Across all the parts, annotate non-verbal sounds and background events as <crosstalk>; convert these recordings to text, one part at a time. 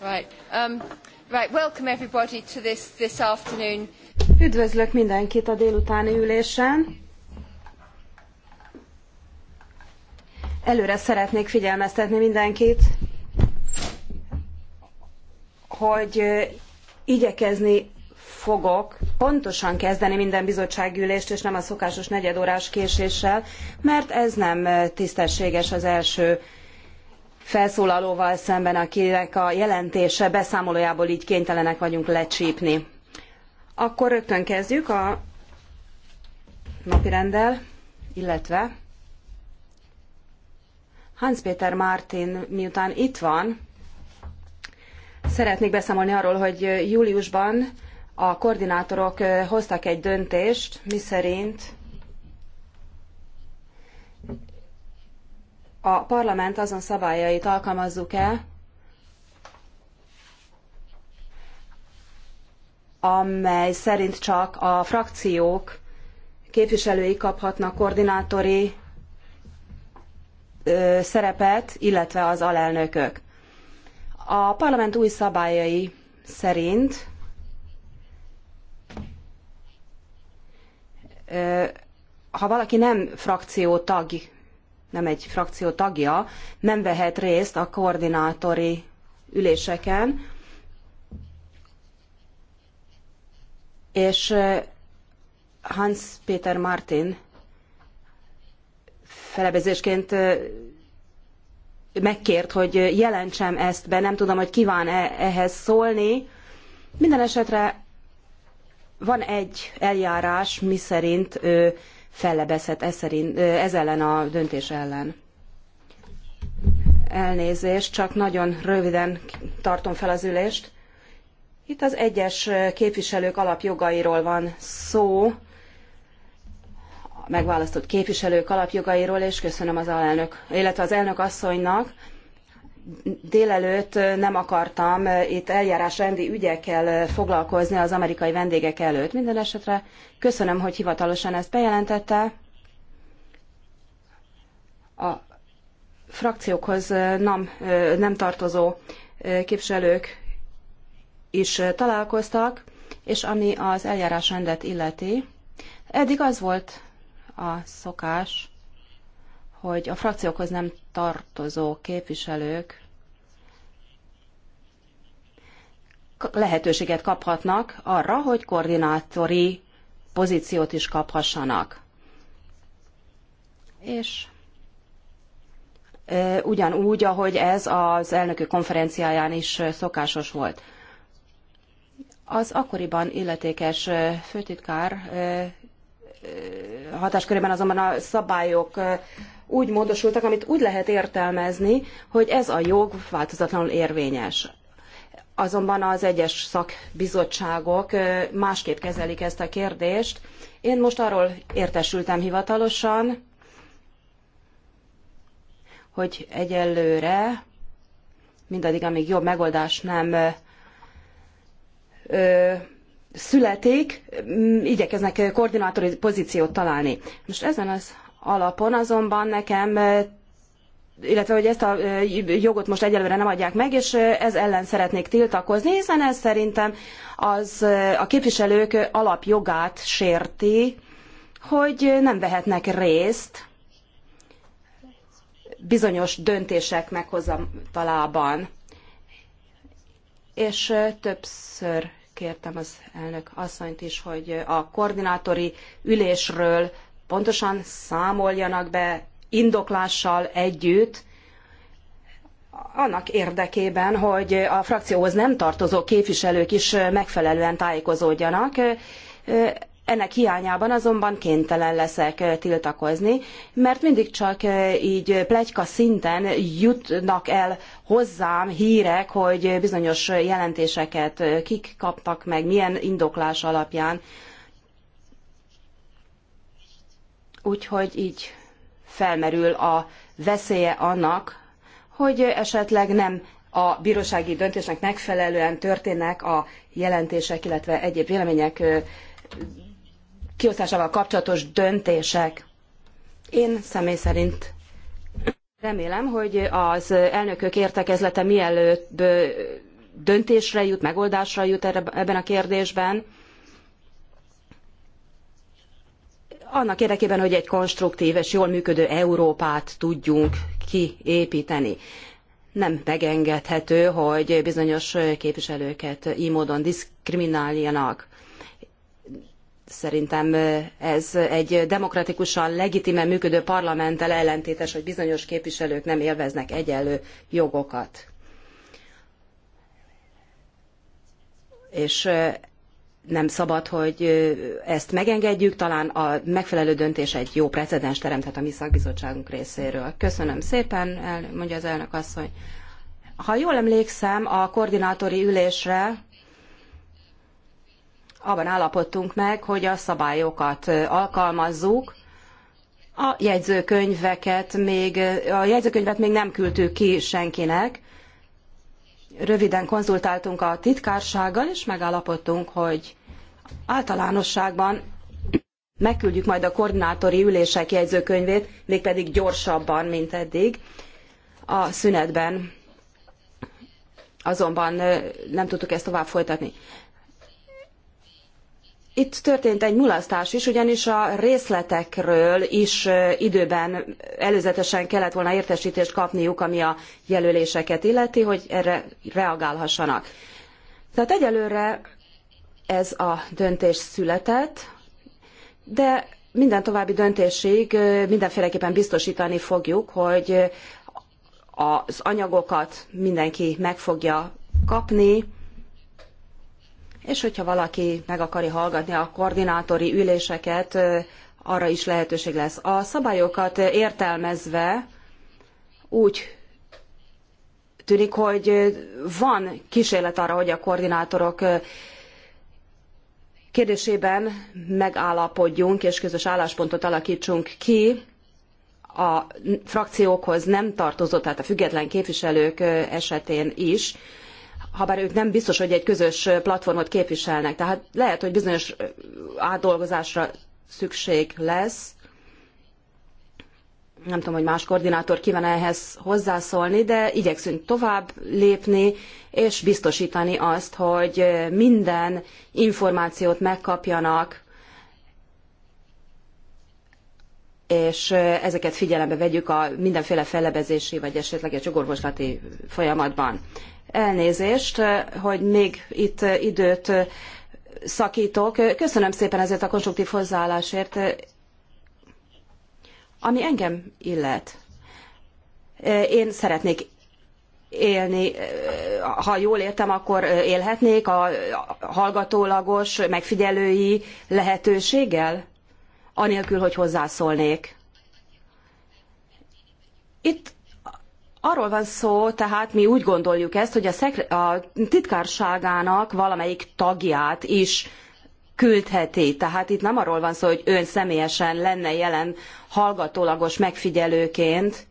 Right. Um, right. Welcome everybody to this, this afternoon. Üdvözlök mindenkit a délutáni ülésen. Előre szeretnék figyelmeztetni mindenkit, hogy igyekezni fogok pontosan kezdeni minden ülést és nem a szokásos negyedórás késéssel, mert ez nem tisztességes az első felszólalóval szemben, akinek a jelentése beszámolójából gy kénytelenek vagyunk lecsípni. Akkor rögtön kezdjük a napirenddel, illetve Hans Péter Martin miután itt van, szeretnék beszámolni arról, hogy júliusban a koordinátorok hoztak egy döntést, miszerint a parlament azon szabályait alkalmazzuk-e, amely szerint csak a frakciók képviselői kaphatnak koordinátori ö, szerepet, illetve az alelnökök. A parlament új szabályai szerint ö, ha valaki nem frakció tag, nem egy frakció tagja, nem vehet részt a koordinátori üléseken, és Hans Peter Martin felebezésként megkért, hogy jelentsem ezt be, nem tudom, hogy kíván -e ehhez szólni. Minden esetre van egy eljárás, miszerint ő fellebezhet ez, szerint, ez ellen a döntés ellen. Elnézést, csak nagyon röviden tartom fel az ülést. Itt az egyes képviselők alapjogairól van szó, megválasztott képviselők alapjogairól, és köszönöm az alelnök, illetve az elnök asszonynak, délelőtt nem akartam itt eljárásrendi ügyekkel foglalkozni az amerikai vendégek előtt. Minden esetre köszönöm, hogy hivatalosan ezt bejelentette. A frakciókhoz nem, nem tartozó képviselők is találkoztak, és ami az eljárásrendet illeti, eddig az volt a szokás, hogy a frakciókhoz nem tartozó képviselők lehetőséget kaphatnak arra, hogy koordinátori pozíciót is kaphassanak. És ugyanúgy, ahogy ez az elnökök konferenciáján is szokásos volt. Az akkoriban illetékes főtitkár hatáskörében azonban a szabályok úgy módosultak, amit úgy lehet értelmezni, hogy ez a jog változatlanul érvényes. Azonban az egyes szakbizottságok másképp kezelik ezt a kérdést. Én most arról értesültem hivatalosan, hogy egyelőre, mindaddig, amíg jobb megoldás nem ö, születik, igyekeznek koordinátori pozíciót találni. Most ezen az alapon, azonban nekem illetve hogy ezt a jogot most egyelőre nem adják meg, és ez ellen szeretnék tiltakozni, hiszen ez szerintem az a képviselők alapjogát sérti, hogy nem vehetnek részt bizonyos döntések meghozatalában. És többször kértem az elnök asszonyt is, hogy a koordinátori ülésről pontosan számoljanak be indoklással együtt, annak érdekében, hogy a frakcióhoz nem tartozó képviselők is megfelelően tájékozódjanak. Ennek hiányában azonban kénytelen leszek tiltakozni, mert mindig csak így plegyka szinten jutnak el hozzám hírek, hogy bizonyos jelentéseket kik kaptak meg, milyen indoklás alapján. Úgyhogy így felmerül a veszélye annak, hogy esetleg nem a bírósági döntésnek megfelelően történnek a jelentések, illetve egyéb vélemények kiosztásával kapcsolatos döntések. Én személy szerint remélem, hogy az elnökök értekezlete mielőtt döntésre jut, megoldásra jut ebben a kérdésben, annak érdekében, hogy egy konstruktív és jól működő Európát tudjunk kiépíteni. Nem megengedhető, hogy bizonyos képviselőket így módon diszkrimináljanak. Szerintem ez egy demokratikusan legitimen működő parlamenttel ellentétes, hogy bizonyos képviselők nem élveznek egyenlő jogokat. És nem szabad, hogy ezt megengedjük, talán a megfelelő döntés egy jó precedens teremthet a mi szakbizottságunk részéről. Köszönöm szépen, el, mondja az elnök asszony. Ha jól emlékszem, a koordinátori ülésre abban állapodtunk meg, hogy a szabályokat alkalmazzuk, a jegyzőkönyveket még, a jegyzőkönyvet még nem küldtük ki senkinek, röviden konzultáltunk a titkársággal, és megállapodtunk, hogy általánosságban megküldjük majd a koordinátori ülések jegyzőkönyvét, mégpedig gyorsabban, mint eddig a szünetben. Azonban nem tudtuk ezt tovább folytatni. Itt történt egy mulasztás is, ugyanis a részletekről is időben előzetesen kellett volna értesítést kapniuk, ami a jelöléseket illeti, hogy erre reagálhassanak. Tehát egyelőre ez a döntés született, de minden további döntésig mindenféleképpen biztosítani fogjuk, hogy az anyagokat mindenki meg fogja kapni, és hogyha valaki meg akarja hallgatni a koordinátori üléseket, arra is lehetőség lesz. A szabályokat értelmezve úgy tűnik, hogy van kísérlet arra, hogy a koordinátorok kérdésében megállapodjunk és közös álláspontot alakítsunk ki. A frakciókhoz nem tartozott, tehát a független képviselők esetén is, habár ők nem biztos, hogy egy közös platformot képviselnek. Tehát lehet, hogy bizonyos átdolgozásra szükség lesz, nem tudom, hogy más koordinátor kíván ehhez hozzászólni, de igyekszünk tovább lépni, és biztosítani azt, hogy minden információt megkapjanak, és ezeket figyelembe vegyük a mindenféle fellebezési vagy esetleges jogorvoslati folyamatban. Elnézést, hogy még itt időt szakítok. Köszönöm szépen ezért a konstruktív hozzáállásért. Ami engem illet, én szeretnék élni, ha jól értem, akkor élhetnék a hallgatólagos, megfigyelői lehetőséggel, anélkül, hogy hozzászólnék. Itt arról van szó, tehát mi úgy gondoljuk ezt, hogy a, a titkárságának valamelyik tagját is küldheti. Tehát itt nem arról van szó, hogy ön személyesen lenne jelen hallgatólagos megfigyelőként.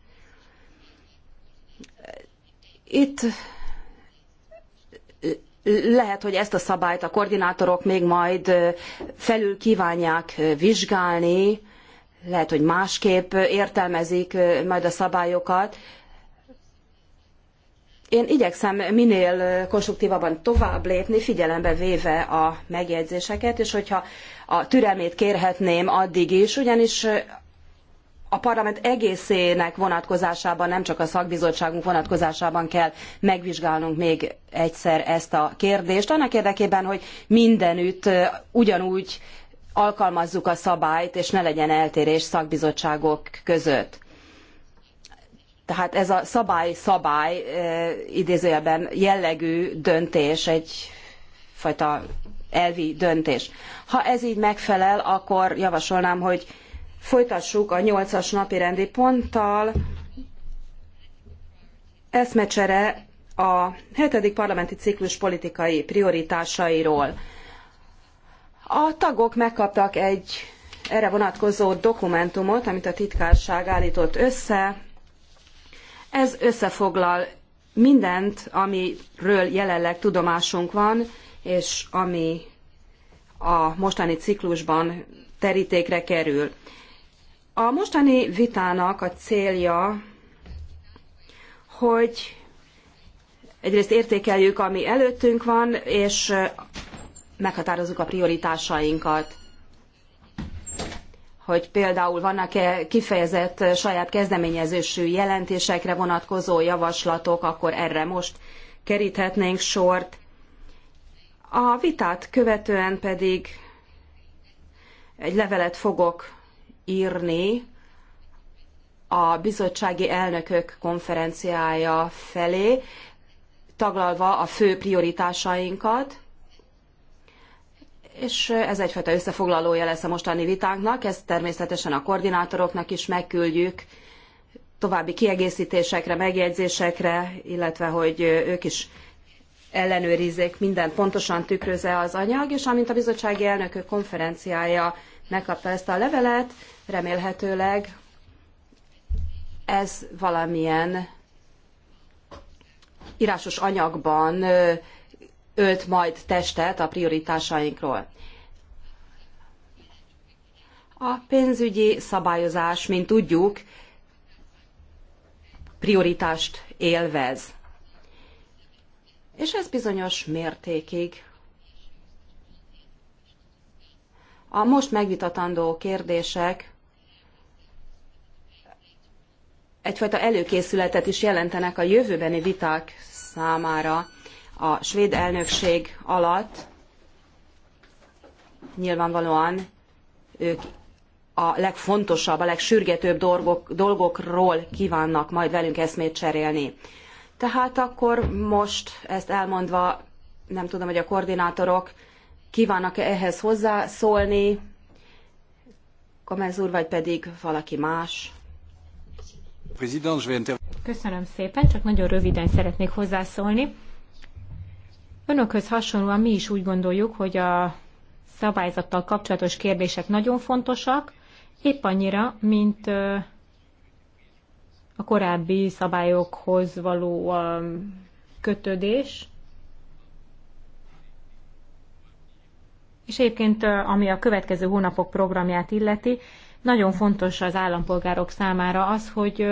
Itt lehet, hogy ezt a szabályt a koordinátorok még majd felül kívánják vizsgálni, lehet, hogy másképp értelmezik majd a szabályokat, én igyekszem minél konstruktívabban tovább lépni, figyelembe véve a megjegyzéseket, és hogyha a türelmét kérhetném addig is, ugyanis a parlament egészének vonatkozásában, nem csak a szakbizottságunk vonatkozásában kell megvizsgálnunk még egyszer ezt a kérdést, annak érdekében, hogy mindenütt ugyanúgy alkalmazzuk a szabályt, és ne legyen eltérés szakbizottságok között. Tehát ez a szabály-szabály idézőjelben jellegű döntés, egyfajta elvi döntés. Ha ez így megfelel, akkor javasolnám, hogy folytassuk a nyolcas napi rendi ponttal. Eszmecsere a hetedik parlamenti ciklus politikai prioritásairól. A tagok megkaptak egy erre vonatkozó dokumentumot, amit a titkárság állított össze, ez összefoglal mindent, amiről jelenleg tudomásunk van, és ami a mostani ciklusban terítékre kerül. A mostani vitának a célja, hogy egyrészt értékeljük, ami előttünk van, és meghatározzuk a prioritásainkat hogy például vannak-e kifejezett saját kezdeményezésű jelentésekre vonatkozó javaslatok, akkor erre most keríthetnénk sort. A vitát követően pedig egy levelet fogok írni a bizottsági elnökök konferenciája felé, taglalva a fő prioritásainkat, és ez egyfajta összefoglalója lesz a mostani vitánknak, ezt természetesen a koordinátoroknak is megküldjük, további kiegészítésekre, megjegyzésekre, illetve hogy ők is ellenőrizzék, minden pontosan tükröze az anyag, és amint a bizottsági elnökök konferenciája megkapta ezt a levelet, remélhetőleg ez valamilyen írásos anyagban ölt majd testet a prioritásainkról. A pénzügyi szabályozás, mint tudjuk, prioritást élvez. És ez bizonyos mértékig a most megvitatandó kérdések egyfajta előkészületet is jelentenek a jövőbeni viták számára a svéd elnökség alatt nyilvánvalóan ők a legfontosabb, a legsürgetőbb dolgok, dolgokról kívánnak majd velünk eszmét cserélni. Tehát akkor most ezt elmondva, nem tudom, hogy a koordinátorok kívánnak-e ehhez hozzászólni, Gomez úr, vagy pedig valaki más. Köszönöm szépen, csak nagyon röviden szeretnék hozzászólni. Önökhöz hasonlóan mi is úgy gondoljuk, hogy a szabályzattal kapcsolatos kérdések nagyon fontosak, épp annyira, mint a korábbi szabályokhoz való kötődés. És egyébként, ami a következő hónapok programját illeti, nagyon fontos az állampolgárok számára az, hogy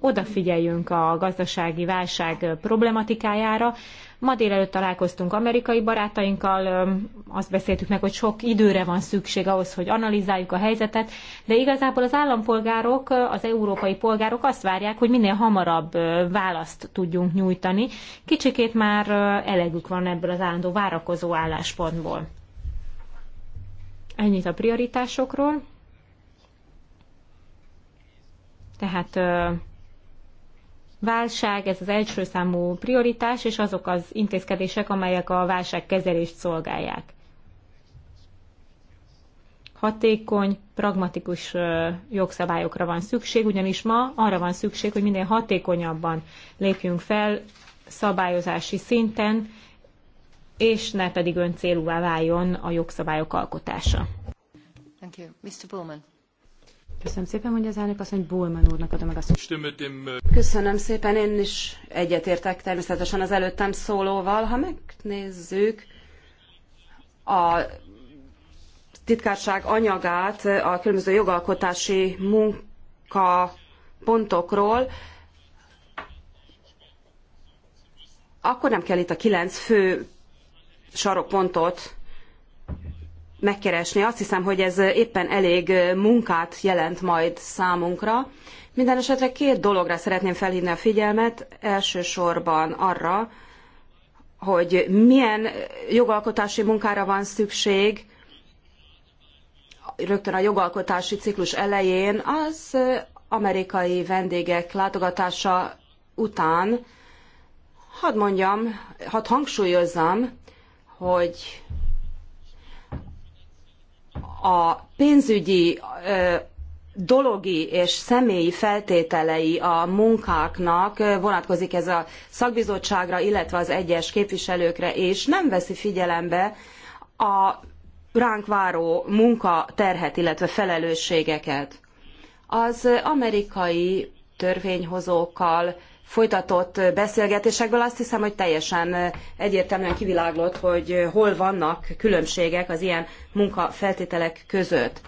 odafigyeljünk a gazdasági válság problematikájára, Ma délelőtt találkoztunk amerikai barátainkkal, azt beszéltük meg, hogy sok időre van szükség ahhoz, hogy analizáljuk a helyzetet, de igazából az állampolgárok, az európai polgárok azt várják, hogy minél hamarabb választ tudjunk nyújtani. Kicsikét már elegük van ebből az állandó várakozó álláspontból. Ennyit a prioritásokról. Tehát válság, ez az első számú prioritás, és azok az intézkedések, amelyek a válság kezelést szolgálják. Hatékony, pragmatikus jogszabályokra van szükség, ugyanis ma arra van szükség, hogy minél hatékonyabban lépjünk fel szabályozási szinten, és ne pedig öncélúvá váljon a jogszabályok alkotása. Thank you. Mr. Köszönöm szépen, mondja az elnök hogy Bulman úrnak adom meg a szót. Köszönöm szépen, én is egyetértek természetesen az előttem szólóval. Ha megnézzük a titkárság anyagát a különböző jogalkotási munka pontokról, akkor nem kell itt a kilenc fő sarokpontot megkeresni. Azt hiszem, hogy ez éppen elég munkát jelent majd számunkra. Minden esetre két dologra szeretném felhívni a figyelmet. Elsősorban arra, hogy milyen jogalkotási munkára van szükség rögtön a jogalkotási ciklus elején, az amerikai vendégek látogatása után, hadd mondjam, hadd hangsúlyozzam, hogy a pénzügyi, dologi és személyi feltételei a munkáknak vonatkozik ez a szakbizottságra, illetve az egyes képviselőkre, és nem veszi figyelembe a ránk váró munkaterhet, illetve felelősségeket. Az amerikai törvényhozókkal folytatott beszélgetésekből azt hiszem, hogy teljesen egyértelműen kiviláglott, hogy hol vannak különbségek az ilyen munkafeltételek között.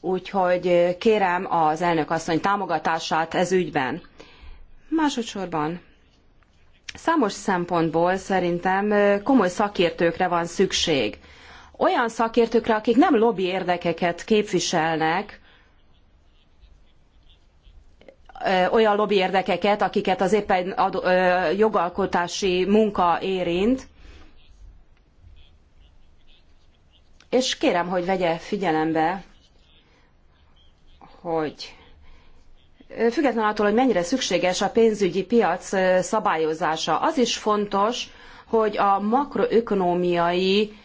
Úgyhogy kérem az elnök asszony támogatását ez ügyben. Másodszorban számos szempontból szerintem komoly szakértőkre van szükség. Olyan szakértőkre, akik nem lobby érdekeket képviselnek, olyan lobbyérdekeket, akiket az éppen jogalkotási munka érint. És kérem, hogy vegye figyelembe, hogy függetlenül attól, hogy mennyire szükséges a pénzügyi piac szabályozása, az is fontos, hogy a makroökonómiai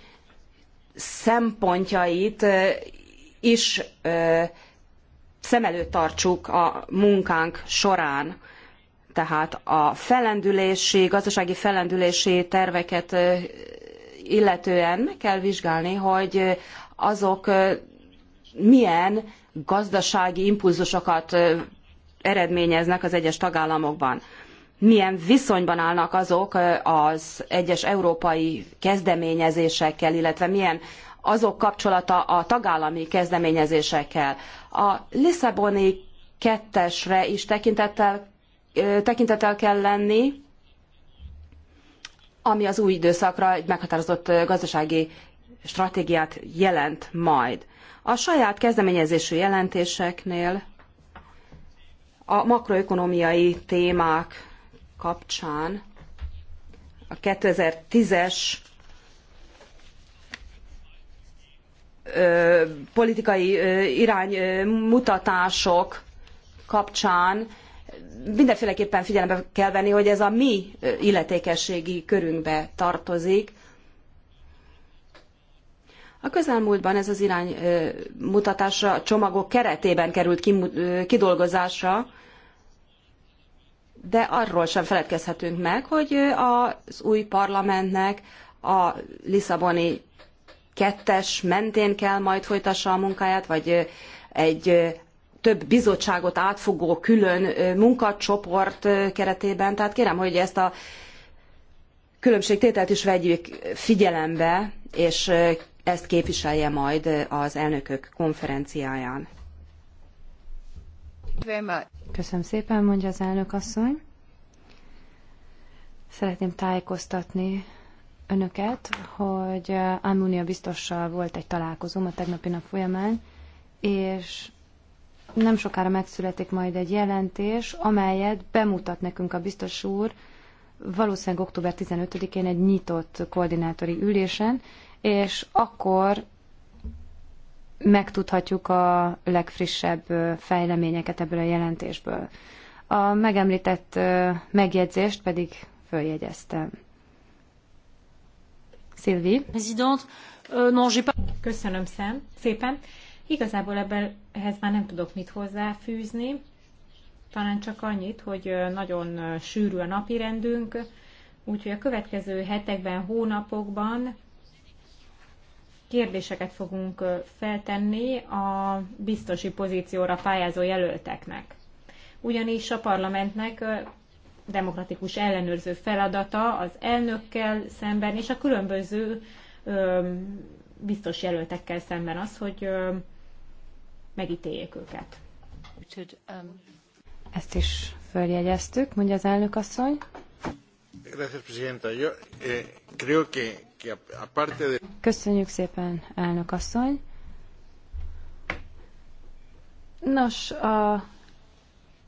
szempontjait is szem előtt tartsuk a munkánk során. Tehát a fellendülési, gazdasági fellendülési terveket illetően meg kell vizsgálni, hogy azok milyen gazdasági impulzusokat eredményeznek az egyes tagállamokban. Milyen viszonyban állnak azok az egyes európai kezdeményezésekkel, illetve milyen azok kapcsolata a tagállami kezdeményezésekkel. A Lisszaboni kettesre is tekintettel, tekintettel kell lenni, ami az új időszakra egy meghatározott gazdasági stratégiát jelent majd. A saját kezdeményezésű jelentéseknél a makroökonómiai témák kapcsán a 2010-es politikai iránymutatások kapcsán mindenféleképpen figyelembe kell venni, hogy ez a mi illetékességi körünkbe tartozik. A közelmúltban ez az iránymutatásra csomagok keretében került kidolgozásra, de arról sem feledkezhetünk meg, hogy az új parlamentnek a Lisszaboni kettes mentén kell majd folytassa a munkáját, vagy egy több bizottságot átfogó külön munkacsoport keretében. Tehát kérem, hogy ezt a különbségtételt is vegyük figyelembe, és ezt képviselje majd az elnökök konferenciáján. Köszönöm szépen, mondja az elnök asszony. Szeretném tájékoztatni önöket, hogy eh, Almunia biztossal volt egy találkozóm a tegnapi nap folyamán, és nem sokára megszületik majd egy jelentés, amelyet bemutat nekünk a biztos úr valószínűleg október 15-én egy nyitott koordinátori ülésen, és akkor megtudhatjuk a legfrissebb eh, fejleményeket ebből a jelentésből. A megemlített eh, megjegyzést pedig följegyeztem. Euh, Köszönöm szem, szépen. Igazából ebben ehhez már nem tudok mit hozzáfűzni. Talán csak annyit, hogy nagyon sűrű a napi rendünk, úgyhogy a következő hetekben, hónapokban kérdéseket fogunk feltenni a biztosi pozícióra pályázó jelölteknek. Ugyanis a parlamentnek demokratikus ellenőrző feladata az elnökkel szemben és a különböző biztos jelöltekkel szemben az, hogy megítéljék őket. Um, Ezt is följegyeztük, mondja az elnök asszony. Eh, Köszönjük szépen, elnök asszony. Nos, a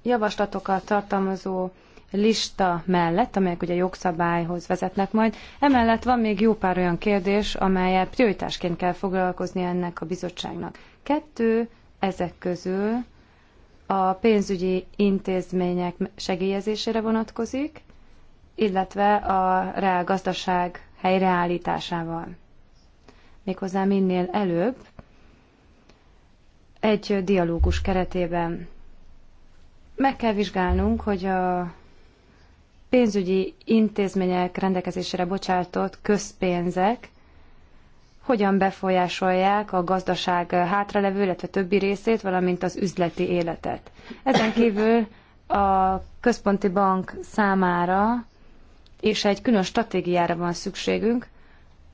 javaslatokat tartalmazó lista mellett, amelyek ugye jogszabályhoz vezetnek majd, emellett van még jó pár olyan kérdés, amelyet prioritásként kell foglalkozni ennek a bizottságnak. Kettő ezek közül a pénzügyi intézmények segélyezésére vonatkozik, illetve a gazdaság helyreállításával. Méghozzá minél előbb, egy dialógus keretében. Meg kell vizsgálnunk, hogy a pénzügyi intézmények rendelkezésére bocsátott közpénzek hogyan befolyásolják a gazdaság hátralevő, illetve többi részét, valamint az üzleti életet. Ezen kívül a központi bank számára és egy külön stratégiára van szükségünk,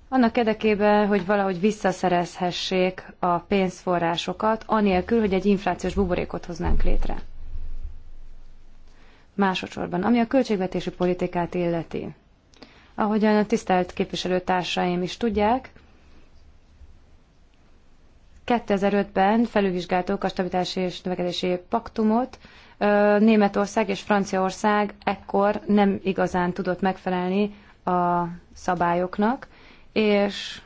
annak érdekében, hogy valahogy visszaszerezhessék a pénzforrásokat, anélkül, hogy egy inflációs buborékot hoznánk létre. Másodszorban, ami a költségvetési politikát illeti. Ahogyan a tisztelt képviselőtársaim is tudják, 2005-ben felülvizsgáltuk a stabilitási és növekedési paktumot, Németország és Franciaország ekkor nem igazán tudott megfelelni a szabályoknak, és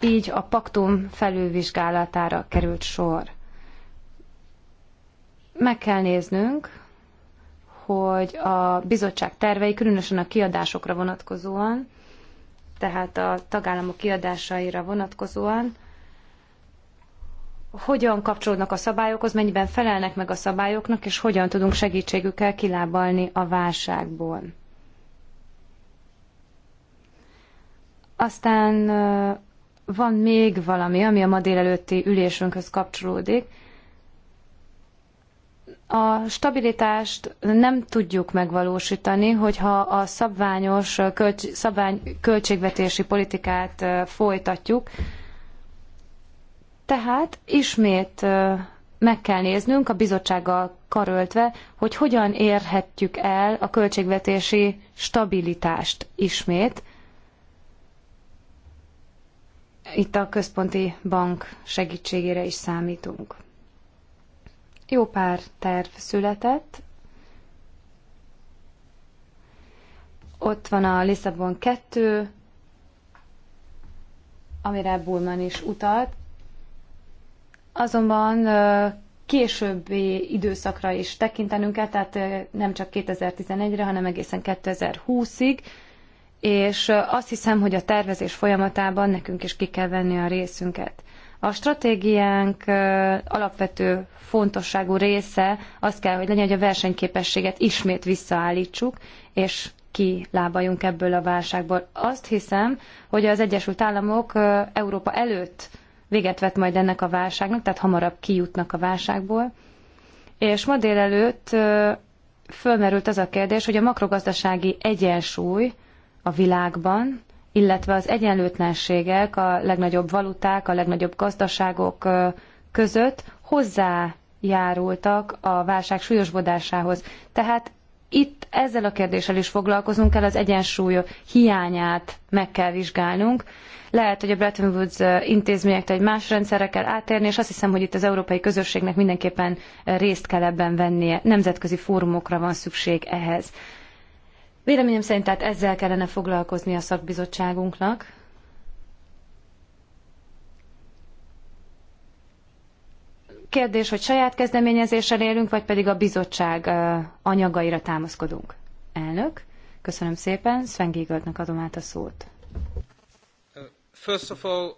így a paktum felülvizsgálatára került sor. Meg kell néznünk, hogy a bizottság tervei, különösen a kiadásokra vonatkozóan, tehát a tagállamok kiadásaira vonatkozóan, hogyan kapcsolódnak a szabályokhoz, mennyiben felelnek meg a szabályoknak, és hogyan tudunk segítségükkel kilábalni a válságból. Aztán van még valami, ami a ma délelőtti ülésünkhöz kapcsolódik a stabilitást nem tudjuk megvalósítani, hogyha a szabványos költs- szabvány költségvetési politikát folytatjuk. Tehát ismét meg kell néznünk a bizottsággal karöltve, hogy hogyan érhetjük el a költségvetési stabilitást ismét. Itt a központi bank segítségére is számítunk. Jó pár terv született. Ott van a Lisszabon 2, amire Bullman is utalt. Azonban későbbi időszakra is tekintenünk kell, tehát nem csak 2011-re, hanem egészen 2020-ig, és azt hiszem, hogy a tervezés folyamatában nekünk is ki kell venni a részünket. A stratégiánk alapvető fontosságú része az kell, hogy legyen, hogy a versenyképességet ismét visszaállítsuk, és kilábaljunk ebből a válságból. Azt hiszem, hogy az Egyesült Államok Európa előtt véget vet majd ennek a válságnak, tehát hamarabb kijutnak a válságból. És ma délelőtt fölmerült az a kérdés, hogy a makrogazdasági egyensúly a világban illetve az egyenlőtlenségek a legnagyobb valuták, a legnagyobb gazdaságok között hozzájárultak a válság súlyosbodásához. Tehát itt ezzel a kérdéssel is foglalkozunk kell, az egyensúly hiányát meg kell vizsgálnunk. Lehet, hogy a Bretton Woods intézményektől egy más rendszerre kell átérni, és azt hiszem, hogy itt az európai közösségnek mindenképpen részt kell ebben vennie. Nemzetközi fórumokra van szükség ehhez. Véleményem szerint tehát ezzel kellene foglalkozni a szakbizottságunknak. Kérdés, hogy saját kezdeményezéssel élünk, vagy pedig a bizottság anyagaira támaszkodunk. Elnök, köszönöm szépen, Sven Giegeltnek adom át a szót. First of all...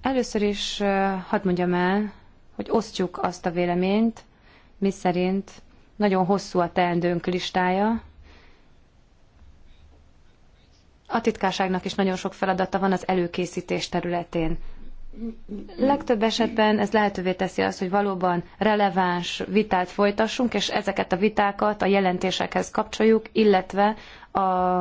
Először is hadd mondjam el, hogy osztjuk azt a véleményt, mi szerint? Nagyon hosszú a teendőnk listája. A titkárságnak is nagyon sok feladata van az előkészítés területén. Legtöbb esetben ez lehetővé teszi azt, hogy valóban releváns vitát folytassunk, és ezeket a vitákat a jelentésekhez kapcsoljuk, illetve a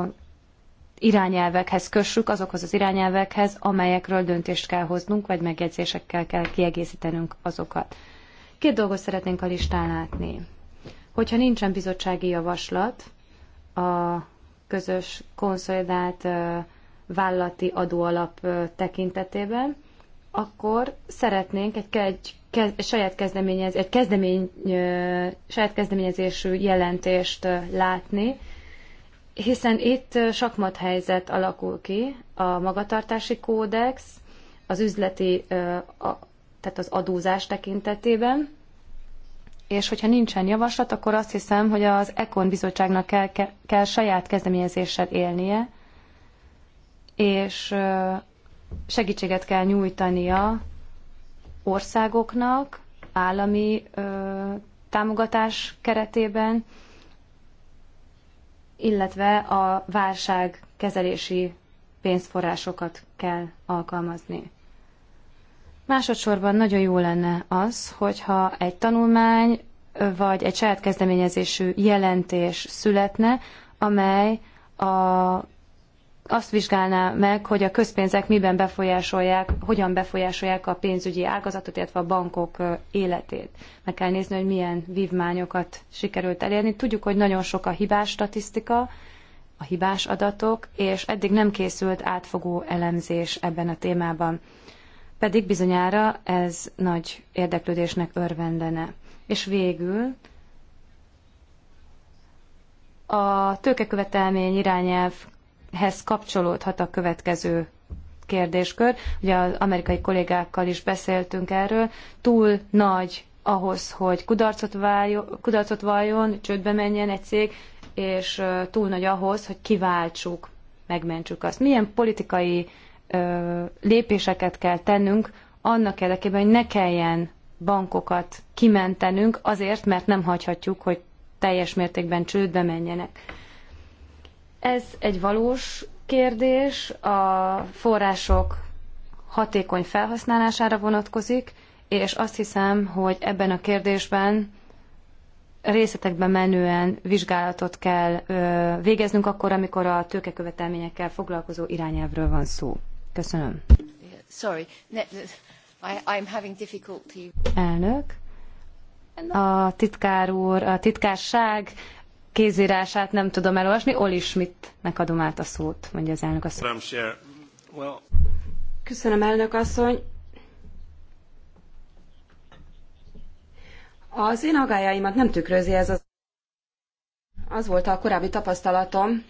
irányelvekhez kössük, azokhoz az irányelvekhez, amelyekről döntést kell hoznunk, vagy megjegyzésekkel kell kiegészítenünk azokat. Két dolgot szeretnénk a listán látni. Hogyha nincsen bizottsági javaslat a közös konszolidált vállati adóalap tekintetében, akkor szeretnénk egy, egy, egy saját, kezdeményez, egy kezdemény, saját kezdeményezésű jelentést látni, hiszen itt sakmat helyzet alakul ki, a magatartási kódex, az üzleti, tehát az adózás tekintetében, és hogyha nincsen javaslat, akkor azt hiszem, hogy az Ekon bizottságnak kell, kell saját kezdeményezéssel élnie, és segítséget kell nyújtania országoknak állami támogatás keretében, illetve a válságkezelési pénzforrásokat kell alkalmazni. Másodszorban nagyon jó lenne az, hogyha egy tanulmány vagy egy saját kezdeményezésű jelentés születne, amely a, azt vizsgálná meg, hogy a közpénzek miben befolyásolják, hogyan befolyásolják a pénzügyi ágazatot, illetve a bankok életét. Meg kell nézni, hogy milyen vívmányokat sikerült elérni. Tudjuk, hogy nagyon sok a hibás statisztika, a hibás adatok, és eddig nem készült átfogó elemzés ebben a témában pedig bizonyára ez nagy érdeklődésnek örvendene. És végül a tőkekövetelmény irányelvhez kapcsolódhat a következő kérdéskör. Ugye az amerikai kollégákkal is beszéltünk erről. Túl nagy ahhoz, hogy kudarcot, váljon, kudarcot valljon, csődbe menjen egy cég, és túl nagy ahhoz, hogy kiváltsuk, megmentsük azt. Milyen politikai uh, lépéseket kell tennünk annak érdekében, hogy ne kelljen bankokat kimentenünk azért, mert nem hagyhatjuk, hogy teljes mértékben csődbe menjenek. Ez egy valós kérdés, a források hatékony felhasználására vonatkozik, és azt hiszem, hogy ebben a kérdésben részletekben menően vizsgálatot kell végeznünk akkor, amikor a tőkekövetelményekkel foglalkozó irányelvről van szó. Köszönöm. Sorry, I'm having difficulty. Elnök, a titkár úr, a titkárság kézírását nem tudom elolvasni. Oli Schmidtnek adom át a szót, mondja az elnök asszony. Köszönöm, elnök asszony. Az én agályaimat nem tükrözi ez az... Az volt a korábbi tapasztalatom,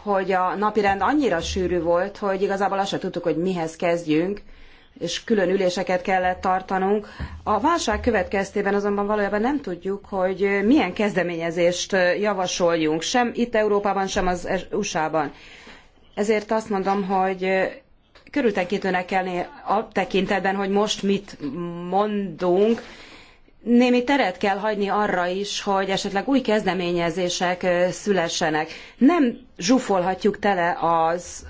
hogy a napirend annyira sűrű volt, hogy igazából azt sem tudtuk, hogy mihez kezdjünk, és külön üléseket kellett tartanunk. A válság következtében azonban valójában nem tudjuk, hogy milyen kezdeményezést javasoljunk, sem itt Európában, sem az USA-ban. Ezért azt mondom, hogy körültekintőnek kell a tekintetben, hogy most mit mondunk, némi teret kell hagyni arra is, hogy esetleg új kezdeményezések szülessenek. Nem zsúfolhatjuk tele az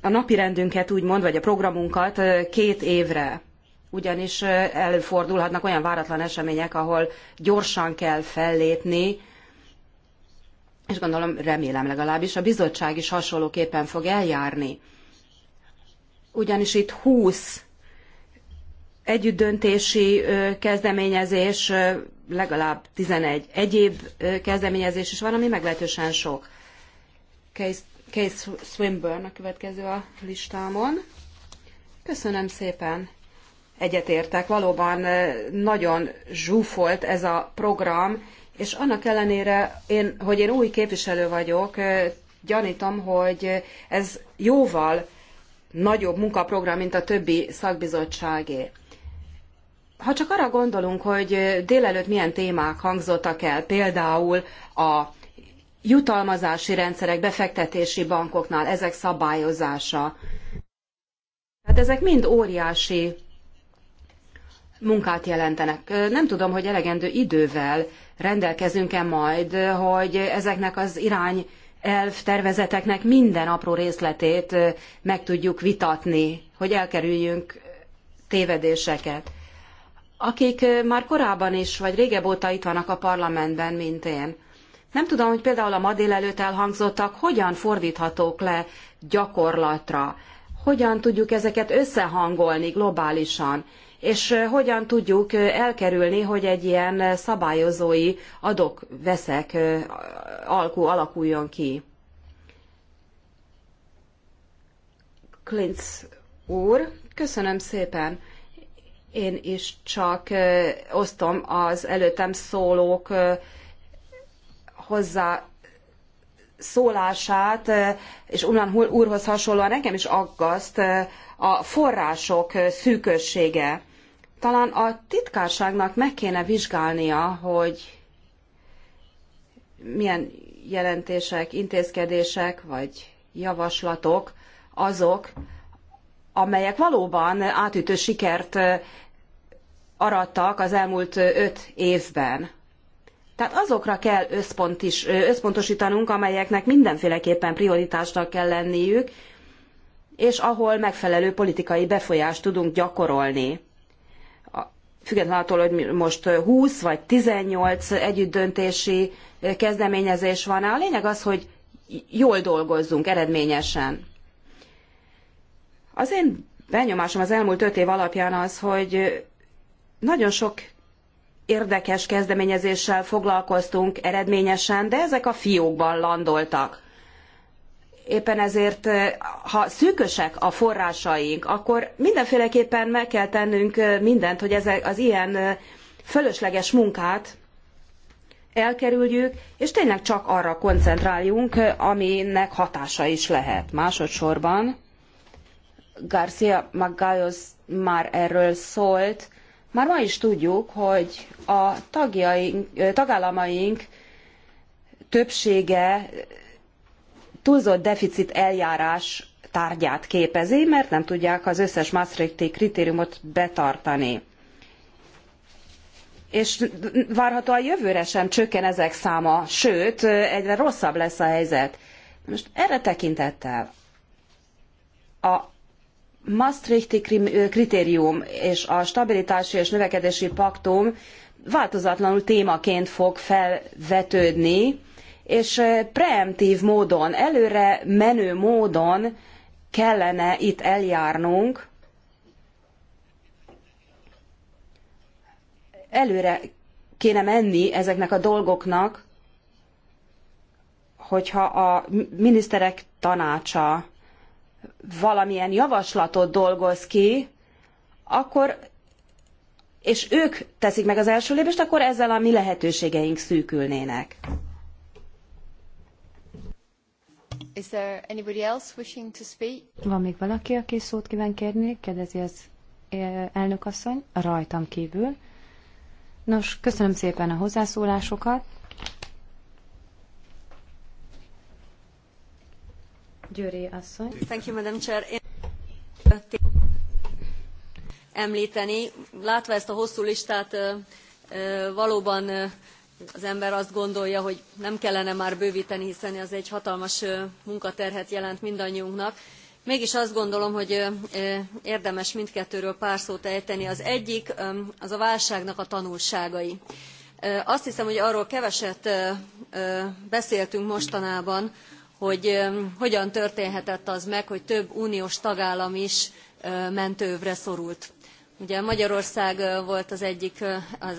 a napirendünket úgymond, vagy a programunkat két évre. Ugyanis előfordulhatnak olyan váratlan események, ahol gyorsan kell fellépni, és gondolom, remélem legalábbis, a bizottság is hasonlóképpen fog eljárni. Ugyanis itt 20 együttdöntési kezdeményezés, legalább 11 egyéb kezdeményezés is van, ami meglehetősen sok. Case, Case Swinburne a következő a listámon. Köszönöm szépen. Egyetértek, valóban nagyon zsúfolt ez a program, és annak ellenére, én, hogy én új képviselő vagyok, gyanítom, hogy ez jóval nagyobb munkaprogram, mint a többi szakbizottságé. Ha csak arra gondolunk, hogy délelőtt milyen témák hangzottak el, például a jutalmazási rendszerek, befektetési bankoknál ezek szabályozása. Hát ezek mind óriási munkát jelentenek. Nem tudom, hogy elegendő idővel rendelkezünk-e majd, hogy ezeknek az irány elv tervezeteknek minden apró részletét meg tudjuk vitatni, hogy elkerüljünk tévedéseket akik már korábban is, vagy régebb óta itt vannak a parlamentben, mint én. Nem tudom, hogy például a ma délelőtt elhangzottak hogyan fordíthatók le gyakorlatra, hogyan tudjuk ezeket összehangolni globálisan, és hogyan tudjuk elkerülni, hogy egy ilyen szabályozói adok-veszek alkú alakuljon ki. Klinc úr, köszönöm szépen én is csak osztom az előttem szólók hozzá szólását, és Ulan úrhoz hasonlóan nekem is aggaszt a források szűkössége. Talán a titkárságnak meg kéne vizsgálnia, hogy milyen jelentések, intézkedések vagy javaslatok azok, amelyek valóban átütő sikert arattak az elmúlt öt évben. Tehát azokra kell összpont is, összpontosítanunk, amelyeknek mindenféleképpen prioritásnak kell lenniük, és ahol megfelelő politikai befolyást tudunk gyakorolni. Függetlenül attól, hogy most 20 vagy 18 együttdöntési kezdeményezés van -e. A lényeg az, hogy jól dolgozzunk, eredményesen. Az én benyomásom az elmúlt öt év alapján az, hogy nagyon sok érdekes kezdeményezéssel foglalkoztunk eredményesen, de ezek a fiókban landoltak. Éppen ezért, ha szűkösek a forrásaink, akkor mindenféleképpen meg kell tennünk mindent, hogy ezek az ilyen fölösleges munkát elkerüljük, és tényleg csak arra koncentráljunk, aminek hatása is lehet. Másodszorban Garcia Magallos már erről szólt, már ma is tudjuk, hogy a tagjaink, tagállamaink többsége túlzott deficit eljárás tárgyát képezi, mert nem tudják az összes Maastrichti kritériumot betartani. És várhatóan jövőre sem csökken ezek száma, sőt, egyre rosszabb lesz a helyzet. Most erre tekintettel a Maastrichti kritérium és a stabilitási és növekedési paktum változatlanul témaként fog felvetődni, és preemptív módon, előre menő módon kellene itt eljárnunk, előre kéne menni ezeknek a dolgoknak, hogyha a miniszterek tanácsa valamilyen javaslatot dolgoz ki, akkor és ők teszik meg az első lépést, akkor ezzel a mi lehetőségeink szűkülnének. Is there anybody else wishing to speak? Van még valaki, aki szót kíván kérni? Kérdezi az eh, elnökasszony, rajtam kívül. Nos, köszönöm szépen a hozzászólásokat. Győri asszony. Thank you, Madam Chair. Én említeni. Látva ezt a hosszú listát, valóban az ember azt gondolja, hogy nem kellene már bővíteni, hiszen ez egy hatalmas munkaterhet jelent mindannyiunknak. Mégis azt gondolom, hogy érdemes mindkettőről pár szót ejteni. Az egyik az a válságnak a tanulságai. Azt hiszem, hogy arról keveset beszéltünk mostanában, hogy hogyan történhetett az meg, hogy több uniós tagállam is mentővre szorult. Ugye Magyarország volt az egyik,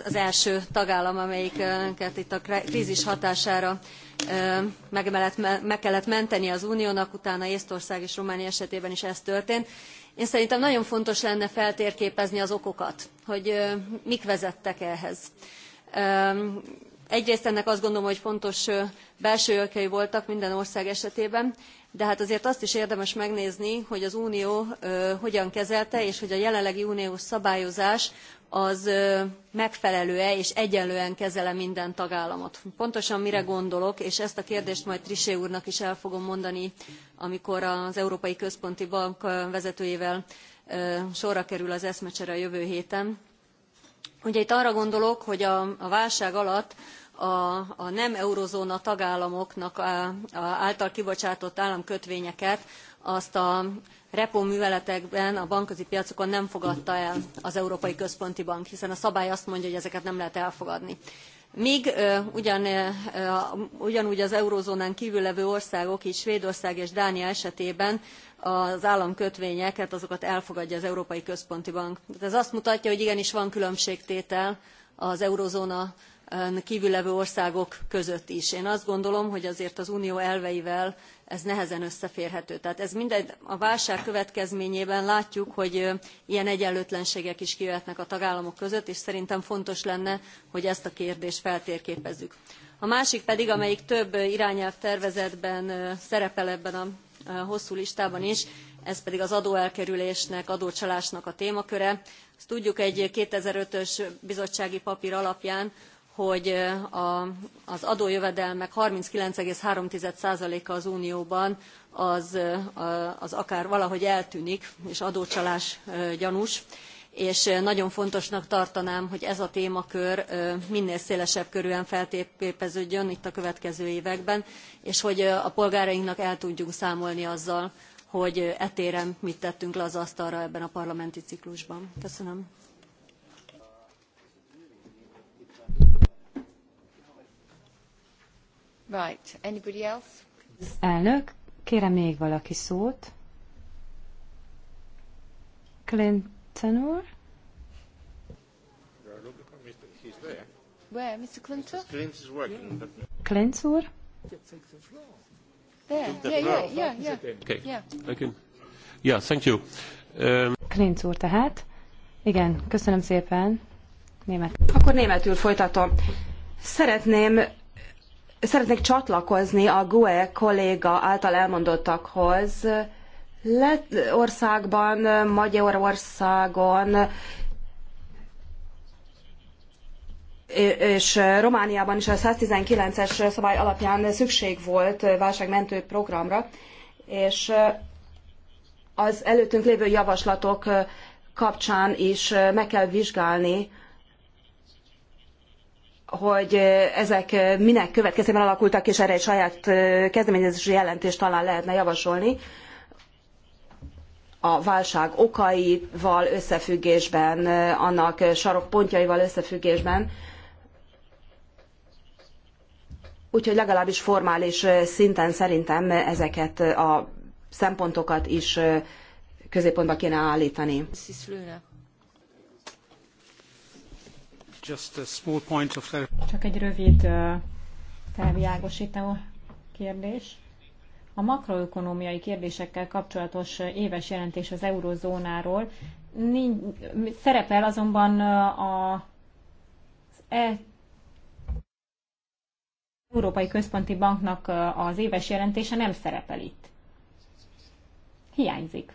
az első tagállam, amelyiket itt a krízis hatására meg kellett menteni az uniónak, utána Észtország és Románia esetében is ez történt. Én szerintem nagyon fontos lenne feltérképezni az okokat, hogy mik vezettek ehhez egyrészt ennek azt gondolom hogy fontos belső okai voltak minden ország esetében de hát azért azt is érdemes megnézni hogy az unió hogyan kezelte és hogy a jelenlegi uniós szabályozás az megfelelő e és egyenlően kezel e minden tagállamot. pontosan mire gondolok és ezt a kérdést majd trichet úrnak is el fogom mondani amikor az európai központi bank vezetőjével sorra kerül az eszmecsere a jövő héten ugye itt arra gondolok hogy a válság alatt a, nem eurozóna tagállamoknak által kibocsátott államkötvényeket azt a repo műveletekben a bankközi piacokon nem fogadta el az európai központi bank hiszen a szabály azt mondja hogy ezeket nem lehet elfogadni. mg ugyanúgy az eurózónán kvül levő országok gy svédország és dánia esetében az államkötvényeket azokat elfogadja az európai központi bank. ez azt mutatja hogy igenis van különbségtétel az eurózóna kvül levő országok között is. Én azt gondolom, hogy azért az unió elveivel ez nehezen összeférhető. Tehát ez mind a válság következményében látjuk, hogy ilyen egyenlőtlenségek is kijöhetnek a tagállamok között, és szerintem fontos lenne, hogy ezt a kérdést feltérképezzük. A másik pedig, amelyik több irányelvtervezetben tervezetben szerepel ebben a hosszú listában is, ez pedig az adóelkerülésnek, adócsalásnak a témaköre. azt tudjuk egy 2005-ös bizottsági papír alapján, hogy a, az adójövedelmek 39,3%-a az Unióban az, az akár valahogy eltűnik, és adócsalás gyanús és nagyon fontosnak tartanám hogy ez a témakör minél szélesebb körűen feltépépeződjön itt a következő években és hogy a polgárainknak el tudjunk számolni azzal hogy e téren mit tettünk le az asztalra ebben a parlamenti ciklusban. köszönöm. Right. Anybody else? Elnök, kérem még valaki szót. Clinton úr? Where, Mr. Clinton? Clinton is working. But... Clint úr? There, yeah, yeah, yeah, yeah. Okay. thank you. Um... Clint úr tehát. Igen, köszönöm szépen. Német. Akkor németül folytatom. Szeretném Szeretnék csatlakozni a GUE kolléga által elmondottakhoz. Lettországban, országban, Magyarországon és Romániában is a 119-es szabály alapján szükség volt válságmentő programra, és az előttünk lévő javaslatok kapcsán is meg kell vizsgálni hogy ezek minek következtében alakultak, és erre egy saját kezdeményezési jelentést talán lehetne javasolni a válság okaival összefüggésben, annak sarokpontjaival összefüggésben. Úgyhogy legalábbis formális szinten szerintem ezeket a szempontokat is középpontba kéne állítani. Csak egy rövid felvilágosító kérdés. A makroökonomiai kérdésekkel kapcsolatos éves jelentés az eurozónáról nincs, szerepel azonban a, az e, Európai Központi Banknak az éves jelentése nem szerepel itt. Hiányzik.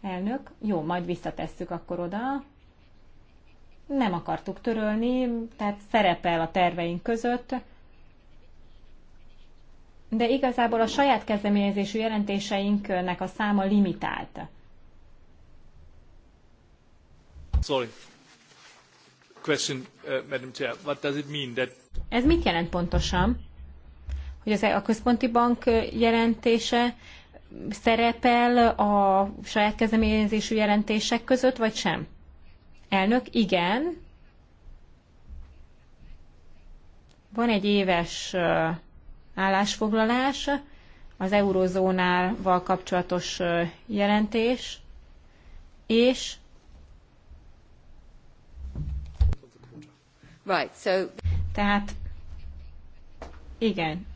Elnök, jó, majd visszatesszük akkor oda nem akartuk törölni, tehát szerepel a terveink között, de igazából a saját kezdeményezésű jelentéseinknek a száma limitált. Sorry. Question, uh, Madam Chair. What does it mean that... Ez mit jelent pontosan? Hogy az a központi bank jelentése szerepel a saját kezdeményezésű jelentések között, vagy sem? Elnök, igen. Van egy éves állásfoglalás, az eurozónával kapcsolatos jelentés, és Right, so... Tehát igen,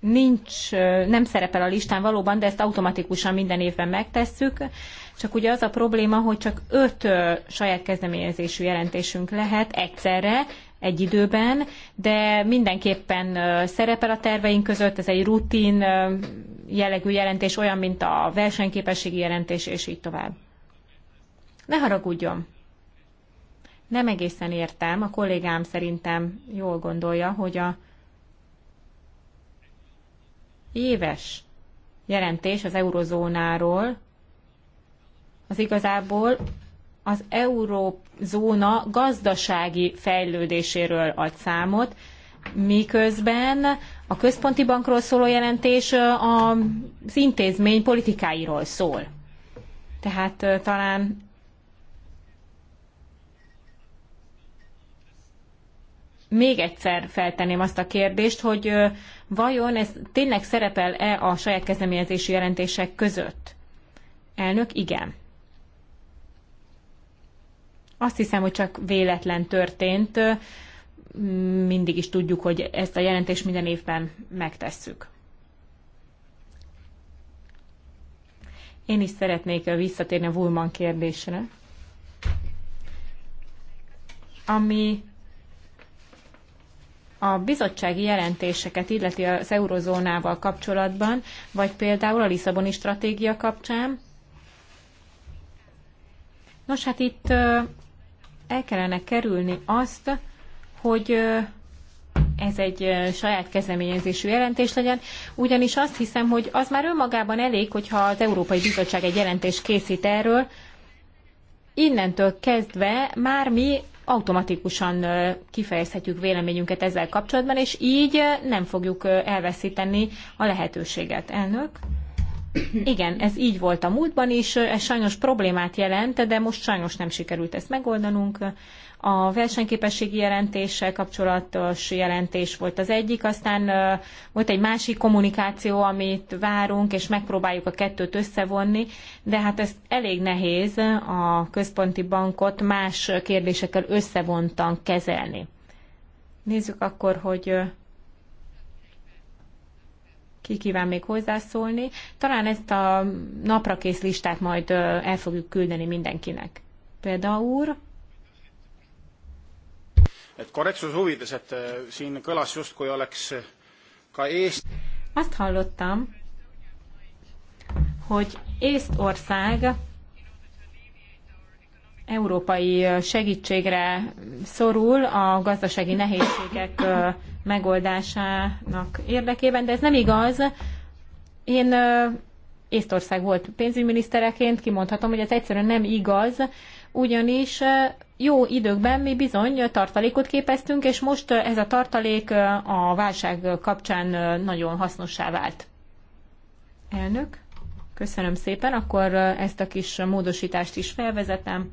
nincs, nem szerepel a listán valóban, de ezt automatikusan minden évben megtesszük. Csak ugye az a probléma, hogy csak öt saját kezdeményezésű jelentésünk lehet egyszerre, egy időben, de mindenképpen szerepel a terveink között, ez egy rutin jellegű jelentés, olyan, mint a versenyképességi jelentés, és így tovább. Ne haragudjon! Nem egészen értem, a kollégám szerintem jól gondolja, hogy a éves jelentés az eurozónáról, az igazából az eurozóna gazdasági fejlődéséről ad számot, miközben a központi bankról szóló jelentés az intézmény politikáiról szól. Tehát talán még egyszer feltenném azt a kérdést, hogy vajon ez tényleg szerepel-e a saját kezdeményezési jelentések között? Elnök, igen. Azt hiszem, hogy csak véletlen történt. Mindig is tudjuk, hogy ezt a jelentést minden évben megtesszük. Én is szeretnék visszatérni a Wulman kérdésre, ami a bizottsági jelentéseket illeti az eurozónával kapcsolatban, vagy például a Lisszaboni stratégia kapcsán. Nos, hát itt el kellene kerülni azt, hogy ez egy saját kezdeményezésű jelentés legyen, ugyanis azt hiszem, hogy az már önmagában elég, hogyha az Európai Bizottság egy jelentést készít erről, innentől kezdve már mi automatikusan kifejezhetjük véleményünket ezzel kapcsolatban, és így nem fogjuk elveszíteni a lehetőséget. Elnök? Igen, ez így volt a múltban is, ez sajnos problémát jelent, de most sajnos nem sikerült ezt megoldanunk. A versenyképességi jelentéssel kapcsolatos jelentés volt az egyik, aztán volt egy másik kommunikáció, amit várunk, és megpróbáljuk a kettőt összevonni, de hát ez elég nehéz a központi bankot más kérdésekkel összevontan kezelni. Nézzük akkor, hogy ki kíván még hozzászólni. Talán ezt a naprakész listát majd el fogjuk küldeni mindenkinek. Például úr, et korrektsuse huvides, et äh, siin kõlas justkui oleks äh, ka Eest-. azt hallottam, hogy Észtország európai segítségre szorul a gazdasági nehézségek megoldásának érdekében, de ez nem igaz. Én Észtország volt pénzügyminisztereként, kimondhatom, hogy ez egyszerűen nem igaz, ugyanis jó időkben mi bizony tartalékot képeztünk, és most ez a tartalék a válság kapcsán nagyon hasznossá vált. Elnök, köszönöm szépen, akkor ezt a kis módosítást is felvezetem.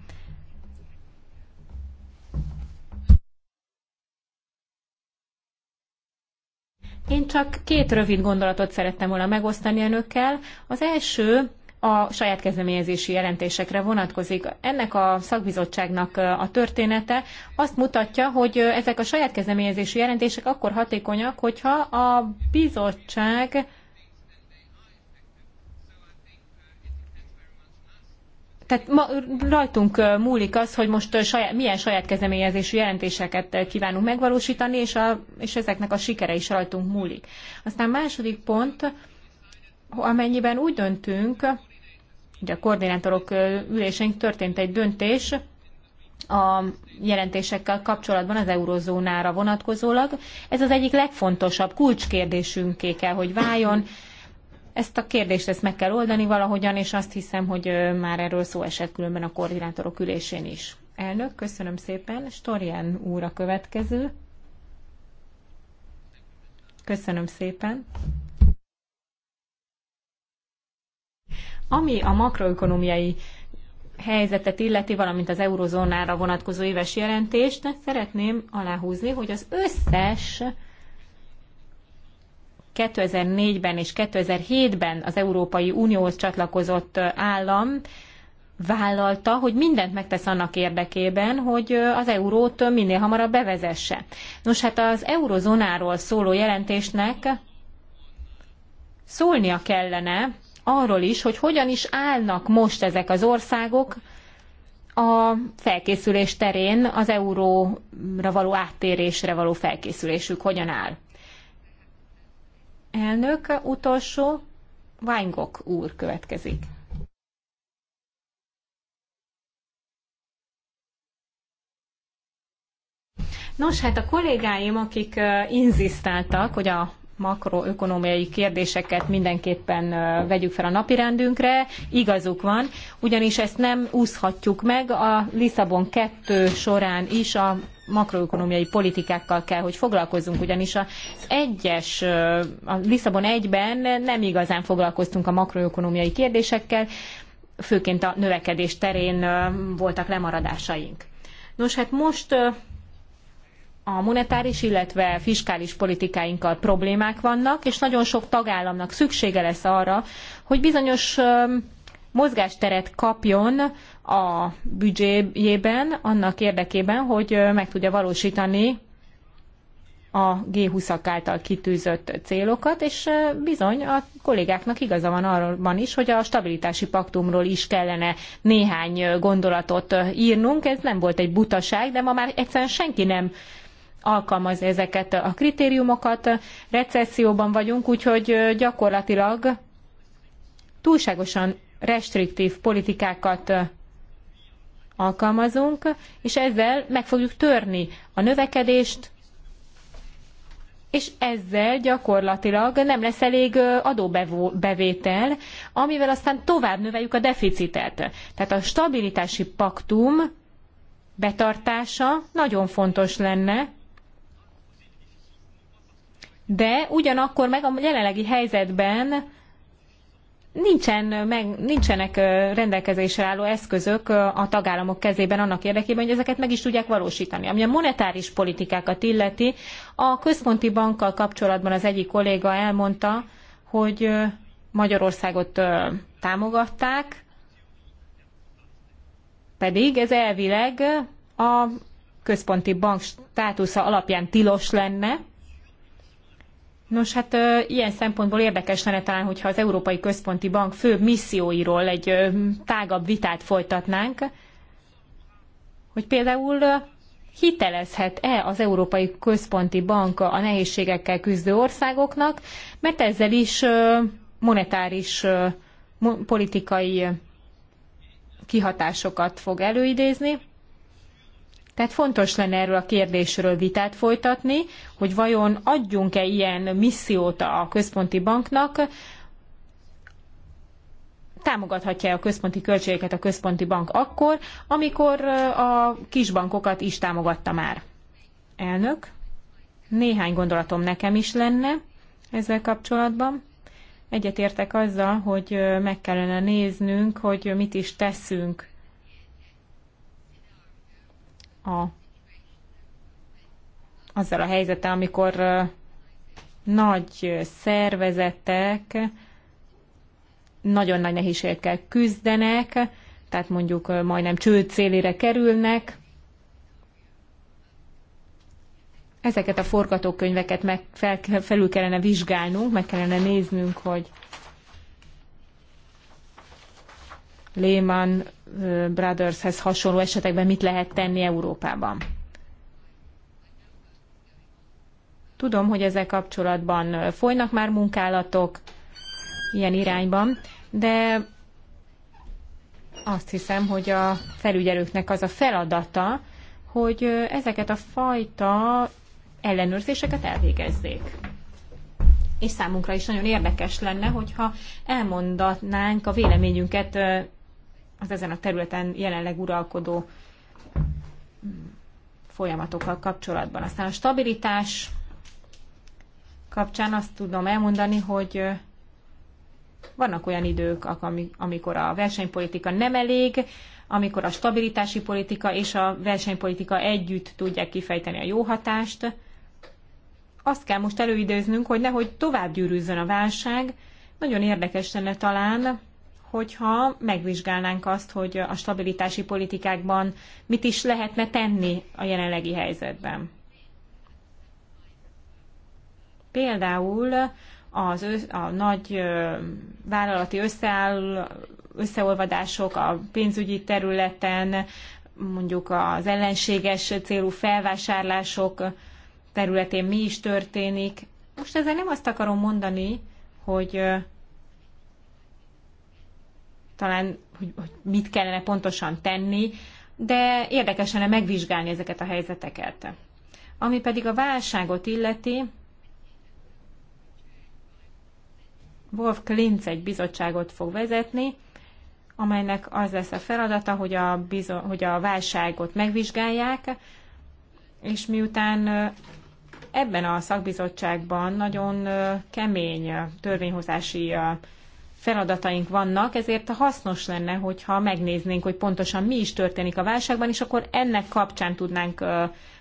Én csak két rövid gondolatot szerettem volna megosztani önökkel. Az első a saját kezdeményezési jelentésekre vonatkozik. Ennek a szakbizottságnak a története azt mutatja, hogy ezek a saját kezdeményezési jelentések akkor hatékonyak, hogyha a bizottság Tehát ma rajtunk múlik az, hogy most saját, milyen saját kezdeményezésű jelentéseket kívánunk megvalósítani, és, a, és ezeknek a sikere is rajtunk múlik. Aztán második pont, amennyiben úgy döntünk, ugye a koordinátorok ülésén történt egy döntés a jelentésekkel kapcsolatban az eurozónára vonatkozólag. Ez az egyik legfontosabb kulcskérdésünké kell, hogy váljon. Ezt a kérdést ezt meg kell oldani valahogyan, és azt hiszem, hogy már erről szó esett különben a koordinátorok ülésén is. Elnök, köszönöm szépen. Storian úr a következő. Köszönöm szépen. Ami a makroökonomiai helyzetet illeti, valamint az eurozónára vonatkozó éves jelentést, szeretném aláhúzni, hogy az összes 2004-ben és 2007-ben az Európai Unióhoz csatlakozott állam vállalta, hogy mindent megtesz annak érdekében, hogy az eurót minél hamarabb bevezesse. Nos, hát az eurozónáról szóló jelentésnek szólnia kellene arról is, hogy hogyan is állnak most ezek az országok a felkészülés terén, az euróra való áttérésre való felkészülésük hogyan áll. Elnök, utolsó, Weingok úr következik. Nos, hát a kollégáim, akik eh, inzisztáltak, hogy a makroökonomiai kérdéseket mindenképpen vegyük fel a napirendünkre. Igazuk van, ugyanis ezt nem úszhatjuk meg. A Lisszabon 2 során is a makroökonomiai politikákkal kell, hogy foglalkozzunk, ugyanis az egyes, a Lisszabon 1-ben nem igazán foglalkoztunk a makroökonomiai kérdésekkel, főként a növekedés terén voltak lemaradásaink. Nos, hát most a monetáris, illetve fiskális politikáinkkal problémák vannak, és nagyon sok tagállamnak szüksége lesz arra, hogy bizonyos mozgásteret kapjon a büdzséjében annak érdekében, hogy meg tudja valósítani a G20-ak által kitűzött célokat, és bizony a kollégáknak igaza van arról is, hogy a stabilitási paktumról is kellene néhány gondolatot írnunk. Ez nem volt egy butaság, de ma már egyszerűen senki nem alkalmaz ezeket a kritériumokat. Recesszióban vagyunk, úgyhogy gyakorlatilag túlságosan restriktív politikákat alkalmazunk, és ezzel meg fogjuk törni a növekedést, és ezzel gyakorlatilag nem lesz elég adóbevétel, amivel aztán tovább növeljük a deficitet. Tehát a stabilitási paktum betartása nagyon fontos lenne, de ugyanakkor meg a jelenlegi helyzetben nincsen, meg, nincsenek rendelkezésre álló eszközök a tagállamok kezében annak érdekében, hogy ezeket meg is tudják valósítani. Ami a monetáris politikákat illeti, a központi bankkal kapcsolatban az egyik kolléga elmondta, hogy Magyarországot támogatták, pedig ez elvileg a központi bank státusza alapján tilos lenne, Nos, hát ilyen szempontból érdekes lenne talán, hogyha az Európai Központi Bank fő misszióiról egy tágabb vitát folytatnánk, hogy például hitelezhet-e az Európai Központi Bank a nehézségekkel küzdő országoknak, mert ezzel is monetáris politikai kihatásokat fog előidézni, tehát fontos lenne erről a kérdésről vitát folytatni, hogy vajon adjunk-e ilyen missziót a központi banknak, támogathatja a központi költségeket a központi bank akkor, amikor a kisbankokat is támogatta már. Elnök, néhány gondolatom nekem is lenne ezzel kapcsolatban. Egyetértek azzal, hogy meg kellene néznünk, hogy mit is teszünk a, azzal a helyzettel, amikor nagy szervezetek nagyon nagy nehézségekkel küzdenek, tehát mondjuk majdnem csőd célére kerülnek. Ezeket a forgatókönyveket meg fel, felül kellene vizsgálnunk, meg kellene néznünk, hogy Lehman Brothershez hasonló esetekben mit lehet tenni Európában. Tudom, hogy ezzel kapcsolatban folynak már munkálatok ilyen irányban, de azt hiszem, hogy a felügyelőknek az a feladata, hogy ezeket a fajta ellenőrzéseket elvégezzék. És számunkra is nagyon érdekes lenne, hogyha elmondatnánk a véleményünket az ezen a területen jelenleg uralkodó folyamatokkal kapcsolatban. Aztán a stabilitás kapcsán azt tudom elmondani, hogy vannak olyan idők, amikor a versenypolitika nem elég, amikor a stabilitási politika és a versenypolitika együtt tudják kifejteni a jó hatást. Azt kell most előidéznünk, hogy nehogy tovább gyűrűzzön a válság. Nagyon érdekes lenne talán hogyha megvizsgálnánk azt, hogy a stabilitási politikákban mit is lehetne tenni a jelenlegi helyzetben. Például az ö- a nagy vállalati összeáll, összeolvadások a pénzügyi területen, mondjuk az ellenséges célú felvásárlások területén mi is történik. Most ezzel nem azt akarom mondani, hogy talán, hogy, hogy mit kellene pontosan tenni, de érdekes lenne megvizsgálni ezeket a helyzeteket. Ami pedig a válságot illeti, Wolf Klintz egy bizottságot fog vezetni, amelynek az lesz a feladata, hogy a, bizo- hogy a válságot megvizsgálják, és miután ebben a szakbizottságban nagyon kemény törvényhozási feladataink vannak, ezért hasznos lenne, hogyha megnéznénk, hogy pontosan mi is történik a válságban, és akkor ennek kapcsán tudnánk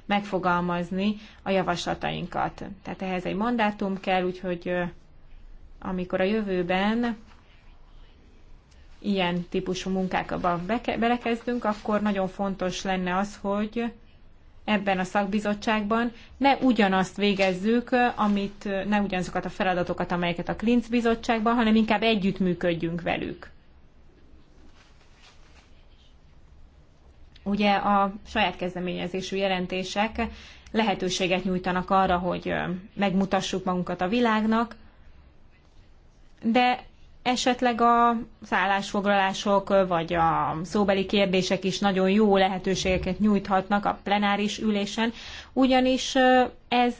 megfogalmazni a javaslatainkat. Tehát ehhez egy mandátum kell, úgyhogy amikor a jövőben ilyen típusú munkákba belekezdünk, akkor nagyon fontos lenne az, hogy ebben a szakbizottságban ne ugyanazt végezzük, amit, ne ugyanazokat a feladatokat, amelyeket a Klinc bizottságban, hanem inkább együttműködjünk velük. Ugye a saját kezdeményezésű jelentések lehetőséget nyújtanak arra, hogy megmutassuk magunkat a világnak, de esetleg a szállásfoglalások vagy a szóbeli kérdések is nagyon jó lehetőségeket nyújthatnak a plenáris ülésen, ugyanis ez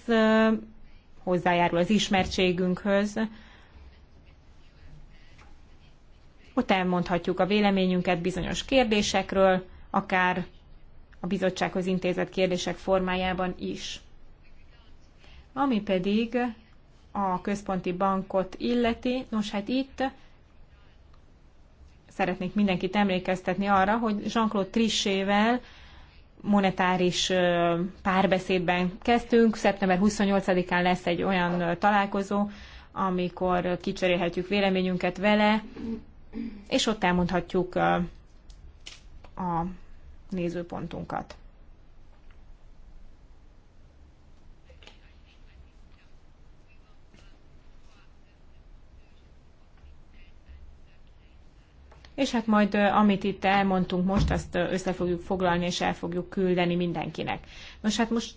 hozzájárul az ismertségünkhöz. Ott elmondhatjuk a véleményünket bizonyos kérdésekről, akár a bizottsághoz intézett kérdések formájában is. Ami pedig a központi bankot illeti. Nos, hát itt szeretnék mindenkit emlékeztetni arra, hogy Jean-Claude Trichével monetáris párbeszédben kezdtünk. Szeptember 28-án lesz egy olyan találkozó, amikor kicserélhetjük véleményünket vele, és ott elmondhatjuk a nézőpontunkat. és hát majd amit itt elmondtunk most, azt össze fogjuk foglalni, és el fogjuk küldeni mindenkinek. Nos, hát most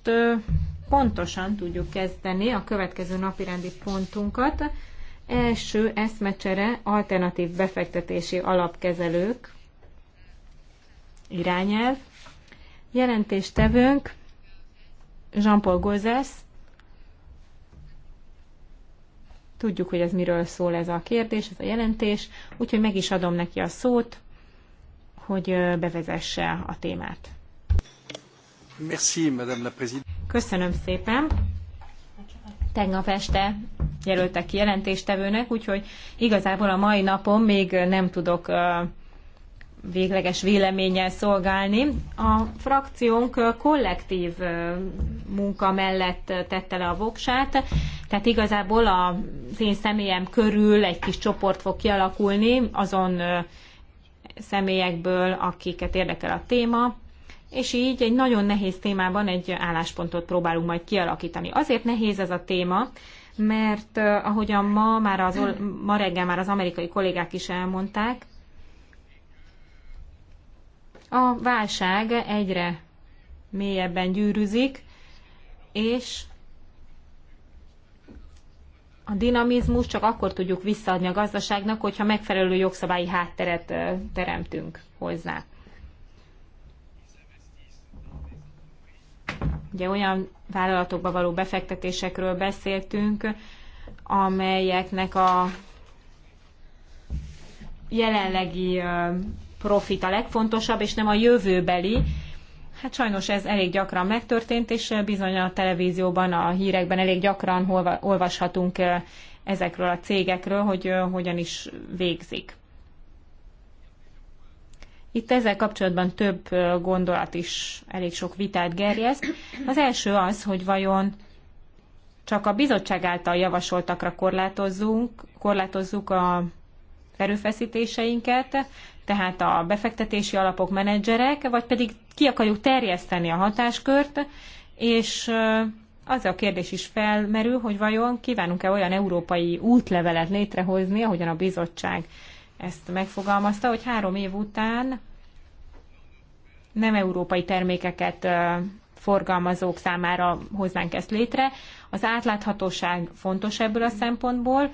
pontosan tudjuk kezdeni a következő napirendi pontunkat. Első eszmecsere alternatív befektetési alapkezelők irányelv. Jelentéstevőnk Jean-Paul Gozesz, Tudjuk, hogy ez miről szól ez a kérdés, ez a jelentés, úgyhogy meg is adom neki a szót, hogy bevezesse a témát. Merci, Madame la Présidente. Köszönöm szépen. Tegnap este jelöltek ki jelentéstevőnek, úgyhogy igazából a mai napon még nem tudok végleges véleménnyel szolgálni. A frakciónk kollektív munka mellett tette le a voksát, tehát igazából az én személyem körül egy kis csoport fog kialakulni azon személyekből, akiket érdekel a téma, és így egy nagyon nehéz témában egy álláspontot próbálunk majd kialakítani. Azért nehéz ez a téma, mert ahogyan ma, már az, ma reggel már az amerikai kollégák is elmondták, a válság egyre mélyebben gyűrűzik, és a dinamizmus csak akkor tudjuk visszaadni a gazdaságnak, hogyha megfelelő jogszabályi hátteret teremtünk hozzá. Ugye olyan vállalatokba való befektetésekről beszéltünk, amelyeknek a jelenlegi profit a legfontosabb, és nem a jövőbeli. Hát sajnos ez elég gyakran megtörtént, és bizony a televízióban, a hírekben elég gyakran olvashatunk ezekről a cégekről, hogy hogyan is végzik. Itt ezzel kapcsolatban több gondolat is elég sok vitát gerjeszt. Az első az, hogy vajon csak a bizottság által javasoltakra korlátozzunk, korlátozzuk a erőfeszítéseinket, tehát a befektetési alapok menedzserek, vagy pedig ki akarjuk terjeszteni a hatáskört, és az a kérdés is felmerül, hogy vajon kívánunk-e olyan európai útlevelet létrehozni, ahogyan a bizottság ezt megfogalmazta, hogy három év után nem európai termékeket forgalmazók számára hoznánk ezt létre. Az átláthatóság fontos ebből a szempontból,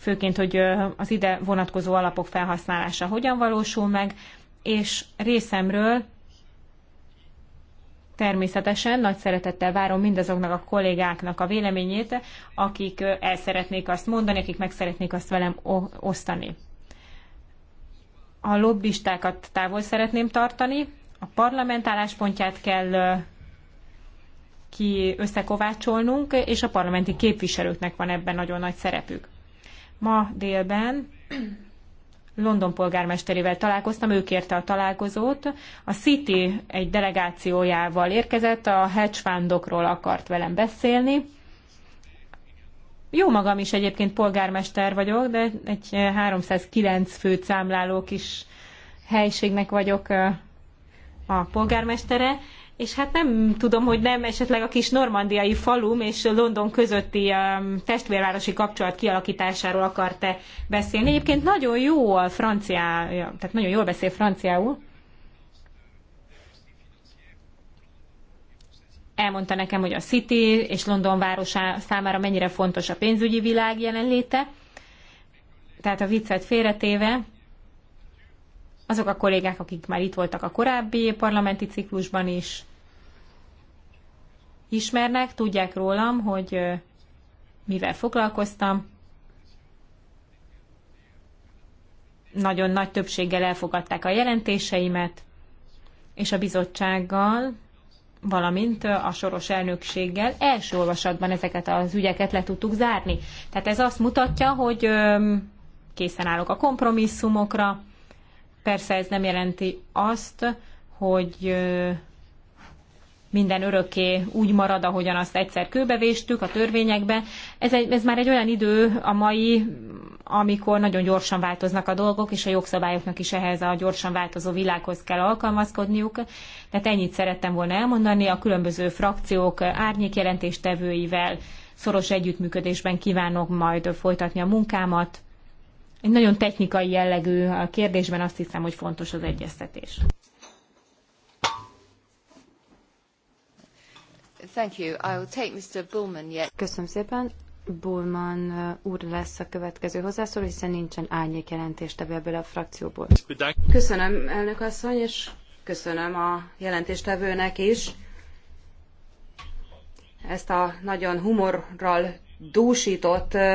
főként, hogy az ide vonatkozó alapok felhasználása hogyan valósul meg, és részemről természetesen nagy szeretettel várom mindazoknak a kollégáknak a véleményét, akik el szeretnék azt mondani, akik meg szeretnék azt velem osztani. A lobbistákat távol szeretném tartani, a parlament álláspontját kell ki összekovácsolnunk, és a parlamenti képviselőknek van ebben nagyon nagy szerepük. Ma délben London polgármesterével találkoztam, ő kérte a találkozót. A City egy delegációjával érkezett, a hedge fundokról akart velem beszélni. Jó magam is egyébként polgármester vagyok, de egy 309 fő számláló kis helységnek vagyok a polgármestere, és hát nem tudom, hogy nem esetleg a kis normandiai falum és London közötti um, testvérvárosi kapcsolat kialakításáról akart-e beszélni. Egyébként nagyon jó a francia, tehát nagyon jól beszél franciául. Elmondta nekem, hogy a City és London városa számára mennyire fontos a pénzügyi világ jelenléte. Tehát a viccet félretéve, azok a kollégák, akik már itt voltak a korábbi parlamenti ciklusban is, ismernek, tudják rólam, hogy mivel foglalkoztam. Nagyon nagy többséggel elfogadták a jelentéseimet, és a bizottsággal, valamint a soros elnökséggel első olvasatban ezeket az ügyeket le tudtuk zárni. Tehát ez azt mutatja, hogy készen állok a kompromisszumokra. Persze ez nem jelenti azt, hogy minden örökké úgy marad, ahogyan azt egyszer kőbevéstük a törvényekbe. Ez, egy, ez már egy olyan idő a mai, amikor nagyon gyorsan változnak a dolgok, és a jogszabályoknak is ehhez a gyorsan változó világhoz kell alkalmazkodniuk. Tehát ennyit szerettem volna elmondani, a különböző frakciók árnyékjelentéstevőivel szoros együttműködésben kívánok majd folytatni a munkámat. Egy nagyon technikai jellegű kérdésben azt hiszem, hogy fontos az egyeztetés. Thank you. I will take Mr. Bullman yet. Köszönöm szépen. Bullman uh, úr lesz a következő hozzászóló, hiszen nincsen árnyék jelentéstevő ebből a frakcióból. Köszönöm, elnök asszony, és köszönöm a jelentéstevőnek is ezt a nagyon humorral dúsított uh,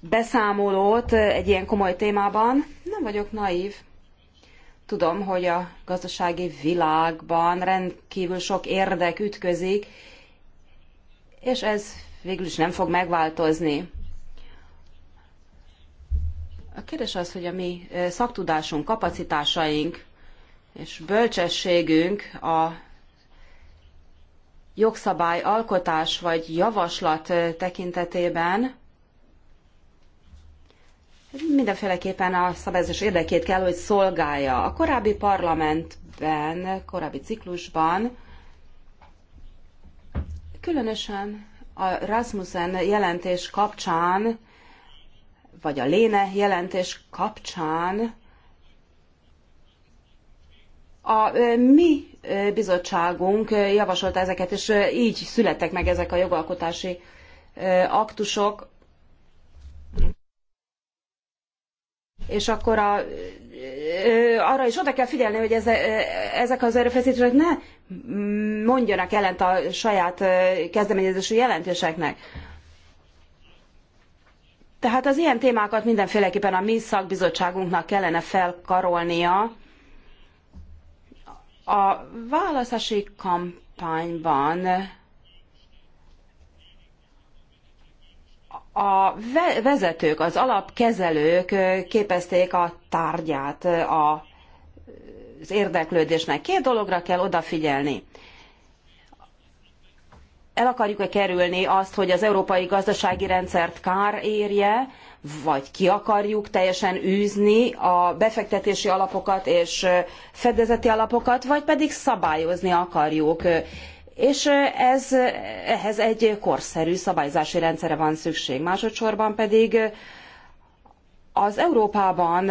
beszámolót uh, egy ilyen komoly témában. Nem vagyok naív. Tudom, hogy a gazdasági világban rendkívül sok érdek ütközik, és ez végül is nem fog megváltozni. A kérdés az, hogy a mi szaktudásunk, kapacitásaink és bölcsességünk a jogszabály alkotás vagy javaslat tekintetében mindenféleképpen a szabályozás érdekét kell, hogy szolgálja. A korábbi parlamentben, korábbi ciklusban Különösen a Rasmussen jelentés kapcsán, vagy a Léne jelentés kapcsán a mi bizottságunk javasolta ezeket, és így születtek meg ezek a jogalkotási aktusok. és akkor a, arra is oda kell figyelni, hogy ezek az erőfeszítések ne mondjanak ellent a saját kezdeményezésű jelentéseknek. Tehát az ilyen témákat mindenféleképpen a mi szakbizottságunknak kellene felkarolnia. A választási kampányban a vezetők, az alapkezelők képezték a tárgyát a, az érdeklődésnek. Két dologra kell odafigyelni. El akarjuk-e kerülni azt, hogy az európai gazdasági rendszert kár érje, vagy ki akarjuk teljesen űzni a befektetési alapokat és fedezeti alapokat, vagy pedig szabályozni akarjuk és ez, ehhez egy korszerű szabályzási rendszere van szükség. Másodszorban pedig az Európában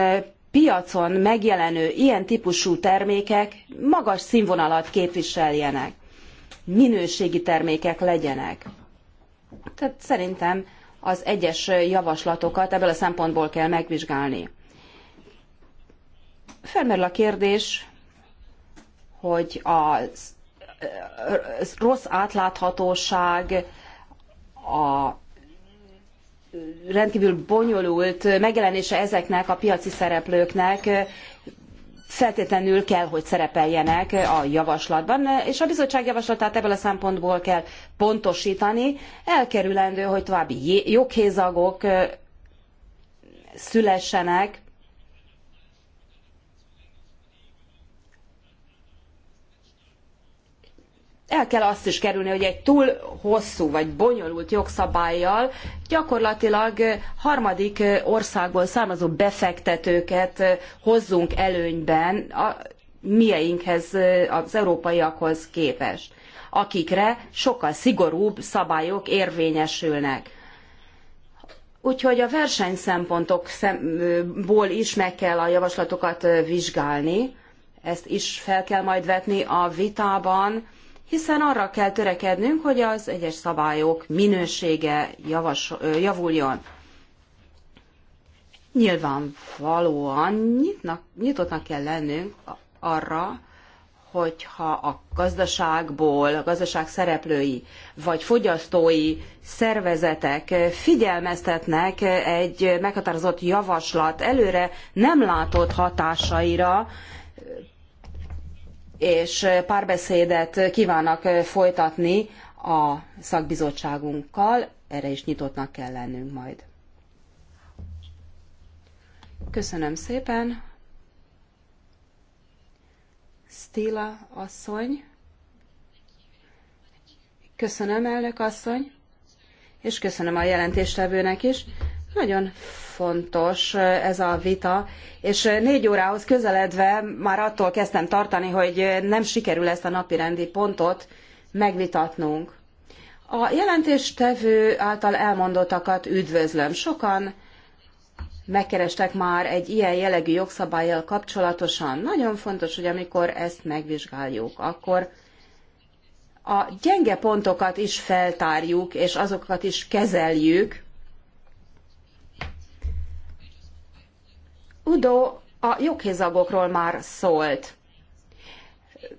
piacon megjelenő ilyen típusú termékek magas színvonalat képviseljenek, minőségi termékek legyenek. Tehát szerintem az egyes javaslatokat ebből a szempontból kell megvizsgálni. Felmerül a kérdés, hogy az rossz átláthatóság, a rendkívül bonyolult megjelenése ezeknek a piaci szereplőknek feltétlenül kell, hogy szerepeljenek a javaslatban, és a bizottság javaslatát ebből a szempontból kell pontosítani, elkerülendő, hogy további joghézagok szülessenek, el kell azt is kerülni, hogy egy túl hosszú vagy bonyolult jogszabályjal gyakorlatilag harmadik országból származó befektetőket hozzunk előnyben a mieinkhez, az európaiakhoz képest, akikre sokkal szigorúbb szabályok érvényesülnek. Úgyhogy a versenyszempontokból is meg kell a javaslatokat vizsgálni, ezt is fel kell majd vetni a vitában, hiszen arra kell törekednünk, hogy az egyes szabályok minősége javas, javuljon. Nyilvánvalóan nyitnak, nyitottnak kell lennünk arra, hogyha a gazdaságból, a gazdaság szereplői vagy fogyasztói szervezetek figyelmeztetnek egy meghatározott javaslat előre nem látott hatásaira, és párbeszédet kívánnak folytatni a szakbizottságunkkal, erre is nyitottnak kell lennünk majd. Köszönöm szépen. Stila asszony. Köszönöm, elnök asszony, és köszönöm a jelentéstevőnek is. Nagyon fontos eh, ez a vita, és eh, négy órához közeledve már attól kezdtem tartani, hogy eh, nem sikerül ezt a napirendi pontot megvitatnunk. A jelentéstevő által elmondottakat üdvözlöm. Sokan megkerestek már egy ilyen jellegű jogszabályjal kapcsolatosan. Nagyon fontos, hogy amikor ezt megvizsgáljuk, akkor a gyenge pontokat is feltárjuk, és azokat is kezeljük, Udo a joghézagokról már szólt.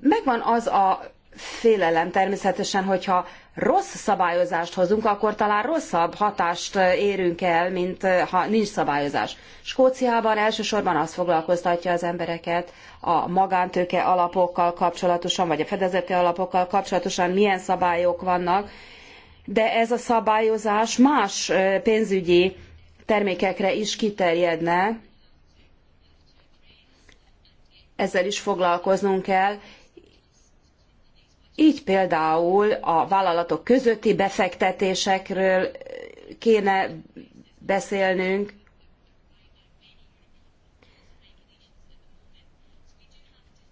Megvan az a félelem természetesen, hogyha rossz szabályozást hozunk, akkor talán rosszabb hatást eh, érünk el, mint eh, ha nincs szabályozás. Skóciában elsősorban azt foglalkoztatja az embereket a magántőke alapokkal kapcsolatosan, vagy a fedezeti alapokkal kapcsolatosan milyen szabályok vannak, de ez a szabályozás más eh, pénzügyi termékekre is kiterjedne, ezzel is foglalkoznunk kell. Így például a vállalatok közötti befektetésekről kéne beszélnünk,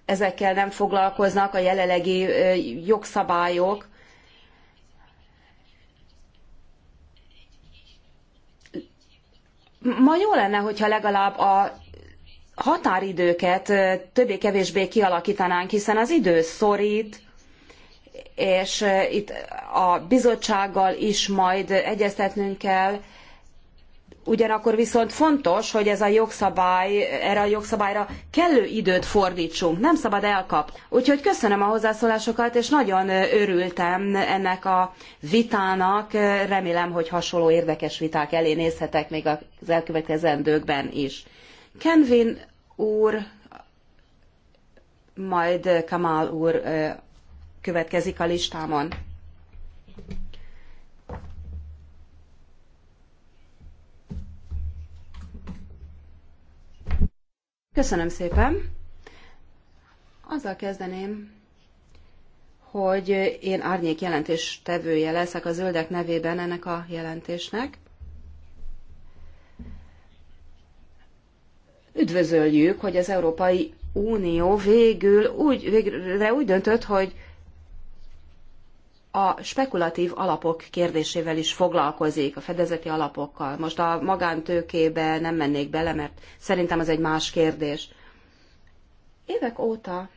ezekkel nem foglalkoznak a jelenlegi jogszabályok. Ma jó lenne, hogyha legalább a határidőket többé-kevésbé kialakítanánk, hiszen az idő szorít, és itt a bizottsággal is majd egyeztetnünk kell, Ugyanakkor viszont fontos, hogy ez a jogszabály, erre a jogszabályra kellő időt fordítsunk, nem szabad elkap. Úgyhogy köszönöm a hozzászólásokat, és nagyon örültem ennek a vitának. Remélem, hogy hasonló érdekes viták elé nézhetek még az elkövetkezendőkben is. Kenvin úr, majd Kamal úr következik a listámon. Köszönöm szépen. Azzal kezdeném, hogy én árnyék jelentés tevője leszek a zöldek nevében ennek a jelentésnek. üdvözöljük, hogy az Európai Unió végül úgy, végre úgy döntött, hogy a spekulatív alapok kérdésével is foglalkozik, a fedezeti alapokkal. Most a magántőkébe nem mennék bele, mert szerintem az egy más kérdés. Évek óta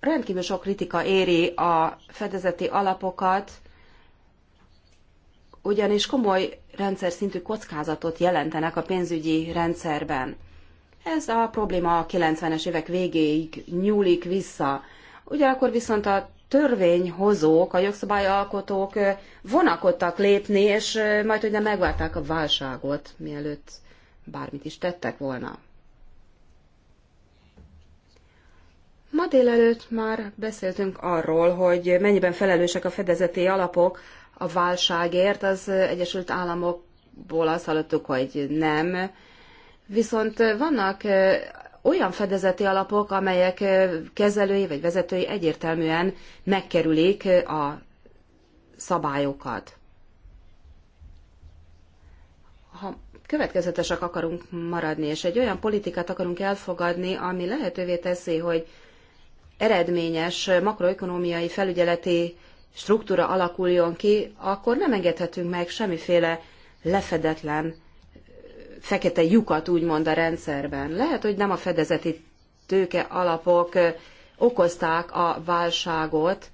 rendkívül sok kritika éri a fedezeti alapokat, ugyanis komoly rendszer szintű kockázatot jelentenek a pénzügyi rendszerben. Ez a probléma a 90-es évek végéig nyúlik vissza. Ugyanakkor viszont a törvényhozók, a jogszabályalkotók vonakodtak lépni, és majd hogy nem megvárták a válságot, mielőtt bármit is tettek volna. Ma délelőtt már beszéltünk arról, hogy mennyiben felelősek a fedezeti alapok a válságért. Az Egyesült Államokból azt hallottuk, hogy nem Viszont vannak olyan fedezeti alapok, amelyek kezelői vagy vezetői egyértelműen megkerülik a szabályokat. Ha következetesek akarunk maradni, és egy olyan politikát akarunk elfogadni, ami lehetővé teszi, hogy eredményes makroökonomiai felügyeleti struktúra alakuljon ki, akkor nem engedhetünk meg semmiféle lefedetlen fekete lyukat úgymond a rendszerben. Lehet, hogy nem a fedezeti tőke alapok okozták a válságot,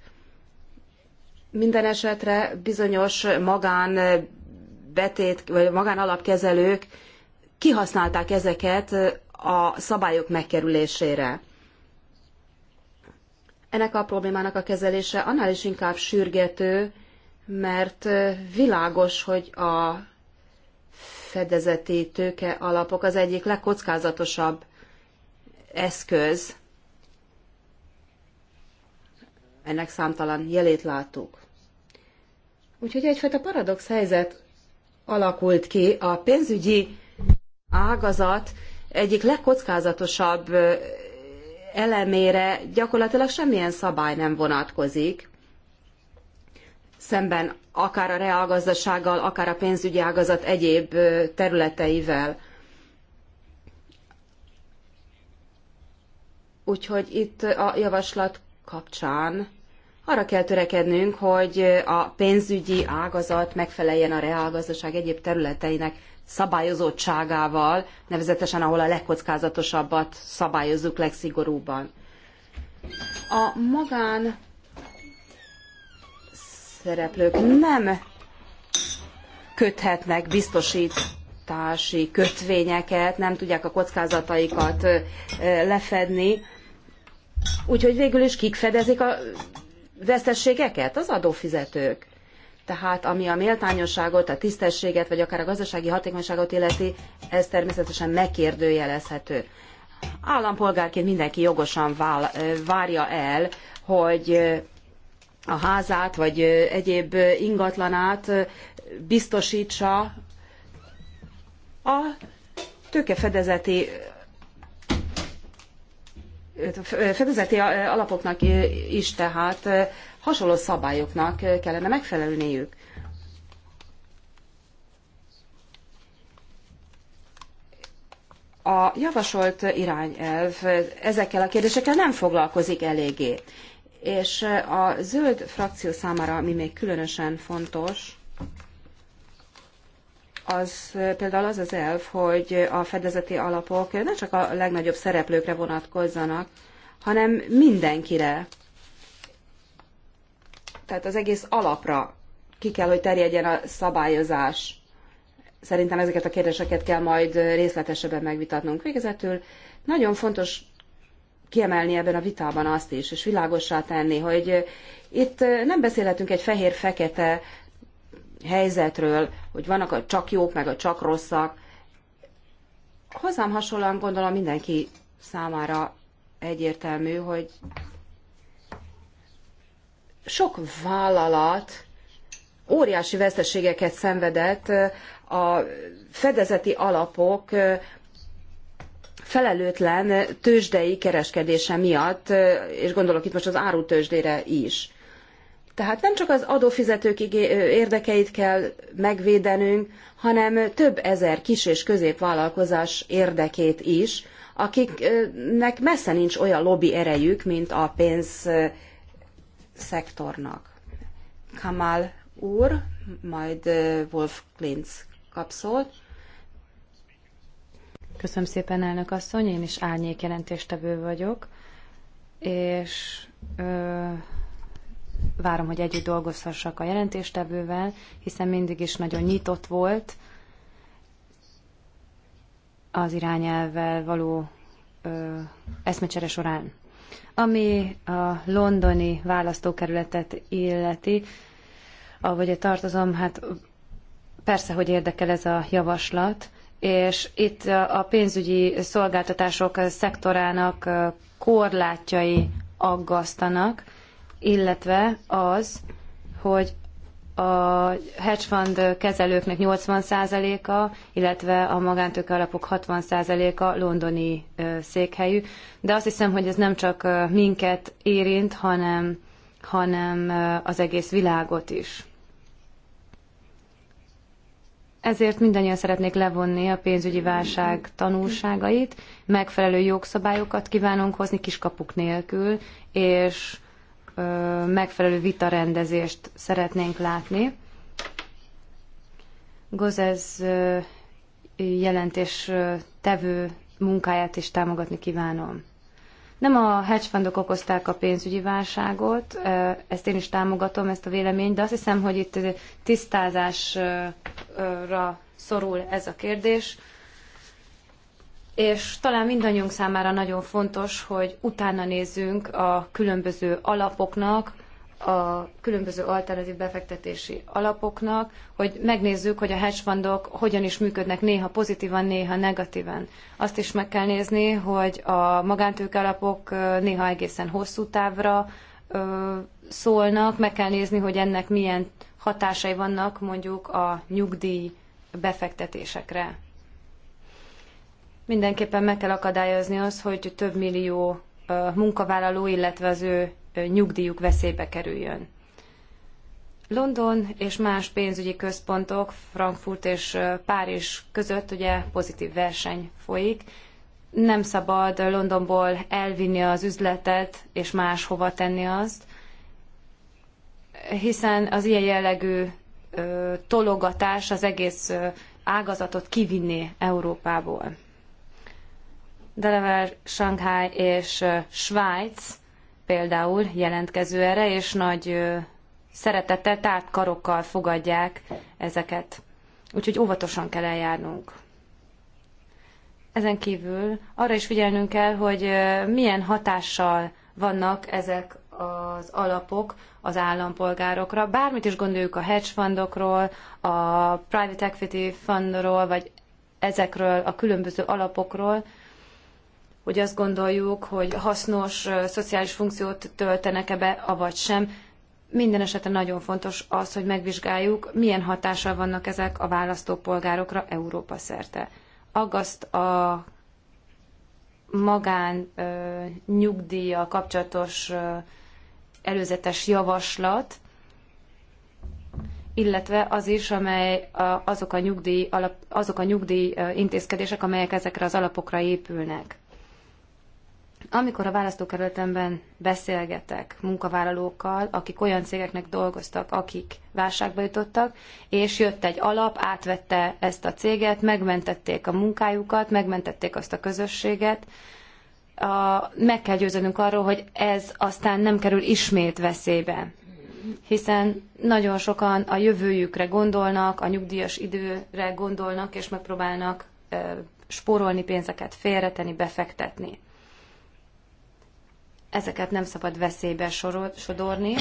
minden esetre bizonyos magán betét, vagy magánalapkezelők kihasználták ezeket a szabályok megkerülésére. Ennek a problémának a kezelése annál is inkább sürgető, mert világos, hogy a fedezeti tőke alapok az egyik legkockázatosabb eszköz. Ennek számtalan jelét láttuk. Úgyhogy egyfajta paradox helyzet alakult ki. A pénzügyi ágazat egyik legkockázatosabb elemére gyakorlatilag semmilyen szabály nem vonatkozik szemben akár a reálgazdasággal, akár a pénzügyi ágazat egyéb területeivel. Úgyhogy itt a javaslat kapcsán arra kell törekednünk, hogy a pénzügyi ágazat megfeleljen a reálgazdaság egyéb területeinek szabályozottságával, nevezetesen ahol a legkockázatosabbat szabályozzuk legszigorúbban. A magán szereplők nem köthetnek biztosítási kötvényeket, nem tudják a kockázataikat lefedni. Úgyhogy végül is kik fedezik a vesztességeket? Az adófizetők. Tehát ami a méltányosságot, a tisztességet, vagy akár a gazdasági hatékonyságot illeti, ez természetesen megkérdőjelezhető. Állampolgárként mindenki jogosan várja el, hogy a házát vagy egyéb ingatlanát biztosítsa a tőkefedezeti fedezeti alapoknak is tehát hasonló szabályoknak kellene megfelelniük. A javasolt irányelv ezekkel a kérdésekkel nem foglalkozik eléggé és a zöld frakció számára, ami még különösen fontos, az például az az elv, hogy a fedezeti alapok ne csak a legnagyobb szereplőkre vonatkozzanak, hanem mindenkire. Tehát az egész alapra ki kell, hogy terjedjen a szabályozás. Szerintem ezeket a kérdéseket kell majd részletesebben megvitatnunk. Végezetül nagyon fontos kiemelni ebben a vitában azt is, és világossá tenni, hogy itt nem beszélhetünk egy fehér-fekete helyzetről, hogy vannak a csak jók, meg a csak rosszak. Hozzám hasonlóan gondolom mindenki számára egyértelmű, hogy sok vállalat óriási veszteségeket szenvedett a fedezeti alapok felelőtlen tőzsdei kereskedése miatt, és gondolok itt most az árutőzsdére is. Tehát nem csak az adófizetők érdekeit kell megvédenünk, hanem több ezer kis és középvállalkozás érdekét is, akiknek messze nincs olyan lobby erejük, mint a pénzszektornak. Kamal úr, majd Wolf Klintz kap Köszönöm szépen, elnök asszony, én is árnyék jelentéstevő vagyok, és ö, várom, hogy együtt dolgozhassak a jelentéstevővel, hiszen mindig is nagyon nyitott volt az irányelvvel való ö, eszmecsere során. Ami a londoni választókerületet illeti, ahogy tartozom, hát persze, hogy érdekel ez a javaslat, és itt a pénzügyi szolgáltatások szektorának korlátjai aggasztanak, illetve az, hogy a hedge fund kezelőknek 80%-a, illetve a magántőke alapok 60%-a londoni székhelyű. De azt hiszem, hogy ez nem csak minket érint, hanem, hanem az egész világot is. Ezért mindannyian szeretnék levonni a pénzügyi válság tanulságait, megfelelő jogszabályokat kívánunk hozni kiskapuk nélkül, és ö, megfelelő vitarendezést szeretnénk látni. Gozez jelentés tevő munkáját is támogatni kívánom. Nem a hedge fundok okozták a pénzügyi válságot, ezt én is támogatom, ezt a véleményt, de azt hiszem, hogy itt tisztázásra szorul ez a kérdés. És talán mindannyiunk számára nagyon fontos, hogy utána nézzünk a különböző alapoknak, a különböző alternatív befektetési alapoknak, hogy megnézzük, hogy a hedge fundok hogyan is működnek néha pozitívan, néha negatívan. Azt is meg kell nézni, hogy a magántőke alapok néha egészen hosszú távra szólnak, meg kell nézni, hogy ennek milyen hatásai vannak mondjuk a nyugdíj befektetésekre. Mindenképpen meg kell akadályozni az, hogy több millió munkavállaló, illetve az ő nyugdíjuk veszélybe kerüljön. London és más pénzügyi központok, Frankfurt és Párizs között ugye pozitív verseny folyik. Nem szabad Londonból elvinni az üzletet és máshova tenni azt, hiszen az ilyen jellegű tologatás az egész ágazatot kivinni Európából. Delaware, Shanghai és Svájc például jelentkező erre, és nagy szeretettel, tárt karokkal fogadják ezeket. Úgyhogy óvatosan kell eljárnunk. Ezen kívül arra is figyelnünk kell, hogy milyen hatással vannak ezek az alapok az állampolgárokra. Bármit is gondoljuk a hedge fundokról, a private equity fundról, vagy ezekről a különböző alapokról, hogy azt gondoljuk, hogy hasznos szociális funkciót töltenek-e be, avagy sem. Minden esetre nagyon fontos az, hogy megvizsgáljuk, milyen hatással vannak ezek a választópolgárokra Európa szerte. Aggaszt a magán ö, nyugdíja kapcsolatos ö, előzetes javaslat, illetve az is, amely azok a nyugdíj, alap, azok a nyugdíj intézkedések, amelyek ezekre az alapokra épülnek. Amikor a választókerületemben beszélgetek munkavállalókkal, akik olyan cégeknek dolgoztak, akik válságba jutottak, és jött egy alap, átvette ezt a céget, megmentették a munkájukat, megmentették azt a közösséget, a, meg kell győződnünk arról, hogy ez aztán nem kerül ismét veszélybe. Hiszen nagyon sokan a jövőjükre gondolnak, a nyugdíjas időre gondolnak, és megpróbálnak e, spórolni pénzeket, félretenni, befektetni ezeket nem szabad veszélybe sodorni.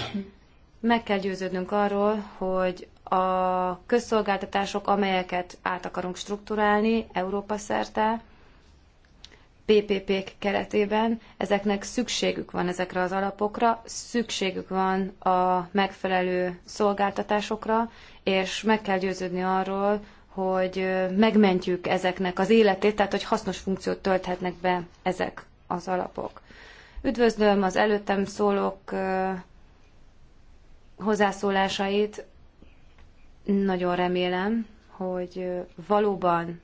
Meg kell győződnünk arról, hogy a közszolgáltatások, amelyeket át akarunk strukturálni Európa szerte, PPP-k keretében, ezeknek szükségük van ezekre az alapokra, szükségük van a megfelelő szolgáltatásokra, és meg kell győződni arról, hogy megmentjük ezeknek az életét, tehát hogy hasznos funkciót tölthetnek be ezek az alapok. Üdvözlöm az előttem szólók hozzászólásait. Nagyon remélem, hogy valóban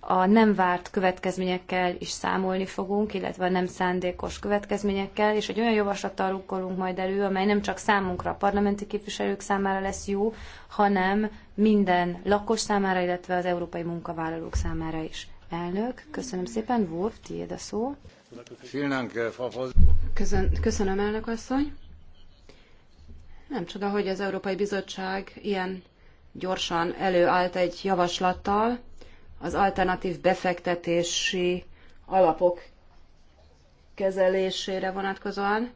a nem várt következményekkel is számolni fogunk, illetve a nem szándékos következményekkel, és egy olyan javaslattal rukkolunk majd elő, amely nem csak számunkra, a parlamenti képviselők számára lesz jó, hanem minden lakos számára, illetve az európai munkavállalók számára is. Elnök, köszönöm szépen. Wolf, tiéd a szó. Köszön, köszönöm, elnök asszony. Nem csoda, hogy az Európai Bizottság ilyen gyorsan előállt egy javaslattal az alternatív befektetési alapok kezelésére vonatkozóan.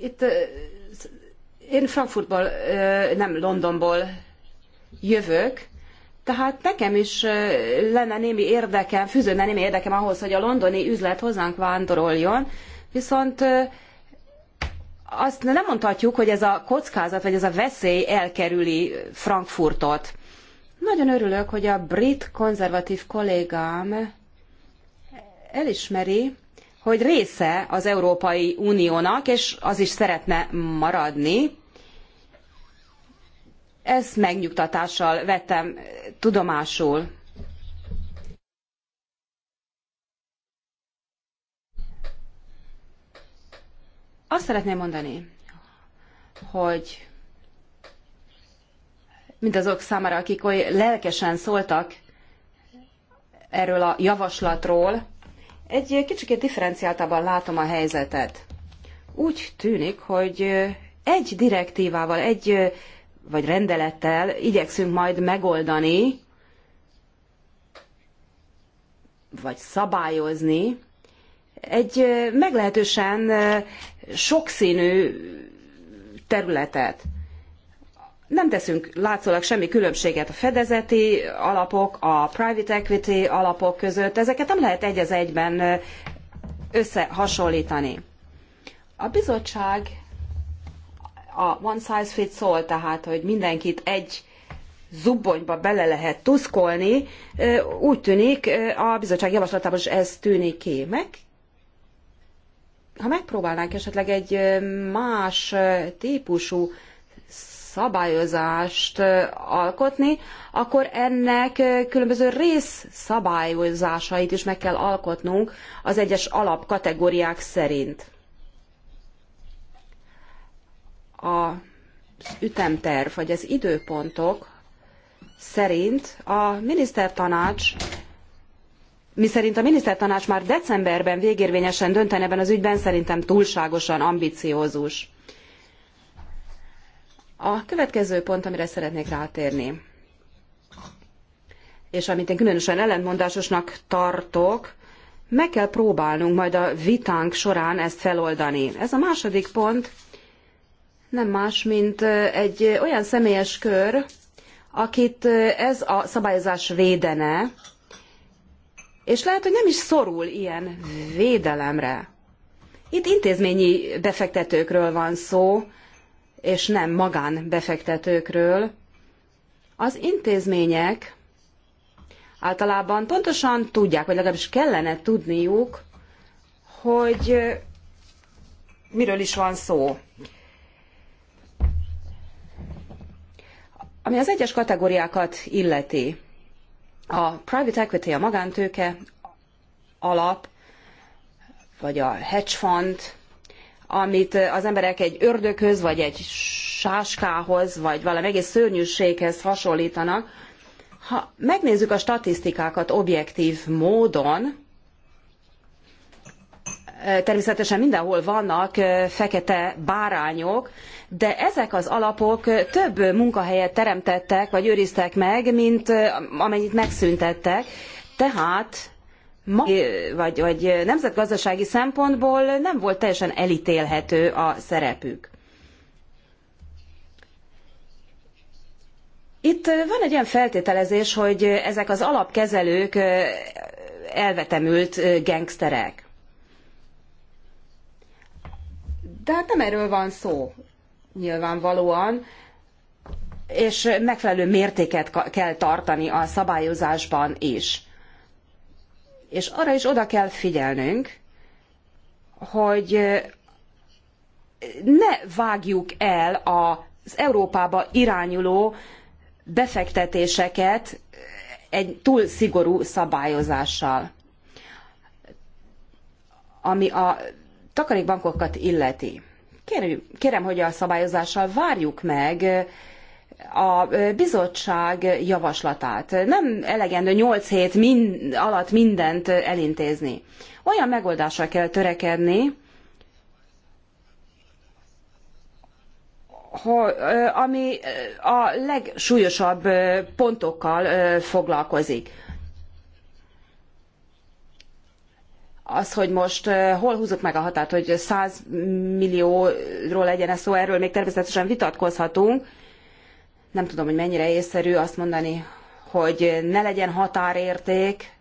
Itt én Frankfurtból, nem Londonból jövök, tehát nekem is lenne némi érdekem, fűződne némi érdekem ahhoz, hogy a londoni üzlet hozzánk vándoroljon, viszont azt nem mondhatjuk, hogy ez a kockázat, vagy ez a veszély elkerüli Frankfurtot. Nagyon örülök, hogy a brit konzervatív kollégám elismeri, hogy része az Európai Uniónak, és az is szeretne maradni, ezt megnyugtatással vettem tudomásul. Azt szeretném mondani, hogy mindazok számára, akik oly lelkesen szóltak erről a javaslatról, egy kicsikét differenciáltabban látom a helyzetet. Úgy tűnik, hogy egy direktívával, egy vagy rendelettel igyekszünk majd megoldani, vagy szabályozni egy meglehetősen sokszínű területet. Nem teszünk látszólag semmi különbséget a fedezeti alapok, a private equity alapok között, ezeket nem lehet egy az egyben összehasonlítani. A bizottság a one size fits all, tehát hogy mindenkit egy zubbonyba bele lehet tuszkolni, úgy tűnik, a bizottság javaslatában is ez tűnik ki. Meg ha megpróbálnánk esetleg egy más típusú szabályozást alkotni, akkor ennek különböző rész szabályozásait is meg kell alkotnunk az egyes alapkategóriák szerint az ütemterv, vagy az időpontok szerint a minisztertanács miszerint a minisztertanács már decemberben végérvényesen döntene ebben az ügyben, szerintem túlságosan ambiciózus. A következő pont, amire szeretnék rátérni, és amit én különösen ellentmondásosnak tartok, meg kell próbálnunk majd a vitánk során ezt feloldani. Ez a második pont nem más, mint egy olyan személyes kör, akit ez a szabályozás védene, és lehet, hogy nem is szorul ilyen védelemre. Itt intézményi befektetőkről van szó, és nem magánbefektetőkről. Az intézmények általában pontosan tudják, vagy legalábbis kellene tudniuk, hogy miről is van szó. Ami az egyes kategóriákat illeti, a private equity, a magántőke alap, vagy a hedge fund, amit az emberek egy ördököz vagy egy sáskához, vagy valami egész szörnyűséghez hasonlítanak, ha megnézzük a statisztikákat objektív módon, természetesen mindenhol vannak eh, fekete bárányok, de ezek az alapok több munkahelyet teremtettek, vagy őriztek meg, mint eh, amennyit megszüntettek. Tehát ma, eh, vagy, vagy nemzetgazdasági szempontból nem volt teljesen elítélhető a szerepük. Itt eh, van egy olyan feltételezés, hogy ezek az alapkezelők elvetemült gengszterek. De hát nem erről van szó nyilvánvalóan, és megfelelő mértéket kell tartani a szabályozásban is. És arra is oda kell figyelnünk, hogy ne vágjuk el az Európába irányuló befektetéseket egy túl szigorú szabályozással. Ami a takarékbankokat illeti. Kérjük, kérem, hogy a szabályozással várjuk meg a bizottság javaslatát. Nem elegendő 8 hét min, alatt mindent elintézni. Olyan megoldásra kell törekedni, ami a legsúlyosabb pontokkal foglalkozik. az, hogy most hol húzott meg a határt, hogy 100 millióról legyen szó, erről még természetesen vitatkozhatunk. Nem tudom, hogy mennyire észszerű azt mondani, hogy ne legyen határérték.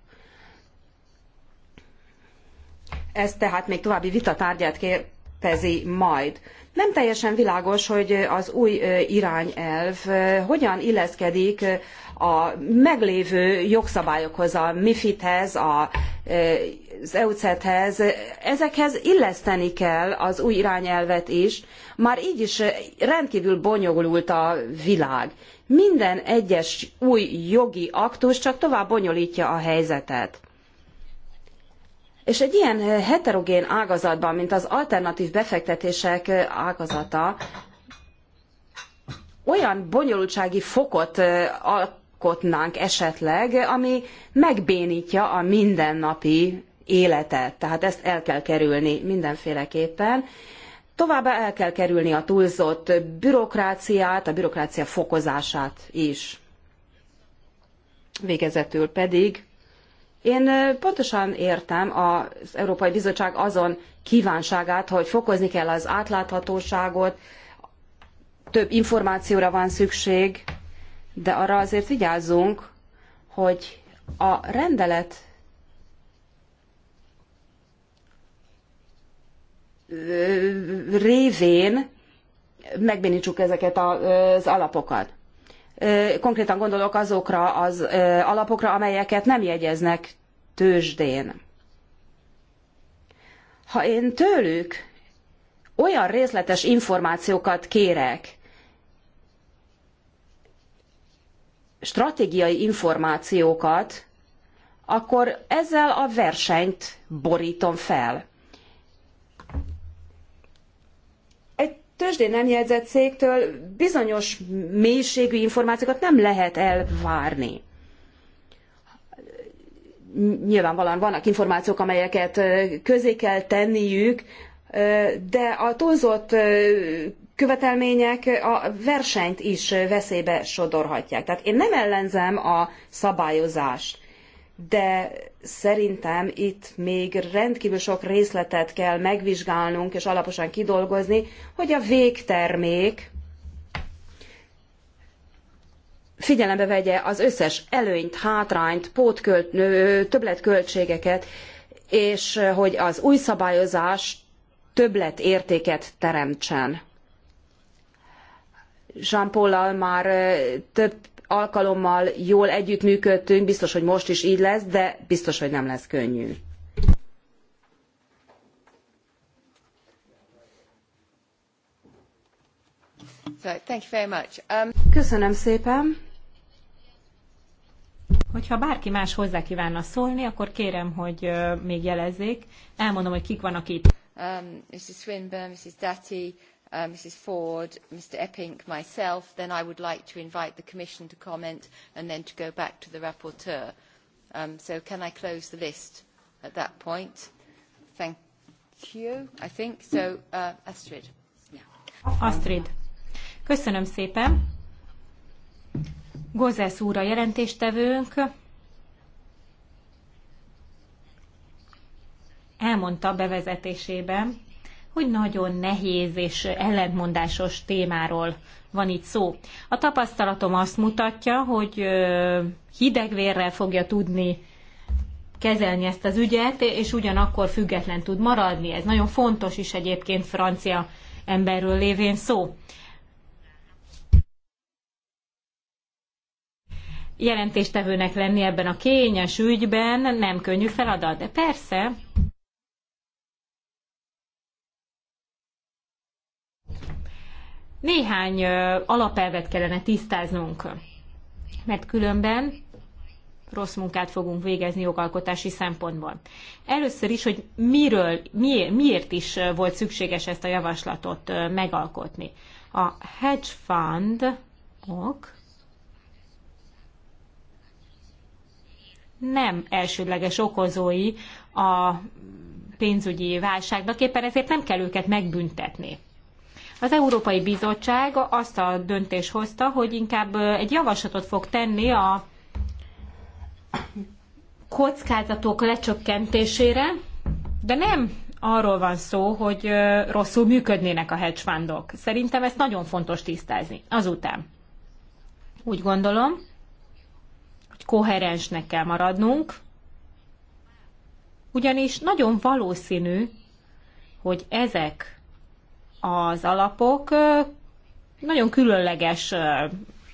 Ez tehát még további vita tárgyát kér, képezi majd. Nem teljesen világos, hogy az új irányelv hogyan illeszkedik a meglévő jogszabályokhoz, a MIFID-hez, az EUCET-hez. Ezekhez illeszteni kell az új irányelvet is. Már így is rendkívül bonyolult a világ. Minden egyes új jogi aktus csak tovább bonyolítja a helyzetet. És egy ilyen eh, heterogén ágazatban, mint az alternatív befektetések eh, ágazata, olyan bonyolultsági fokot eh, alkotnánk esetleg, ami megbénítja a mindennapi életet. Tehát ezt el kell kerülni mindenféleképpen. Továbbá el kell kerülni a túlzott bürokráciát, a bürokrácia fokozását is. Végezetül pedig én pontosan értem az Európai Bizottság azon kívánságát, hogy fokozni kell az átláthatóságot, több információra van szükség, de arra azért vigyázzunk, hogy a rendelet révén megbénítsuk ezeket az alapokat. Konkrétan gondolok azokra az alapokra, amelyeket nem jegyeznek tőzsdén. Ha én tőlük olyan részletes információkat kérek, stratégiai információkat, akkor ezzel a versenyt borítom fel. tőzsdén nem jegyzett cégtől bizonyos mélységű információkat nem lehet elvárni. Nyilvánvalóan vannak információk, amelyeket közé kell tenniük, de a túlzott követelmények a versenyt is veszélybe sodorhatják. Tehát én nem ellenzem a szabályozást, de szerintem itt még rendkívül sok részletet kell megvizsgálnunk és alaposan kidolgozni, hogy a végtermék figyelembe vegye az összes előnyt, hátrányt, pótkölt, többletköltségeket, és hogy az új szabályozás többletértéket teremtsen. Jean Paul-al már több alkalommal jól együttműködtünk, biztos, hogy most is így lesz, de biztos, hogy nem lesz könnyű. Um, Köszönöm szépen. Hogyha bárki más hozzá kívánna szólni, akkor kérem, hogy még jelezzék. Elmondom, hogy kik vannak itt. Um, Mrs. Swinburne, Mrs. Dati, Uh, ms Mrs Ford, Mr Eppink, and myself, then I would like to invite the Commission to comment and then to go back to the rapporteur. Um, so can I close the list at that point? Thank you, I think. So, uh, Astrid. Yeah. Astrid. Köszönöm szépen. Gozesz úr a jelentéstevőnk. Elmondta bevezetésében, hogy nagyon nehéz és ellentmondásos témáról van itt szó. A tapasztalatom azt mutatja, hogy hidegvérrel fogja tudni kezelni ezt az ügyet, és ugyanakkor független tud maradni. Ez nagyon fontos is egyébként francia emberről lévén szó. Jelentéstevőnek lenni ebben a kényes ügyben nem könnyű feladat, de persze néhány alapelvet kellene tisztáznunk, mert különben rossz munkát fogunk végezni jogalkotási szempontból. Először is, hogy miről, miért, miért is volt szükséges ezt a javaslatot megalkotni. A hedge fundok nem elsődleges okozói a pénzügyi válságnak, éppen ezért nem kell őket megbüntetni. Az Európai Bizottság azt a döntés hozta, hogy inkább egy javaslatot fog tenni a kockázatok lecsökkentésére, de nem arról van szó, hogy rosszul működnének a hedge fundok. Szerintem ezt nagyon fontos tisztázni. Azután úgy gondolom, hogy koherensnek kell maradnunk, ugyanis nagyon valószínű, hogy ezek az alapok nagyon különleges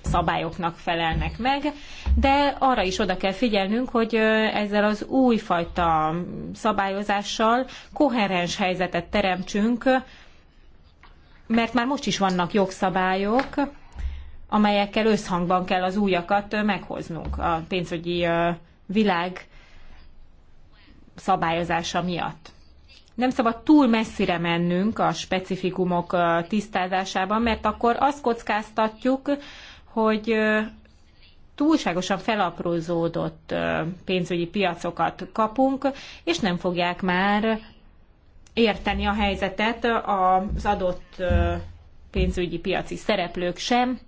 szabályoknak felelnek meg, de arra is oda kell figyelnünk, hogy ezzel az újfajta szabályozással koherens helyzetet teremtsünk, mert már most is vannak jogszabályok, amelyekkel összhangban kell az újakat meghoznunk a pénzügyi világ szabályozása miatt nem szabad túl messzire mennünk a specifikumok tisztázásában, mert akkor azt kockáztatjuk, hogy túlságosan felaprózódott pénzügyi piacokat kapunk, és nem fogják már érteni a helyzetet az adott pénzügyi piaci szereplők sem.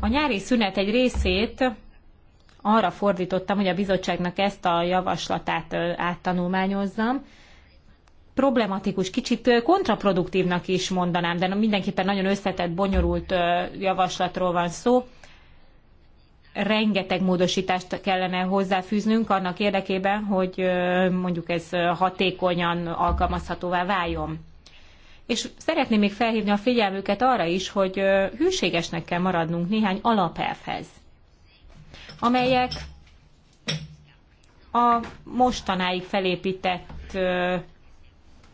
A nyári szünet egy részét arra fordítottam, hogy a bizottságnak ezt a javaslatát áttanulmányozzam. Problematikus, kicsit kontraproduktívnak is mondanám, de mindenképpen nagyon összetett, bonyolult javaslatról van szó. Rengeteg módosítást kellene hozzáfűznünk annak érdekében, hogy mondjuk ez hatékonyan alkalmazhatóvá váljon. És szeretném még felhívni a figyelmüket arra is, hogy hűségesnek kell maradnunk néhány alapelvhez amelyek a mostanáig felépített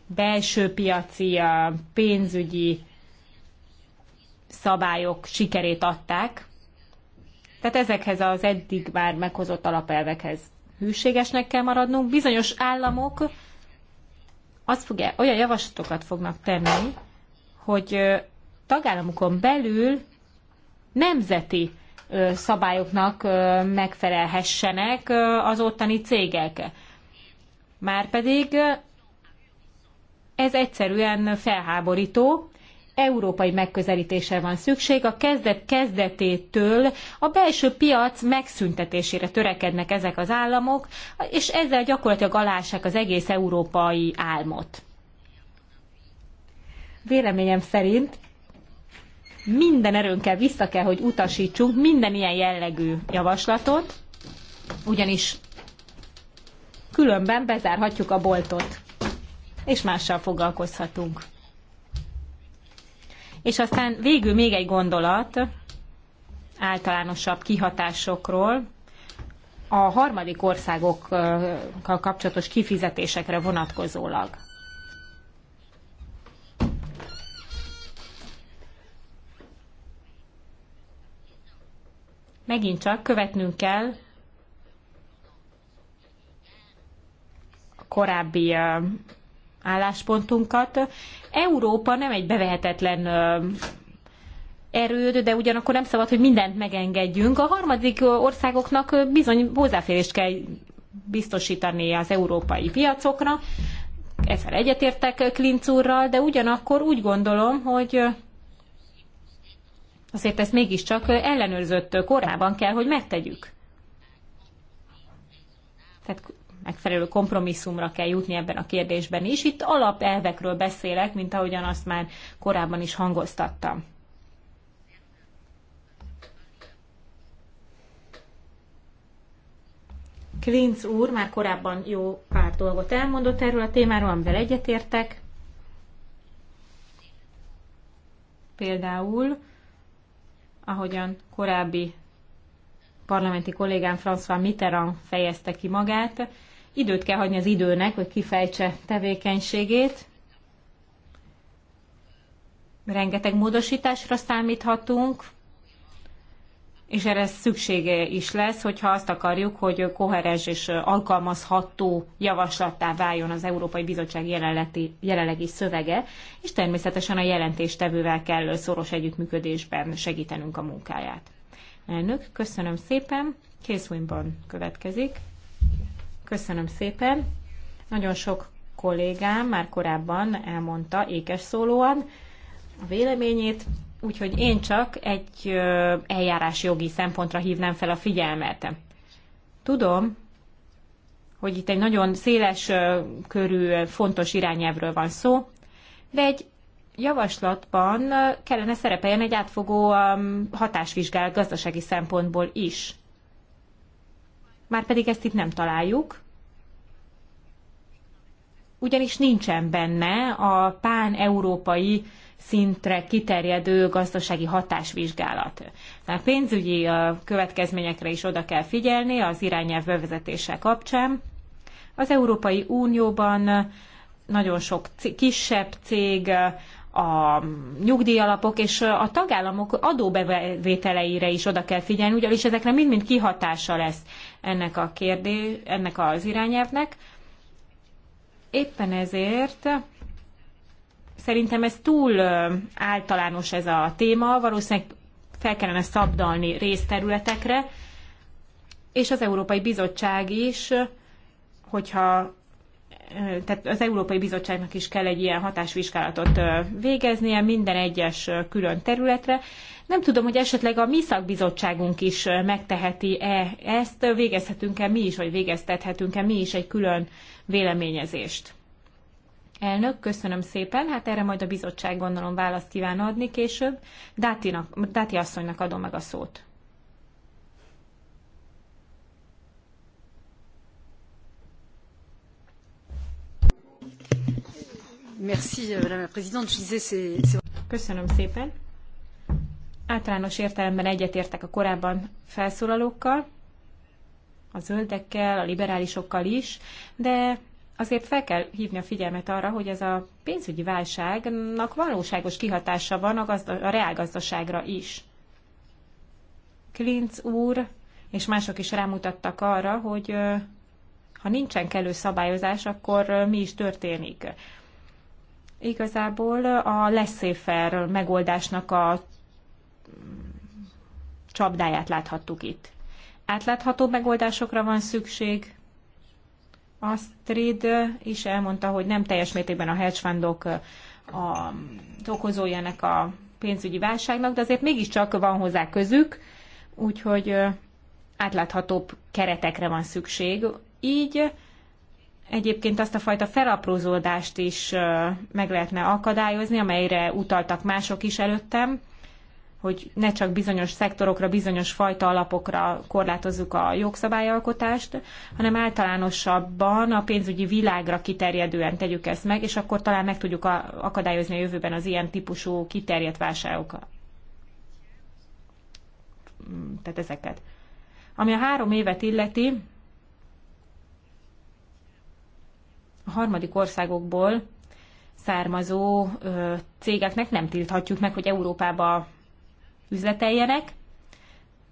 belső piaci pénzügyi szabályok sikerét adták. Tehát ezekhez az eddig már meghozott alapelvekhez hűségesnek kell maradnunk. Bizonyos államok azt fogja, olyan javaslatokat fognak tenni, hogy tagállamokon belül nemzeti szabályoknak megfelelhessenek az ottani cégek. Márpedig ez egyszerűen felháborító, európai megközelítésre van szükség. A kezdet kezdetétől a belső piac megszüntetésére törekednek ezek az államok, és ezzel gyakorlatilag alássák az egész európai álmot. Véleményem szerint minden erőnkkel vissza kell, hogy utasítsunk minden ilyen jellegű javaslatot, ugyanis különben bezárhatjuk a boltot, és mással foglalkozhatunk. És aztán végül még egy gondolat általánosabb kihatásokról, a harmadik országokkal kapcsolatos kifizetésekre vonatkozólag. megint csak követnünk kell a korábbi álláspontunkat. Európa nem egy bevehetetlen erőd, de ugyanakkor nem szabad, hogy mindent megengedjünk. A harmadik országoknak bizony hozzáférést kell biztosítani az európai piacokra. Ezzel egyetértek Klinc úrral, de ugyanakkor úgy gondolom, hogy Azért ezt mégiscsak ellenőrzött korában kell, hogy megtegyük. Tehát megfelelő kompromisszumra kell jutni ebben a kérdésben is. Itt alapelvekről beszélek, mint ahogyan azt már korábban is hangoztattam. Klinc úr már korábban jó pár dolgot elmondott erről a témáról, amivel egyetértek. Például ahogyan korábbi parlamenti kollégám François Mitterrand fejezte ki magát, időt kell hagyni az időnek, hogy kifejtse tevékenységét. Rengeteg módosításra számíthatunk, és erre szüksége is lesz, hogyha azt akarjuk, hogy koherens és alkalmazható javaslattá váljon az Európai Bizottság jelenleti, jelenlegi szövege, és természetesen a jelentéstevővel kell szoros együttműködésben segítenünk a munkáját. Elnök, köszönöm szépen. Kész következik. Köszönöm szépen. Nagyon sok kollégám már korábban elmondta ékes szólóan a véleményét, Úgyhogy én csak egy eljárás jogi szempontra hívnám fel a figyelmet. Tudom, hogy itt egy nagyon széles körű fontos irányelvről van szó, de egy javaslatban kellene szerepeljen egy átfogó hatásvizsgál gazdasági szempontból is. Márpedig ezt itt nem találjuk, ugyanis nincsen benne a pán-európai szintre kiterjedő gazdasági hatásvizsgálat. A pénzügyi következményekre is oda kell figyelni az irányelv bevezetése kapcsán. Az Európai Unióban nagyon sok kisebb cég, a nyugdíjalapok és a tagállamok adóbevételeire is oda kell figyelni, ugyanis ezekre mind-mind kihatása lesz ennek, a kérdés, ennek az irányelvnek. Éppen ezért Szerintem ez túl általános ez a téma, valószínűleg fel kellene szabdalni részterületekre, és az Európai Bizottság is, hogyha tehát az Európai Bizottságnak is kell egy ilyen hatásvizsgálatot végeznie minden egyes külön területre. Nem tudom, hogy esetleg a mi szakbizottságunk is megteheti-e ezt, végezhetünk-e mi is, vagy végeztethetünk-e mi is egy külön véleményezést. Elnök, köszönöm szépen. Hát erre majd a bizottság gondolom választ kíván adni később. Dátinak, Dáti asszonynak adom meg a szót. Merci, euh, Madame la Présidente. Je disais, c'est... Köszönöm szépen. Általános értelemben egyetértek a korábban felszólalókkal, a zöldekkel, a liberálisokkal is, de azért fel kell hívni a figyelmet arra, hogy ez a pénzügyi válságnak valóságos kihatása van a, gazda, a reálgazdaságra is. Klinc úr és mások is rámutattak arra, hogy ha nincsen kellő szabályozás, akkor mi is történik. Igazából a leszéfer megoldásnak a mm, csapdáját láthattuk itt. Átlátható megoldásokra van szükség, Astrid is elmondta, hogy nem teljes mértékben a hedge fundok a, okozója ennek a pénzügyi válságnak, de azért mégiscsak van hozzá közük, úgyhogy átláthatóbb keretekre van szükség. Így egyébként azt a fajta felaprózódást is meg lehetne akadályozni, amelyre utaltak mások is előttem, hogy ne csak bizonyos szektorokra, bizonyos fajta alapokra korlátozzuk a jogszabályalkotást, hanem általánosabban a pénzügyi világra kiterjedően tegyük ezt meg, és akkor talán meg tudjuk akadályozni a jövőben az ilyen típusú kiterjedt válságokat. Mm, tehát ezeket. Ami a három évet illeti, a harmadik országokból származó cégeknek nem tilthatjuk meg, hogy Európába üzleteljenek,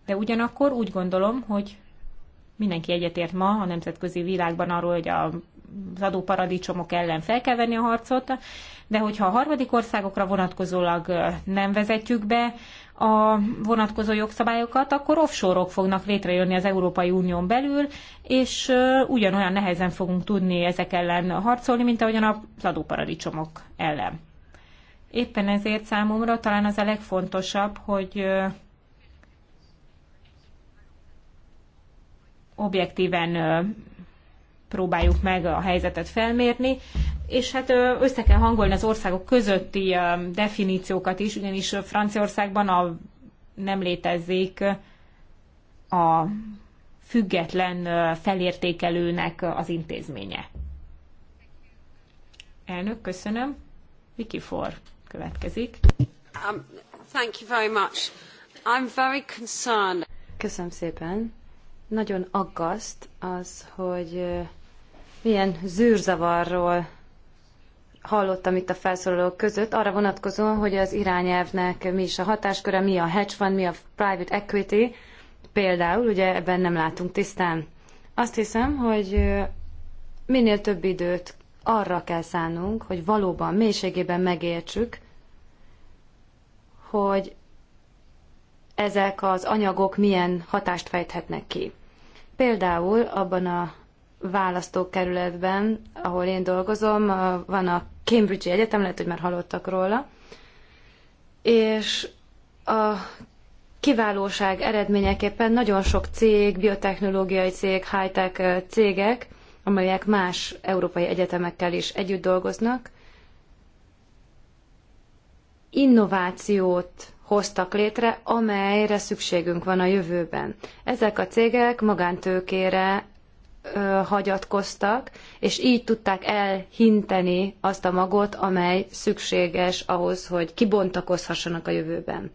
de ugyanakkor úgy gondolom, hogy mindenki egyetért ma a nemzetközi világban arról, hogy a az adóparadicsomok ellen fel kell venni a harcot, de hogyha a harmadik országokra vonatkozólag nem vezetjük be a vonatkozó jogszabályokat, akkor offshore-ok fognak létrejönni az Európai Unión belül, és ugyanolyan nehezen fogunk tudni ezek ellen harcolni, mint ahogyan az adóparadicsomok ellen. Éppen ezért számomra talán az a legfontosabb, hogy objektíven próbáljuk meg a helyzetet felmérni, és hát össze kell hangolni az országok közötti definíciókat is, ugyanis Franciaországban a, nem létezik a független felértékelőnek az intézménye. Elnök, köszönöm. Ford következik. Um, thank you very much. I'm very concerned. Köszönöm szépen. Nagyon aggaszt az, hogy milyen zűrzavarról hallottam itt a felszólalók között, arra vonatkozóan, hogy az irányelvnek mi is a hatásköre, mi a hedge fund, mi a private equity, például, ugye ebben nem látunk tisztán. Azt hiszem, hogy minél több időt arra kell szánnunk, hogy valóban mélységében megértsük, hogy ezek az anyagok milyen hatást fejthetnek ki. Például abban a választókerületben, ahol én dolgozom, van a Cambridge Egyetem, lehet, hogy már hallottak róla, és a kiválóság eredményeképpen nagyon sok cég, biotechnológiai cég, high-tech cégek amelyek más európai egyetemekkel is együtt dolgoznak, innovációt hoztak létre, amelyre szükségünk van a jövőben. Ezek a cégek magántőkére ö, hagyatkoztak, és így tudták elhinteni azt a magot, amely szükséges ahhoz, hogy kibontakozhassanak a jövőben.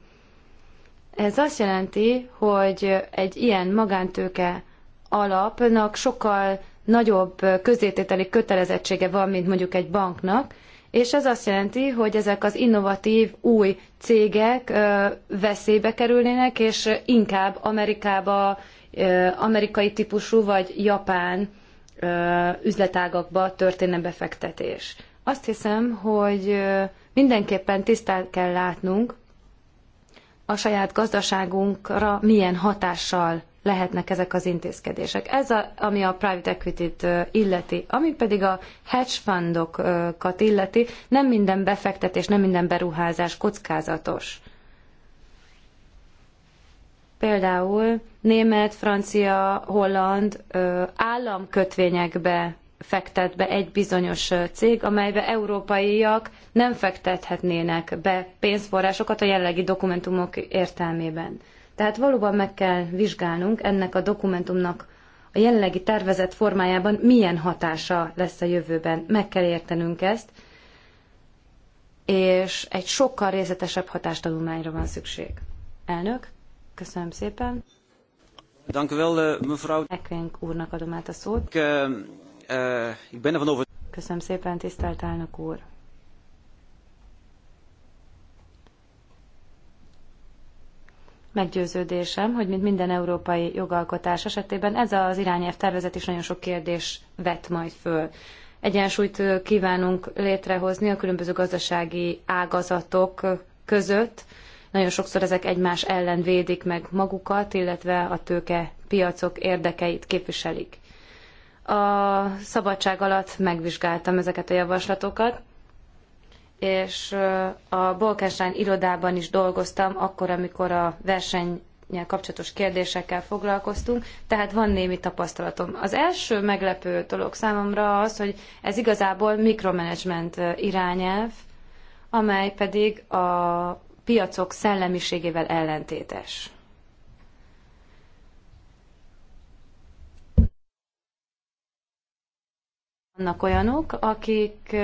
Ez azt jelenti, hogy egy ilyen magántőke alapnak sokkal nagyobb közétételi kötelezettsége van, mint mondjuk egy banknak, és ez azt jelenti, hogy ezek az innovatív új cégek veszélybe kerülnének, és inkább Amerikába, amerikai típusú vagy japán üzletágakba történne befektetés. Azt hiszem, hogy mindenképpen tisztán kell látnunk a saját gazdaságunkra milyen hatással lehetnek ezek az intézkedések. Ez, a, ami a private equity-t illeti, ami pedig a hedge fundokat illeti, nem minden befektetés, nem minden beruházás kockázatos. Például német, francia, holland államkötvényekbe fektet be egy bizonyos cég, amelybe európaiak nem fektethetnének be pénzforrásokat a jelenlegi dokumentumok értelmében. Tehát valóban meg kell vizsgálnunk ennek a dokumentumnak a jelenlegi tervezett formájában milyen hatása lesz a jövőben. Meg kell értenünk ezt, és egy sokkal részletesebb hatástanulmányra van szükség. Elnök, köszönöm szépen. Dank u wel, eh, mevrouw. Ekvénk úrnak adom át a szót. Eh, eh, köszönöm szépen, tisztelt elnök úr. Meggyőződésem, hogy mint minden európai jogalkotás esetében ez az irányelv tervezet is nagyon sok kérdés vet majd föl. Egyensúlyt kívánunk létrehozni a különböző gazdasági ágazatok között. Nagyon sokszor ezek egymás ellen védik meg magukat, illetve a tőke piacok érdekeit képviselik. A szabadság alatt megvizsgáltam ezeket a javaslatokat, és a Bolkásán irodában is dolgoztam, akkor, amikor a verseny kapcsolatos kérdésekkel foglalkoztunk, tehát van némi tapasztalatom. Az első meglepő dolog számomra az, hogy ez igazából mikromanagement irányelv, amely pedig a piacok szellemiségével ellentétes. Vannak olyanok, akik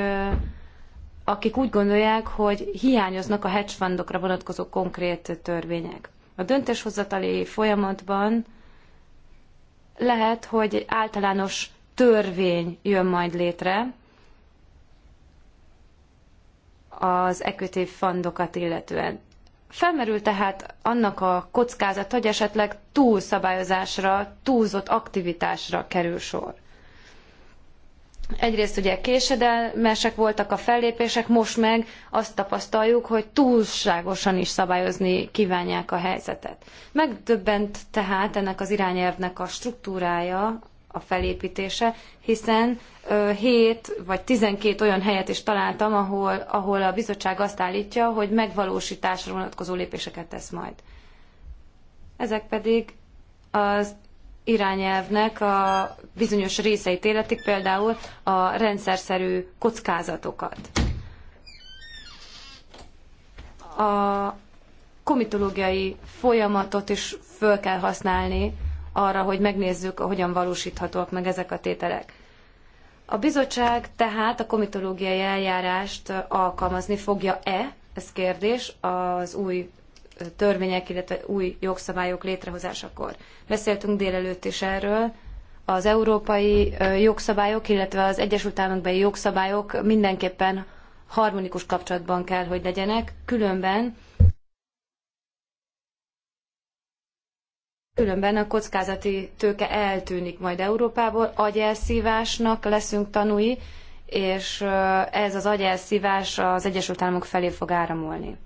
akik úgy gondolják, hogy hiányoznak a hedge fundokra vonatkozó konkrét törvények. A döntéshozatali folyamatban lehet, hogy egy általános törvény jön majd létre az equity fundokat illetően. Felmerül tehát annak a kockázat, hogy esetleg túlszabályozásra, túlzott aktivitásra kerül sor. Egyrészt ugye késedelmesek voltak a fellépések, most meg azt tapasztaljuk, hogy túlságosan is szabályozni kívánják a helyzetet. Megdöbbent tehát ennek az irányelvnek a struktúrája, a felépítése, hiszen ö, 7 vagy 12 olyan helyet is találtam, ahol, ahol a bizottság azt állítja, hogy megvalósításra vonatkozó lépéseket tesz majd. Ezek pedig az irányelvnek a bizonyos részeit életik, például a rendszerszerű kockázatokat. A komitológiai folyamatot is föl kell használni arra, hogy megnézzük, hogyan valósíthatóak meg ezek a tételek. A bizottság tehát a komitológiai eljárást alkalmazni fogja-e, ez kérdés, az új törvények, illetve új jogszabályok létrehozásakor. Beszéltünk délelőtt is erről, az európai jogszabályok, illetve az Egyesült Államokbeli jogszabályok mindenképpen harmonikus kapcsolatban kell, hogy legyenek, különben Különben a kockázati tőke eltűnik majd Európából, agyelszívásnak leszünk tanúi, és ez az agyelszívás az Egyesült Államok felé fog áramolni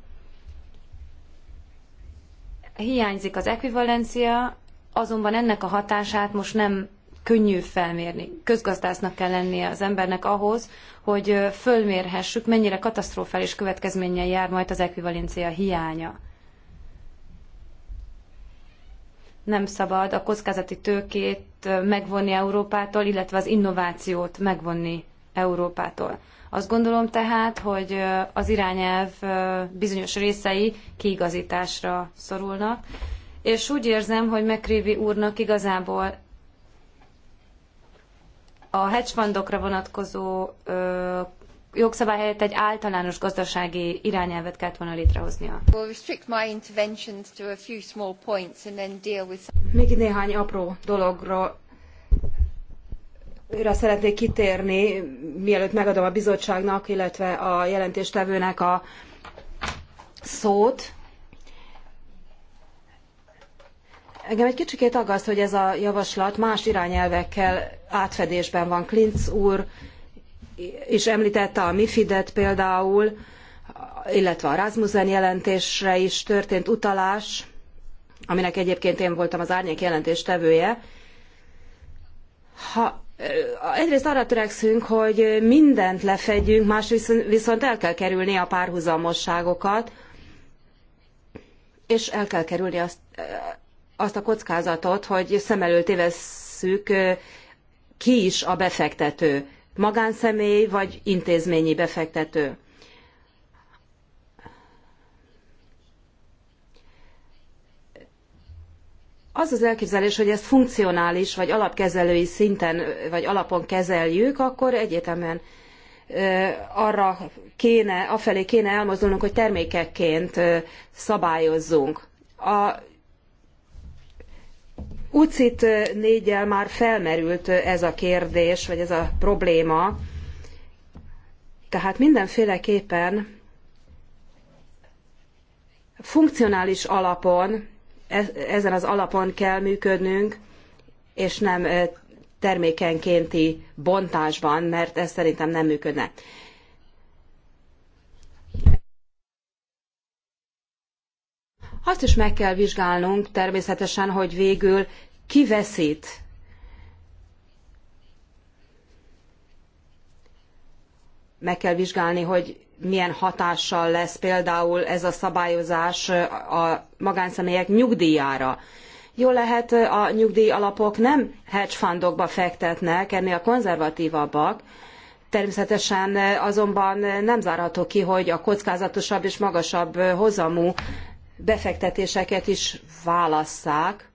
hiányzik az ekvivalencia, azonban ennek a hatását most nem könnyű felmérni. Közgazdásznak kell lennie az embernek ahhoz, hogy fölmérhessük, mennyire katasztrofális következménnyel jár majd az ekvivalencia hiánya. Nem szabad a kockázati tőkét megvonni Európától, illetve az innovációt megvonni Európától. Azt gondolom tehát, hogy az irányelv bizonyos részei kiigazításra szorulnak, és úgy érzem, hogy McCreevy úrnak igazából a hedgefundokra vonatkozó ö, jogszabály helyett egy általános gazdasági irányelvet kellett volna létrehoznia. Még néhány apró dologra őre szeretnék kitérni, mielőtt megadom a bizottságnak, illetve a jelentéstevőnek a szót. Engem egy kicsikét aggaszt, hogy ez a javaslat más irányelvekkel átfedésben van. Klinz úr is említette a MIFID-et például, illetve a Rasmussen jelentésre is történt utalás, aminek egyébként én voltam az árnyék jelentéstevője. Ha egyrészt arra törekszünk, hogy mindent lefedjünk, másrészt viszont el kell kerülni a párhuzamosságokat, és el kell kerülni azt, azt a kockázatot, hogy szem elől tévesszük ki is a befektető, magánszemély vagy intézményi befektető. az az elképzelés, hogy ezt funkcionális vagy alapkezelői szinten vagy alapon kezeljük, akkor egyértelműen arra kéne, afelé kéne elmozdulnunk, hogy termékekként szabályozzunk. A UCIT négyel már felmerült ez a kérdés, vagy ez a probléma, tehát mindenféleképpen funkcionális alapon ezen az alapon kell működnünk, és nem termékenkénti bontásban, mert ez szerintem nem működne. Azt is meg kell vizsgálnunk természetesen, hogy végül ki veszít meg kell vizsgálni, hogy milyen hatással lesz például ez a szabályozás a magánszemélyek nyugdíjára. Jó lehet, a nyugdíj alapok nem hedge fundokba fektetnek, ennél konzervatívabbak, természetesen azonban nem zárható ki, hogy a kockázatosabb és magasabb hozamú befektetéseket is válasszák,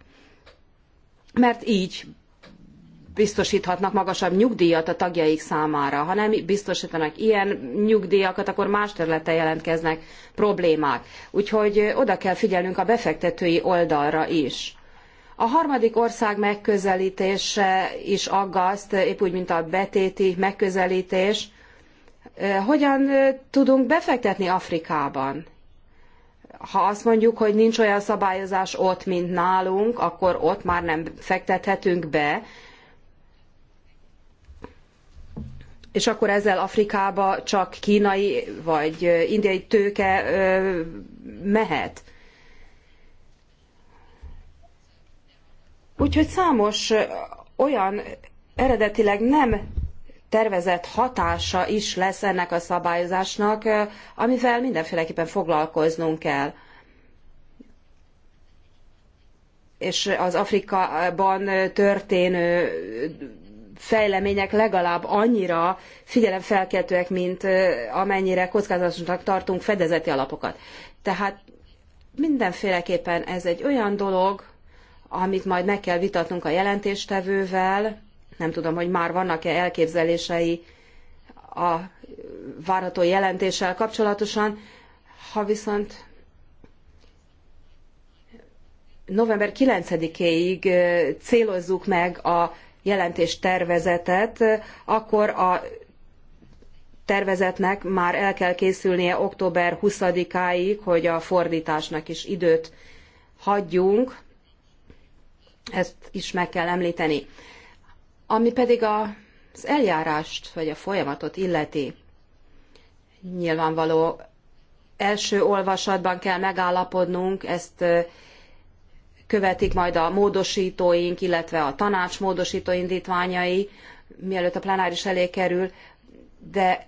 mert így biztosíthatnak magasabb nyugdíjat a tagjaik számára. Ha nem biztosítanak ilyen nyugdíjakat, akkor más területen jelentkeznek problémák. Úgyhogy oda kell figyelnünk a befektetői oldalra is. A harmadik ország megközelítése is aggaszt, épp úgy, mint a betéti megközelítés. Hogyan tudunk befektetni Afrikában? ha azt mondjuk, hogy nincs olyan szabályozás ott, mint nálunk, akkor ott már nem fektethetünk be, és akkor ezzel Afrikába csak kínai vagy indiai tőke mehet. Úgyhogy számos olyan eredetileg nem tervezett hatása is lesz ennek a szabályozásnak, amivel mindenféleképpen foglalkoznunk kell. És az Afrikában történő fejlemények legalább annyira figyelemfelkeltőek, mint amennyire kockázatosnak tartunk fedezeti alapokat. Tehát mindenféleképpen ez egy olyan dolog, amit majd meg kell vitatnunk a jelentéstevővel. Nem tudom, hogy már vannak-e elképzelései a várható jelentéssel kapcsolatosan. Ha viszont november 9-éig célozzuk meg a jelentéstervezetet, akkor a tervezetnek már el kell készülnie október 20-áig, hogy a fordításnak is időt hagyjunk. Ezt is meg kell említeni. Ami pedig az eljárást vagy a folyamatot illeti, nyilvánvaló első olvasatban kell megállapodnunk, ezt követik majd a módosítóink, illetve a tanács módosító indítványai, mielőtt a plenáris elé kerül, de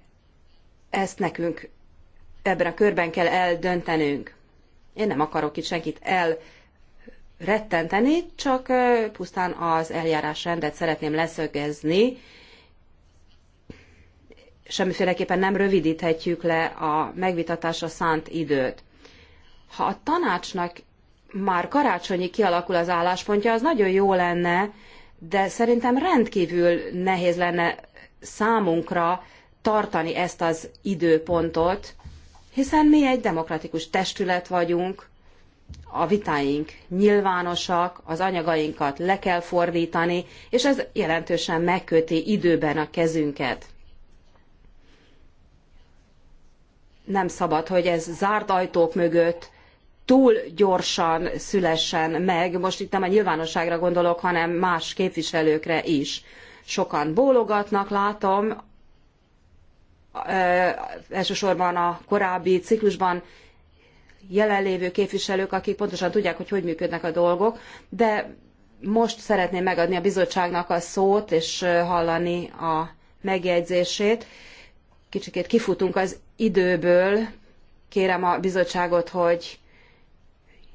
ezt nekünk ebben a körben kell eldöntenünk. Én nem akarok itt senkit elrettenteni, csak pusztán az eljárásrendet szeretném leszögezni. Semmiféleképpen nem rövidíthetjük le a megvitatásra szánt időt. Ha a tanácsnak már karácsonyig kialakul az álláspontja, az nagyon jó lenne, de szerintem rendkívül nehéz lenne számunkra tartani ezt az időpontot, hiszen mi egy demokratikus testület vagyunk, a vitáink nyilvánosak, az anyagainkat le kell fordítani, és ez jelentősen megköti időben a kezünket. Nem szabad, hogy ez zárt ajtók mögött túl gyorsan szülessen meg. Most itt nem a nyilvánosságra gondolok, hanem más képviselőkre is. Sokan bólogatnak, látom, elsősorban a korábbi ciklusban jelenlévő képviselők, akik pontosan tudják, hogy hogy működnek a dolgok, de most szeretném megadni a bizottságnak a szót, és hallani a megjegyzését. Kicsikét kifutunk az időből. Kérem a bizottságot, hogy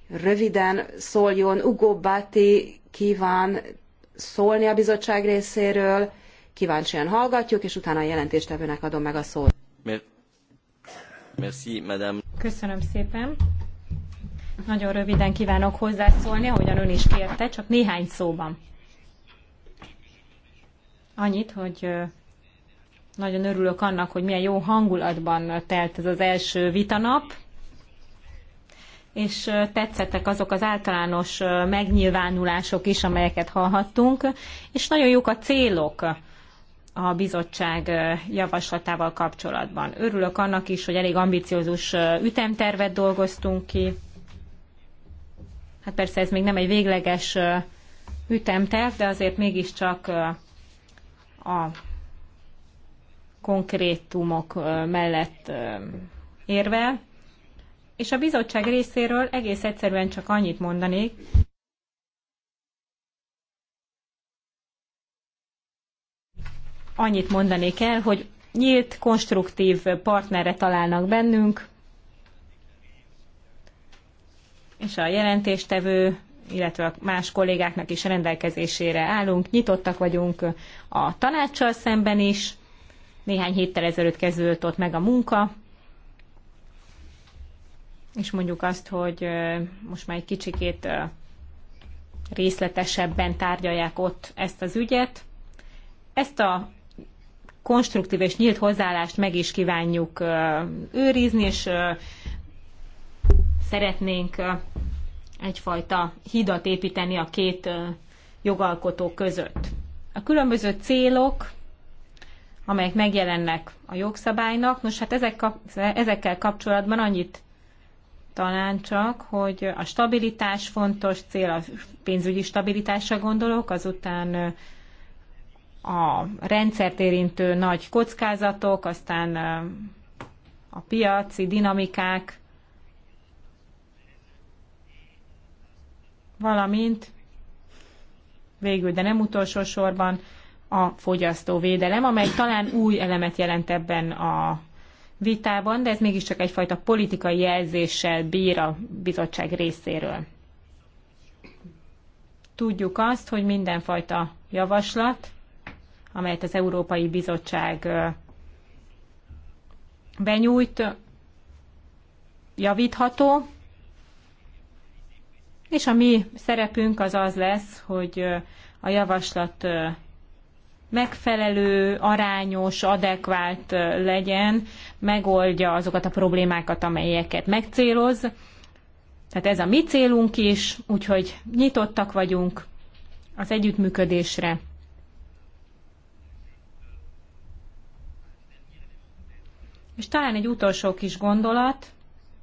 röviden szóljon. Ugo Bati kíván szólni a bizottság részéről, kíváncsian hallgatjuk, és utána a jelentéstevőnek adom meg a szót. Merci, madame. Köszönöm szépen. Nagyon röviden kívánok hozzászólni, ahogyan ön is kérte, csak néhány szóban. Annyit, hogy nagyon örülök annak, hogy milyen jó hangulatban telt ez az első vitanap, és tetszettek azok az általános megnyilvánulások is, amelyeket hallhattunk, és nagyon jók a célok a bizottság javaslatával kapcsolatban. Örülök annak is, hogy elég ambiciózus ütemtervet dolgoztunk ki. Hát persze ez még nem egy végleges ütemterv, de azért mégiscsak a konkrétumok mellett érvel. És a bizottság részéről egész egyszerűen csak annyit mondanék, annyit mondanék el, hogy nyílt, konstruktív partnerre találnak bennünk, és a jelentéstevő, illetve a más kollégáknak is rendelkezésére állunk. Nyitottak vagyunk a tanácssal szemben is. Néhány héttel ezelőtt kezdődött ott meg a munka, és mondjuk azt, hogy most már egy kicsikét részletesebben tárgyalják ott ezt az ügyet. Ezt a konstruktív és nyílt hozzáállást meg is kívánjuk őrizni, és szeretnénk egyfajta hidat építeni a két jogalkotó között. A különböző célok, amelyek megjelennek a jogszabálynak, nos hát ezek, ezekkel kapcsolatban annyit talán csak, hogy a stabilitás fontos cél, a pénzügyi stabilitásra gondolok, azután a rendszert érintő nagy kockázatok, aztán a piaci dinamikák, valamint végül, de nem utolsó sorban a fogyasztóvédelem, amely talán új elemet jelent ebben a vitában, de ez mégiscsak egyfajta politikai jelzéssel bír a bizottság részéről. Tudjuk azt, hogy mindenfajta javaslat, amelyet az Európai Bizottság benyújt, javítható, és a mi szerepünk az az lesz, hogy a javaslat megfelelő, arányos, adekvált legyen, megoldja azokat a problémákat, amelyeket megcéloz. Tehát ez a mi célunk is, úgyhogy nyitottak vagyunk az együttműködésre. És talán egy utolsó kis gondolat,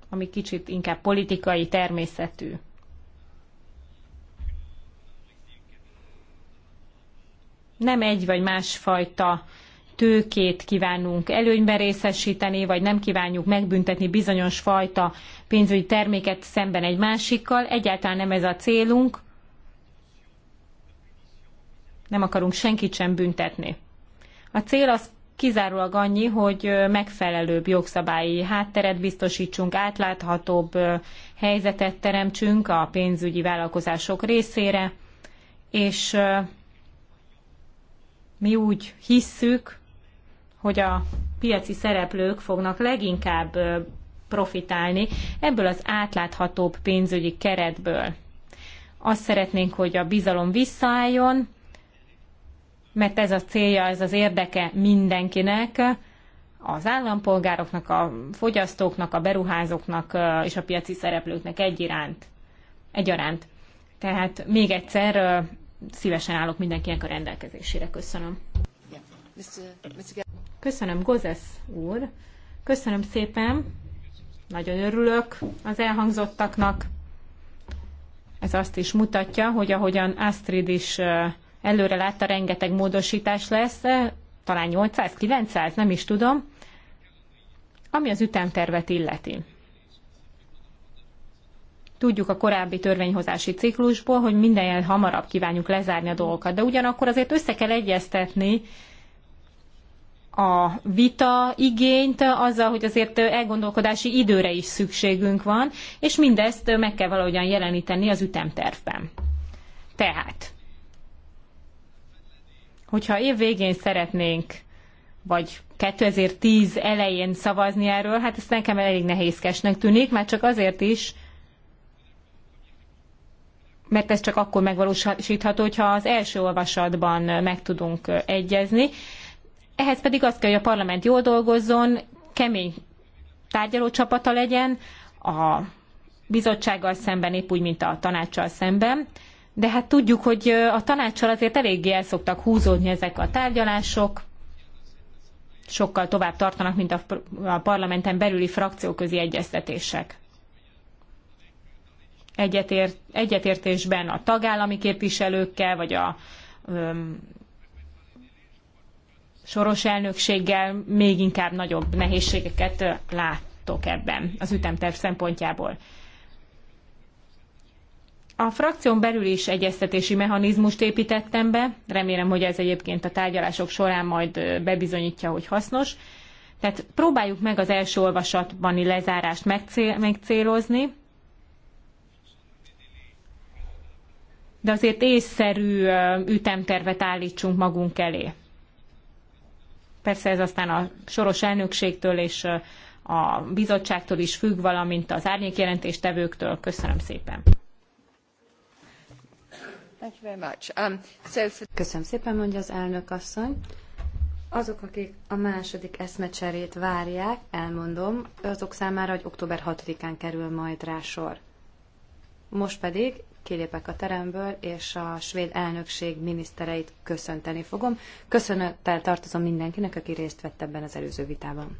ami kicsit inkább politikai természetű. nem egy vagy másfajta tőkét kívánunk előnyben részesíteni, vagy nem kívánjuk megbüntetni bizonyos fajta pénzügyi terméket szemben egy másikkal. Egyáltalán nem ez a célunk. Nem akarunk senkit sem büntetni. A cél az kizárólag annyi, hogy megfelelőbb jogszabályi hátteret biztosítsunk, átláthatóbb helyzetet teremtsünk a pénzügyi vállalkozások részére, és mi úgy hisszük, hogy a piaci szereplők fognak leginkább profitálni ebből az átláthatóbb pénzügyi keretből. Azt szeretnénk, hogy a bizalom visszaálljon, mert ez a célja, ez az érdeke mindenkinek, az állampolgároknak, a fogyasztóknak, a beruházóknak és a piaci szereplőknek egyiránt, egyaránt. Tehát még egyszer szívesen állok mindenkinek a rendelkezésére. Köszönöm. Köszönöm, Gozesz úr. Köszönöm szépen. Nagyon örülök az elhangzottaknak. Ez azt is mutatja, hogy ahogyan Astrid is előre látta, rengeteg módosítás lesz, talán 800, 900, nem is tudom, ami az ütemtervet illeti. Tudjuk a korábbi törvényhozási ciklusból, hogy minden hamarabb kívánjuk lezárni a dolgokat, de ugyanakkor azért össze kell egyeztetni a vita igényt azzal, hogy azért elgondolkodási időre is szükségünk van, és mindezt meg kell valahogyan jeleníteni az ütemtervben. Tehát, hogyha év végén szeretnénk, vagy 2010 elején szavazni erről, hát ez nekem elég nehézkesnek tűnik, már csak azért is, mert ez csak akkor megvalósítható, hogyha az első olvasatban meg tudunk egyezni. Ehhez pedig azt kell, hogy a parlament jól dolgozzon, kemény tárgyaló csapata legyen, a bizottsággal szemben, épp úgy, mint a tanácssal szemben. De hát tudjuk, hogy a tanácssal azért eléggé el szoktak húzódni ezek a tárgyalások, sokkal tovább tartanak, mint a parlamenten belüli frakcióközi egyeztetések egyetért, egyetértésben a tagállami képviselőkkel, vagy a öm, soros elnökséggel még inkább nagyobb nehézségeket láttok ebben az ütemterv szempontjából. A frakción belül is egyeztetési mechanizmust építettem be, remélem, hogy ez egyébként a tárgyalások során majd bebizonyítja, hogy hasznos. Tehát próbáljuk meg az első olvasatbani lezárást megcélozni, de azért észszerű ütemtervet állítsunk magunk elé. Persze ez aztán a soros elnökségtől és a bizottságtól is függ, valamint az árnyékjelentéstevőktől. Köszönöm szépen. Um, Köszönöm szépen, mondja az elnök asszony. Azok, akik a második eszmecserét várják, elmondom, azok számára, hogy október 6-án kerül majd rá sor. Most pedig kilépek a teremből, és a svéd elnökség minisztereit köszönteni fogom. Köszönettel tartozom mindenkinek, aki részt vett ebben az előző vitában.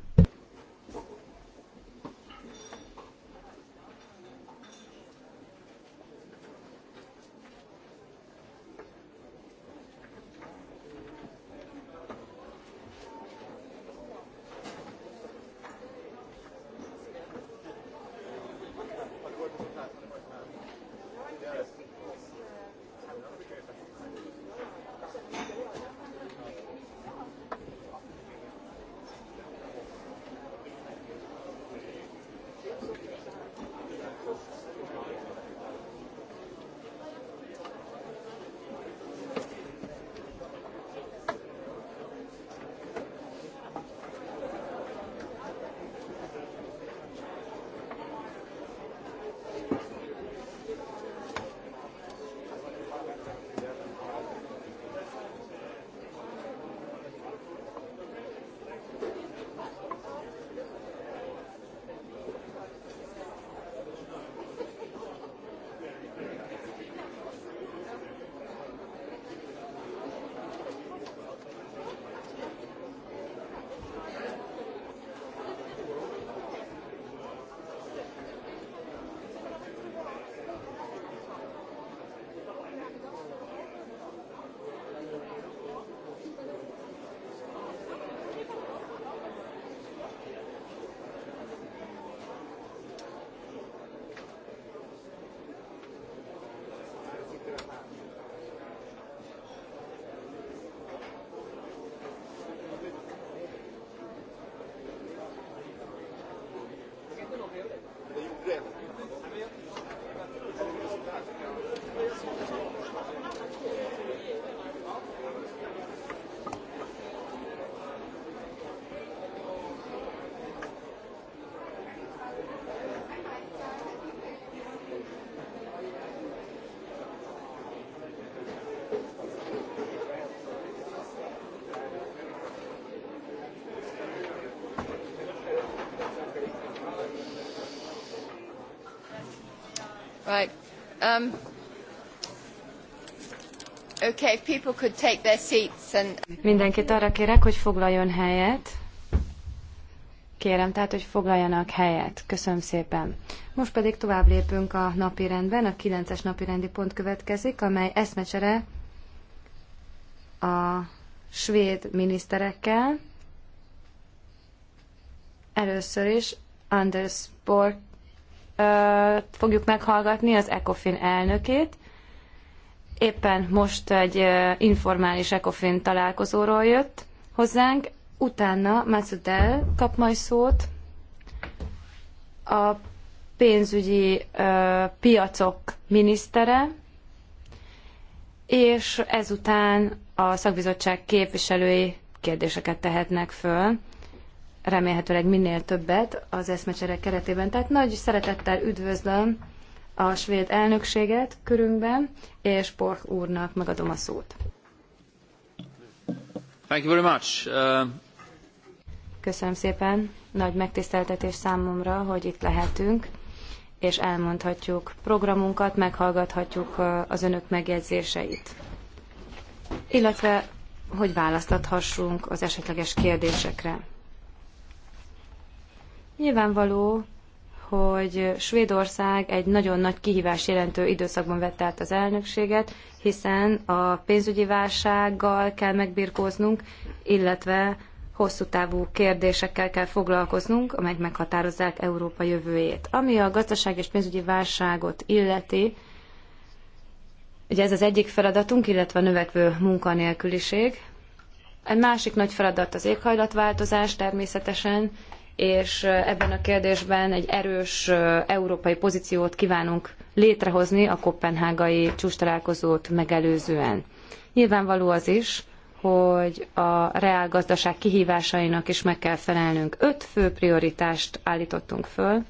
Right. Um, okay, if people could take their seats and... Mindenkit arra kérek, hogy foglaljon helyet. Kérem tehát, hogy foglaljanak helyet. Köszönöm szépen. Most pedig tovább lépünk a napi rendben. A 9-es napi rendi pont következik, amely eszmecsere a svéd miniszterekkel. Először is Anders Borg fogjuk meghallgatni az ECOFIN elnökét. Éppen most egy informális ECOFIN találkozóról jött hozzánk. Utána Mazudel kap majd szót a pénzügyi piacok minisztere, és ezután a szakbizottság képviselői kérdéseket tehetnek föl remélhetőleg minél többet az eszmecsere keretében. Tehát nagy szeretettel üdvözlöm a svéd elnökséget körünkben, és Pork úrnak megadom a szót. Thank you very much. Uh... Köszönöm szépen. Nagy megtiszteltetés számomra, hogy itt lehetünk, és elmondhatjuk programunkat, meghallgathatjuk uh, az önök megjegyzéseit. Illetve, hogy választathassunk az esetleges kérdésekre. Nyilvánvaló, hogy Svédország egy nagyon nagy kihívás jelentő időszakban vette át az elnökséget, hiszen a pénzügyi válsággal kell megbirkóznunk, illetve hosszú távú kérdésekkel kell foglalkoznunk, amelyek meghatározzák Európa jövőjét. Ami a gazdaság és pénzügyi válságot illeti, ugye ez az egyik feladatunk, illetve a növekvő munkanélküliség. Egy másik nagy feladat az éghajlatváltozás természetesen, és ebben a kérdésben egy erős európai pozíciót kívánunk létrehozni a kopenhágai csúcstalálkozót megelőzően. Nyilvánvaló az is, hogy a reálgazdaság kihívásainak is meg kell felelnünk. Öt fő prioritást állítottunk föl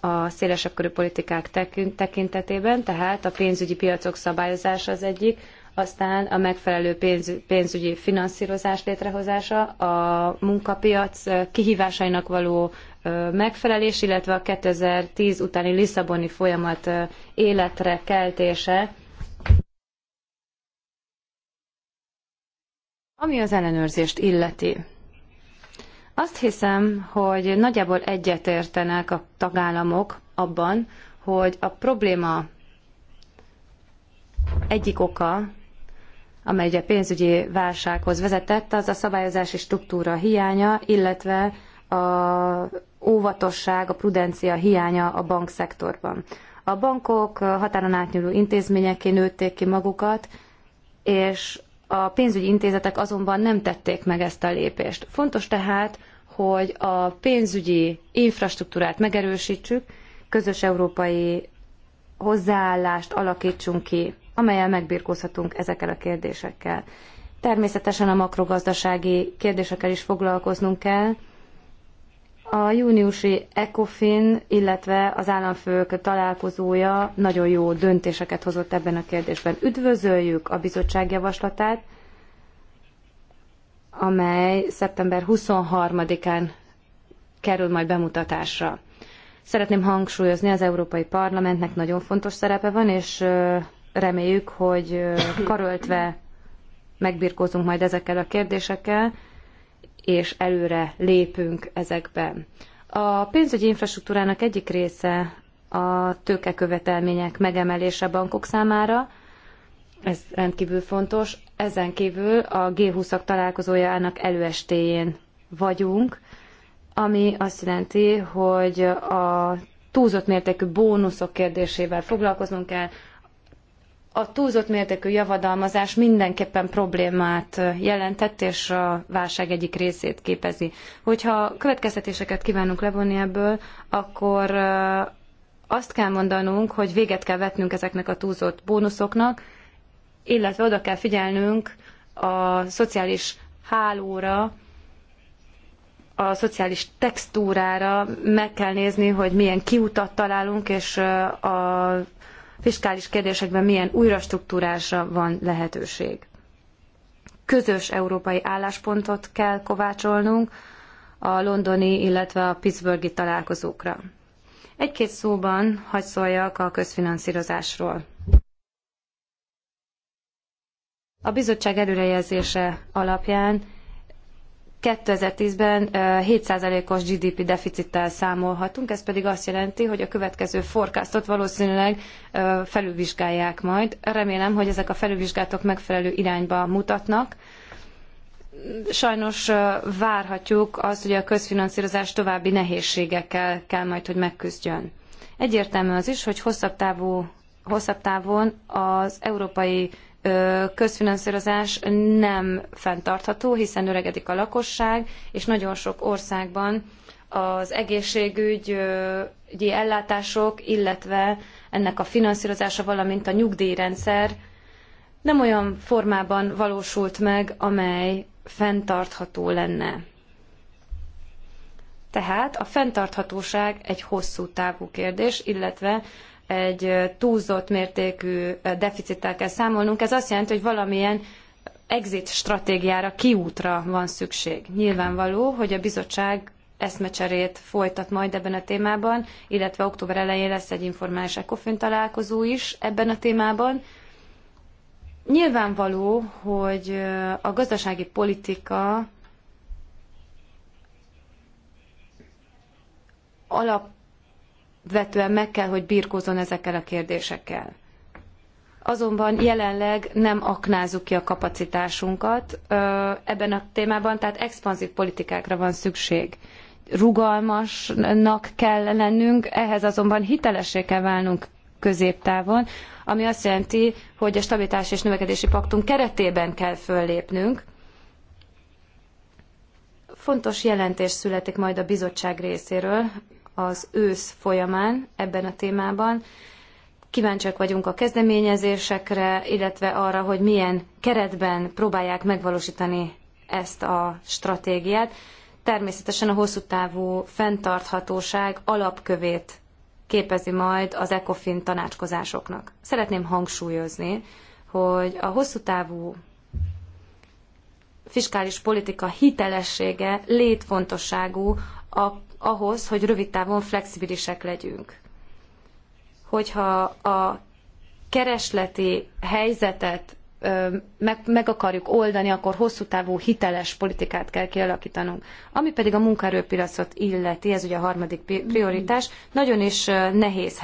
a szélesebb körű politikák tekintetében, tehát a pénzügyi piacok szabályozása az egyik, aztán a megfelelő pénz, pénzügyi finanszírozás létrehozása, a munkapiac kihívásainak való megfelelés, illetve a 2010 utáni Lisszaboni folyamat életre keltése, Ami az ellenőrzést illeti, azt hiszem, hogy nagyjából egyetértenek a tagállamok abban, hogy a probléma egyik oka amely ugye pénzügyi válsághoz vezetett, az a szabályozási struktúra hiánya, illetve a óvatosság, a prudencia hiánya a bankszektorban. A bankok határon átnyúló intézményeké nőtték ki magukat, és a pénzügyi intézetek azonban nem tették meg ezt a lépést. Fontos tehát, hogy a pénzügyi infrastruktúrát megerősítsük, közös európai hozzáállást alakítsunk ki, amelyen megbirkózhatunk ezekkel a kérdésekkel. Természetesen a makrogazdasági kérdésekkel is foglalkoznunk kell. A júniusi ECOFIN, illetve az államfők találkozója nagyon jó döntéseket hozott ebben a kérdésben. Üdvözöljük a bizottság javaslatát, amely szeptember 23-án kerül majd bemutatásra. Szeretném hangsúlyozni, az Európai Parlamentnek nagyon fontos szerepe van, és reméljük, hogy karöltve megbirkózunk majd ezekkel a kérdésekkel, és előre lépünk ezekben. A pénzügyi infrastruktúrának egyik része a tőkekövetelmények megemelése bankok számára, ez rendkívül fontos. Ezen kívül a G20-ak találkozójának előestéjén vagyunk, ami azt jelenti, hogy a túlzott mértékű bónuszok kérdésével foglalkoznunk kell. A túlzott mértékű javadalmazás mindenképpen problémát jelentett, és a válság egyik részét képezi. Hogyha következtetéseket kívánunk levonni ebből, akkor azt kell mondanunk, hogy véget kell vetnünk ezeknek a túlzott bónuszoknak, illetve oda kell figyelnünk a szociális hálóra, a szociális textúrára meg kell nézni, hogy milyen kiutat találunk, és a fiskális kérdésekben milyen újrastruktúrásra van lehetőség. Közös európai álláspontot kell kovácsolnunk a londoni, illetve a pittsburghi találkozókra. Egy-két szóban hagy szóljak a közfinanszírozásról. A bizottság előrejelzése alapján 2010-ben 7%-os GDP deficittel számolhatunk, ez pedig azt jelenti, hogy a következő forecastot valószínűleg felülvizsgálják majd. Remélem, hogy ezek a felülvizsgálatok megfelelő irányba mutatnak. Sajnos várhatjuk azt, hogy a közfinanszírozás további nehézségekkel kell majd, hogy megküzdjön. Egyértelmű az is, hogy hosszabb, távú, hosszabb távon az európai közfinanszírozás nem fenntartható, hiszen öregedik a lakosság, és nagyon sok országban az egészségügyi ellátások, illetve ennek a finanszírozása, valamint a nyugdíjrendszer nem olyan formában valósult meg, amely fenntartható lenne. Tehát a fenntarthatóság egy hosszú távú kérdés, illetve egy túlzott mértékű deficittel kell számolnunk. Ez azt jelenti, hogy valamilyen exit stratégiára, kiútra van szükség. Nyilvánvaló, hogy a bizottság eszmecserét folytat majd ebben a témában, illetve október elején lesz egy informális ECOFIN találkozó is ebben a témában. Nyilvánvaló, hogy a gazdasági politika alap vetően meg kell, hogy birkózon ezekkel a kérdésekkel. Azonban jelenleg nem aknázzuk ki a kapacitásunkat ebben a témában, tehát expanzív politikákra van szükség. Rugalmasnak kell lennünk, ehhez azonban hitelessé kell válnunk középtávon, ami azt jelenti, hogy a stabilitás és növekedési paktum keretében kell föllépnünk. Fontos jelentés születik majd a bizottság részéről az ősz folyamán ebben a témában. Kíváncsiak vagyunk a kezdeményezésekre, illetve arra, hogy milyen keretben próbálják megvalósítani ezt a stratégiát. Természetesen a hosszú távú fenntarthatóság alapkövét képezi majd az ECOFIN tanácskozásoknak. Szeretném hangsúlyozni, hogy a hosszú távú fiskális politika hitelessége létfontosságú a ahhoz, hogy rövid távon flexibilisek legyünk. Hogyha a keresleti helyzetet meg, meg akarjuk oldani, akkor hosszú távú hiteles politikát kell kialakítanunk. Ami pedig a munkaerőpiacot illeti, ez ugye a harmadik mm-hmm. prioritás, nagyon is nehéz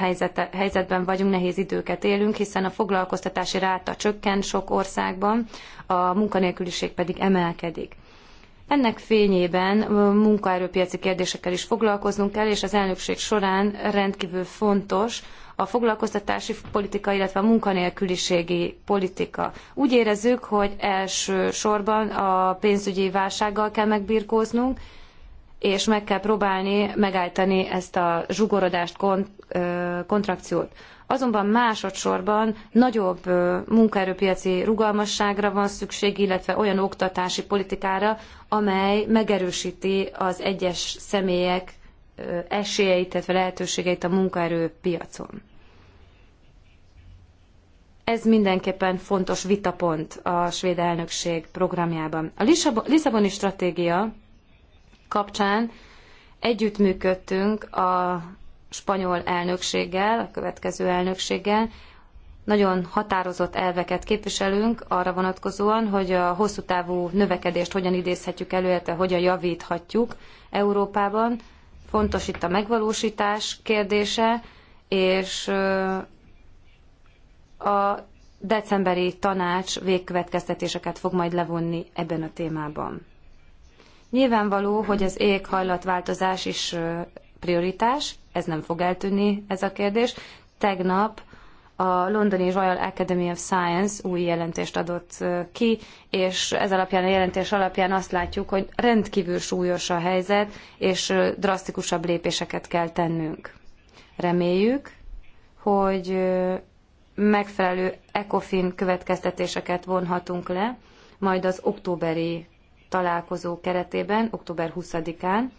helyzetben vagyunk, nehéz időket élünk, hiszen a foglalkoztatási ráta csökken sok országban, a munkanélküliség pedig emelkedik. Ennek fényében munkaerőpiaci kérdésekkel is foglalkoznunk kell, és az elnökség során rendkívül fontos a foglalkoztatási politika, illetve a munkanélküliségi politika. Úgy érezzük, hogy első sorban a pénzügyi válsággal kell megbirkóznunk, és meg kell próbálni megállítani ezt a zsugorodást, kont, kontrakciót azonban másodszorban nagyobb munkaerőpiaci rugalmasságra van szükség, illetve olyan oktatási politikára, amely megerősíti az egyes személyek esélyeit, illetve lehetőségeit a munkaerőpiacon. Ez mindenképpen fontos vitapont a svéd elnökség programjában. A Lisszaboni stratégia kapcsán együttműködtünk a spanyol elnökséggel, a következő elnökséggel nagyon határozott elveket képviselünk arra vonatkozóan, hogy a hosszú távú növekedést hogyan idézhetjük elő, illetve hogyan javíthatjuk Európában. Fontos itt a megvalósítás kérdése, és a decemberi tanács végkövetkeztetéseket fog majd levonni ebben a témában. Nyilvánvaló, hogy az éghajlatváltozás is prioritás, ez nem fog eltűnni ez a kérdés. Tegnap a londoni Royal Academy of Science új jelentést adott ki, és ez alapján a jelentés alapján azt látjuk, hogy rendkívül súlyos a helyzet, és drasztikusabb lépéseket kell tennünk. Reméljük, hogy megfelelő ECOFIN következtetéseket vonhatunk le, majd az októberi találkozó keretében, október 20-án,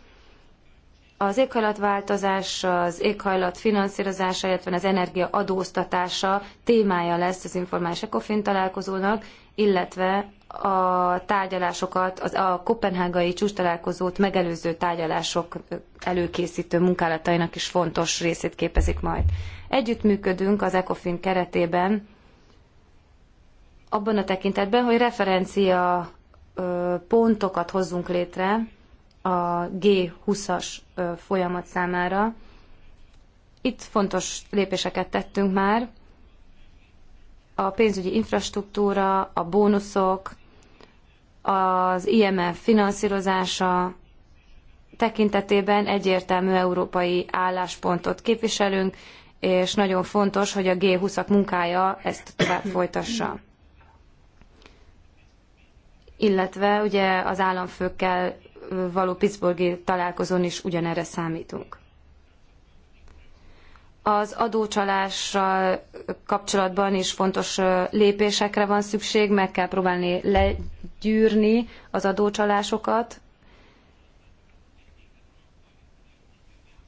az éghajlatváltozás, az éghajlat finanszírozása, illetve az energia adóztatása témája lesz az informális ECOFIN találkozónak, illetve a tárgyalásokat, az, a kopenhágai csúcstalálkozót megelőző tárgyalások előkészítő munkálatainak is fontos részét képezik majd. Együttműködünk az ECOFIN keretében abban a tekintetben, hogy referencia pontokat hozzunk létre a G20-as folyamat számára. Itt fontos lépéseket tettünk már. A pénzügyi infrastruktúra, a bónuszok, az IMF finanszírozása tekintetében egyértelmű európai álláspontot képviselünk, és nagyon fontos, hogy a G20-ak munkája ezt tovább folytassa. Illetve ugye az államfőkkel való Pittsburghi találkozón is ugyanerre számítunk. Az adócsalással kapcsolatban is fontos lépésekre van szükség, meg kell próbálni legyűrni az adócsalásokat.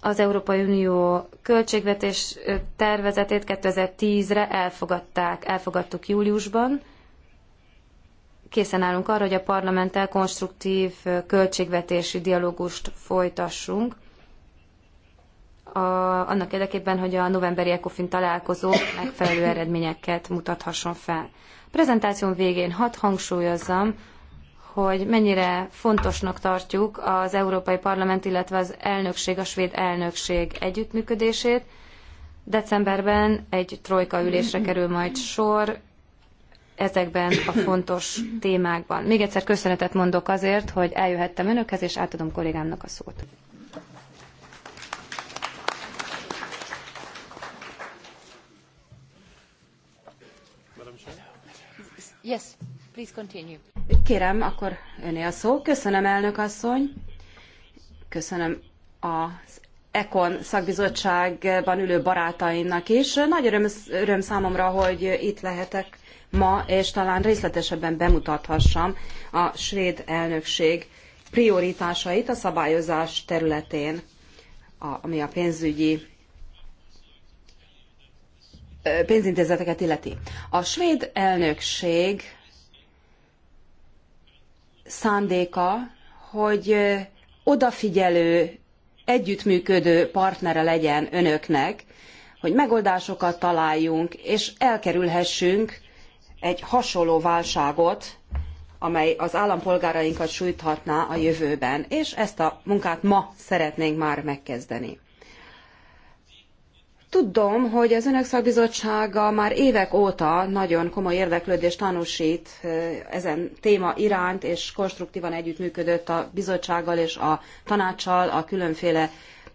Az Európai Unió költségvetés tervezetét 2010-re elfogadták, elfogadtuk júliusban, készen állunk arra, hogy a parlamenttel konstruktív költségvetési dialógust folytassunk, a, annak érdekében, hogy a novemberi ECOFIN találkozó megfelelő eredményeket mutathasson fel. A prezentáción végén hat hangsúlyozzam, hogy mennyire fontosnak tartjuk az Európai Parlament, illetve az elnökség, a svéd elnökség együttműködését. Decemberben egy trojka ülésre kerül majd sor, ezekben a fontos témákban. Még egyszer köszönetet mondok azért, hogy eljöhettem önökhez, és átadom kollégámnak a szót. Yes, please continue. Kérem, akkor öné a szó. Köszönöm, elnök asszony. Köszönöm az Econ szakbizottságban ülő barátaimnak is. Nagy öröm, öröm számomra, hogy itt lehetek ma, és talán részletesebben bemutathassam a svéd elnökség prioritásait a szabályozás területén, ami a pénzügyi pénzintézeteket illeti. A svéd elnökség szándéka, hogy odafigyelő, együttműködő partnere legyen önöknek, hogy megoldásokat találjunk, és elkerülhessünk egy hasonló válságot, amely az állampolgárainkat sújthatná a jövőben, és ezt a munkát ma szeretnénk már megkezdeni. Tudom, hogy az Önök Szakbizottsága már évek óta nagyon komoly érdeklődést tanúsít ezen téma iránt, és konstruktívan együttműködött a bizottsággal és a tanácssal a különféle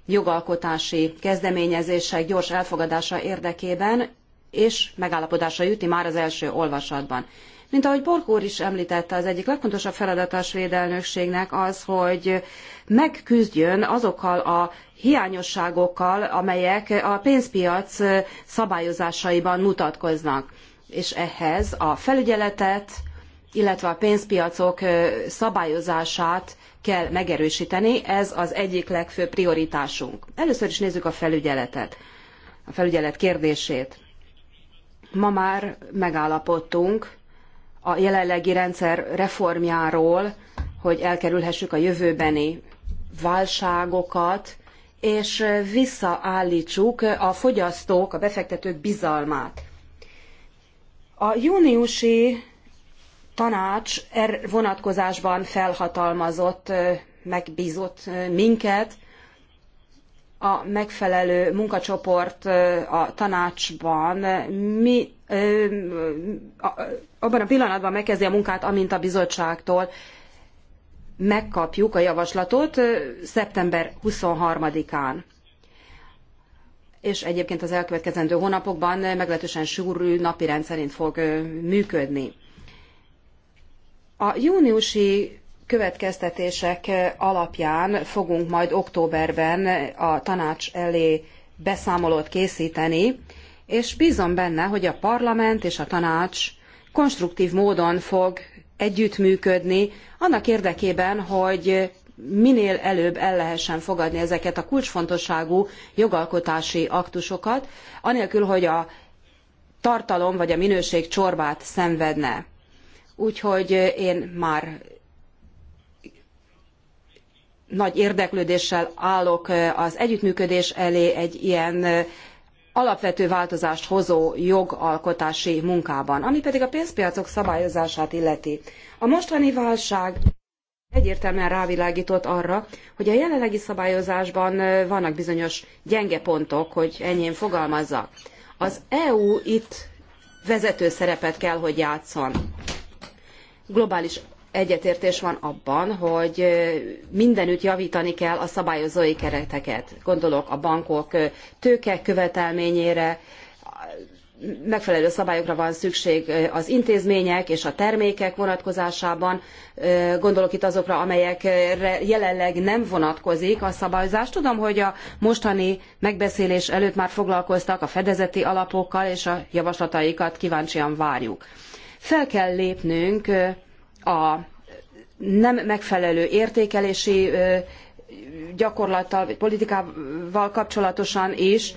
jogalkotási kezdeményezések gyors elfogadása érdekében, és megállapodásra jutni már az első olvasatban. Mint ahogy Bork úr is említette, az egyik legfontosabb feladata a svéd elnökségnek az, hogy megküzdjön azokkal a hiányosságokkal, amelyek a pénzpiac szabályozásaiban mutatkoznak. És ehhez a felügyeletet, illetve a pénzpiacok szabályozását kell megerősíteni, ez az egyik legfőbb prioritásunk. Először is nézzük a felügyeletet, a felügyelet kérdését. Ma már megállapodtunk a jelenlegi rendszer reformjáról, hogy elkerülhessük a jövőbeni válságokat, és visszaállítsuk a fogyasztók, a befektetők bizalmát. A júniusi tanács er vonatkozásban felhatalmazott, megbízott minket, a megfelelő munkacsoport a tanácsban mi, abban a pillanatban megkezdi a munkát, amint a bizottságtól megkapjuk a javaslatot szeptember 23-án. És egyébként az elkövetkezendő hónapokban meglehetősen sűrű napi rendszerint fog működni. A júniusi következtetések alapján fogunk majd októberben a tanács elé beszámolót készíteni, és bízom benne, hogy a parlament és a tanács konstruktív módon fog együttműködni, annak érdekében, hogy minél előbb el lehessen fogadni ezeket a kulcsfontosságú jogalkotási aktusokat, anélkül, hogy a tartalom vagy a minőség csorbát szenvedne. Úgyhogy én már nagy érdeklődéssel állok az együttműködés elé egy ilyen alapvető változást hozó jogalkotási munkában, ami pedig a pénzpiacok szabályozását illeti. A mostani válság egyértelműen rávilágított arra, hogy a jelenlegi szabályozásban vannak bizonyos gyenge pontok, hogy enyém fogalmazzak. Az EU itt vezető szerepet kell, hogy játszon. Globális egyetértés van abban, hogy mindenütt javítani kell a szabályozói kereteket. Gondolok a bankok tőke követelményére, megfelelő szabályokra van szükség az intézmények és a termékek vonatkozásában. Gondolok itt azokra, amelyekre jelenleg nem vonatkozik a szabályozás. Tudom, hogy a mostani megbeszélés előtt már foglalkoztak a fedezeti alapokkal, és a javaslataikat kíváncsian várjuk. Fel kell lépnünk a nem megfelelő értékelési gyakorlattal, vagy politikával kapcsolatosan is,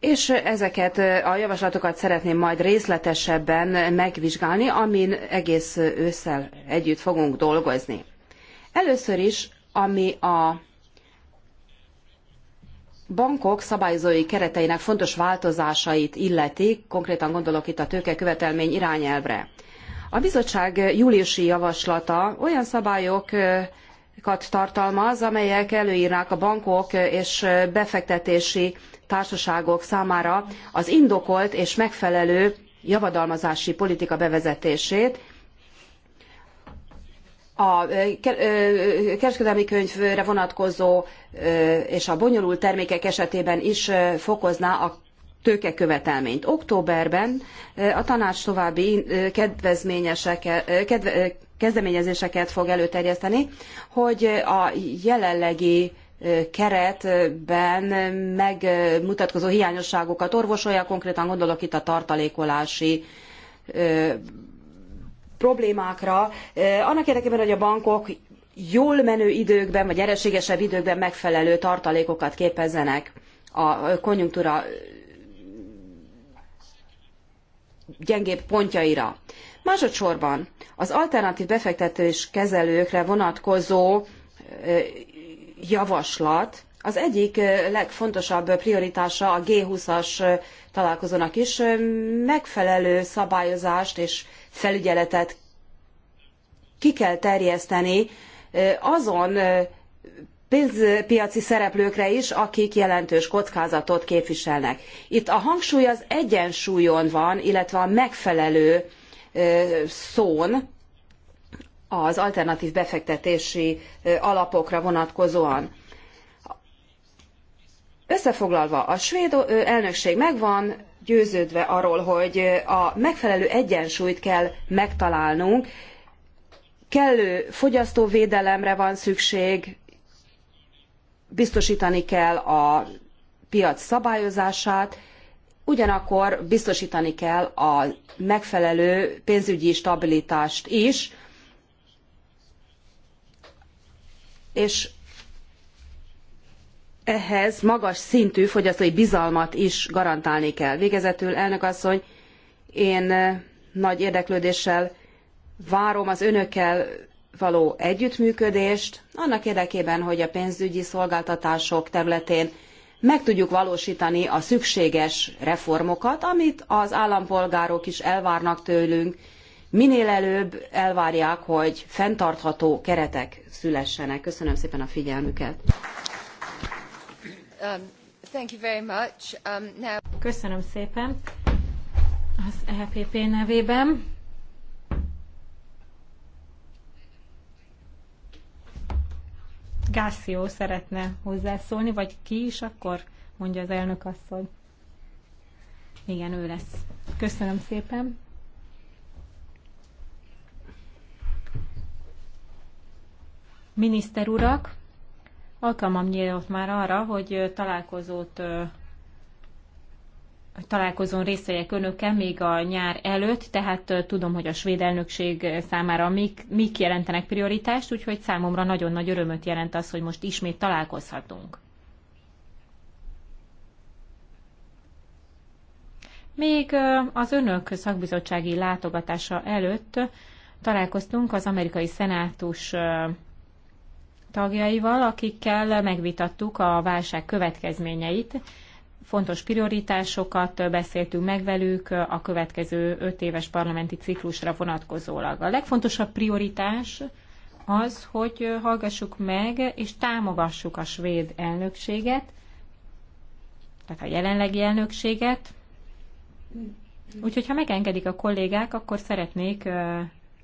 és ezeket a javaslatokat szeretném majd részletesebben megvizsgálni, amin egész ősszel együtt fogunk dolgozni. Először is, ami a bankok szabályozói kereteinek fontos változásait illeti, konkrétan gondolok itt a tőkekövetelmény irányelvre. A bizottság júliusi javaslata olyan szabályokat tartalmaz, amelyek előírnák a bankok és befektetési társaságok számára az indokolt és megfelelő javadalmazási politika bevezetését, a kereskedelmi könyvre vonatkozó és a bonyolult termékek esetében is fokozná a tőkekövetelményt. Októberben a tanács további kedve, kezdeményezéseket fog előterjeszteni, hogy a jelenlegi keretben megmutatkozó hiányosságokat orvosolja, konkrétan gondolok itt a tartalékolási problémákra, eh, annak érdekében, hogy a bankok jól menő időkben, vagy ereségesebb időkben megfelelő tartalékokat képezzenek a konjunktúra eh, gyengébb pontjaira. Másodszorban az alternatív befektetős kezelőkre vonatkozó eh, javaslat az egyik legfontosabb prioritása a G20-as találkozónak is megfelelő szabályozást és felügyeletet ki kell terjeszteni azon pénzpiaci szereplőkre is, akik jelentős kockázatot képviselnek. Itt a hangsúly az egyensúlyon van, illetve a megfelelő szón az alternatív befektetési alapokra vonatkozóan. Összefoglalva, a svéd elnökség megvan győződve arról, hogy a megfelelő egyensúlyt kell megtalálnunk, kellő fogyasztóvédelemre van szükség, biztosítani kell a piac szabályozását, ugyanakkor biztosítani kell a megfelelő pénzügyi stabilitást is, és ehhez magas szintű fogyasztói bizalmat is garantálni kell. Végezetül, elnök asszony, én eh, nagy érdeklődéssel várom az önökkel való együttműködést, annak érdekében, hogy a pénzügyi szolgáltatások területén meg tudjuk valósítani a szükséges reformokat, amit az állampolgárok is elvárnak tőlünk, minél előbb elvárják, hogy fenntartható keretek szülessenek. Köszönöm szépen a figyelmüket. Um, um, Köszönöm szépen az EPP nevében. Gásszió szeretne hozzászólni, vagy ki is, akkor mondja az elnök asszony. Igen, ő lesz. Köszönöm szépen. Miniszter urak, alkalmam nyílt már arra, hogy találkozót találkozón részt vegyek önökkel még a nyár előtt, tehát tudom, hogy a svéd elnökség számára mik, mik jelentenek prioritást, úgyhogy számomra nagyon nagy örömöt jelent az, hogy most ismét találkozhatunk. Még az önök szakbizottsági látogatása előtt találkoztunk az amerikai szenátus tagjaival, akikkel megvitattuk a válság következményeit. Fontos prioritásokat beszéltünk meg velük a következő öt éves parlamenti ciklusra vonatkozólag. A legfontosabb prioritás az, hogy hallgassuk meg és támogassuk a svéd elnökséget, tehát a jelenlegi elnökséget. Úgyhogy, ha megengedik a kollégák, akkor szeretnék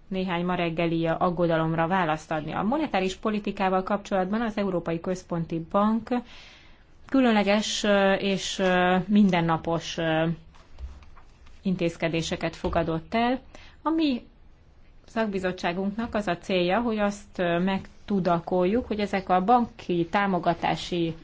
néhány ma reggeli aggodalomra választ adni. A monetáris politikával kapcsolatban az Európai Központi Bank különleges és mindennapos intézkedéseket fogadott el. A mi szakbizottságunknak az a célja, hogy azt megtudakoljuk, hogy ezek a banki támogatási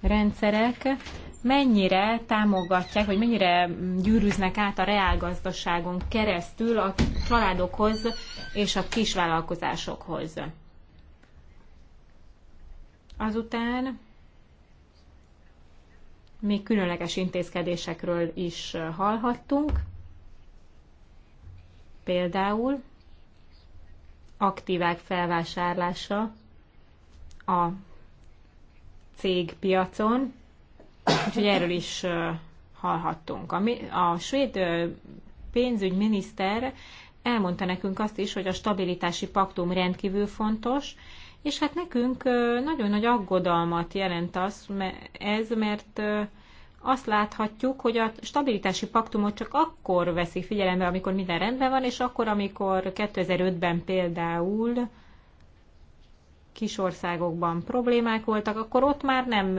rendszerek mennyire támogatják, vagy mennyire gyűrűznek át a reálgazdaságon keresztül a családokhoz és a kisvállalkozásokhoz. Azután még különleges intézkedésekről is hallhattunk. Például aktívák felvásárlása a cégpiacon, Úgyhogy erről is hallhattunk. A, a svéd pénzügyminiszter elmondta nekünk azt is, hogy a stabilitási paktum rendkívül fontos, és hát nekünk nagyon nagy aggodalmat jelent az, ez, mert azt láthatjuk, hogy a stabilitási paktumot csak akkor veszik figyelembe, amikor minden rendben van, és akkor, amikor 2005-ben például kis országokban problémák voltak, akkor ott már nem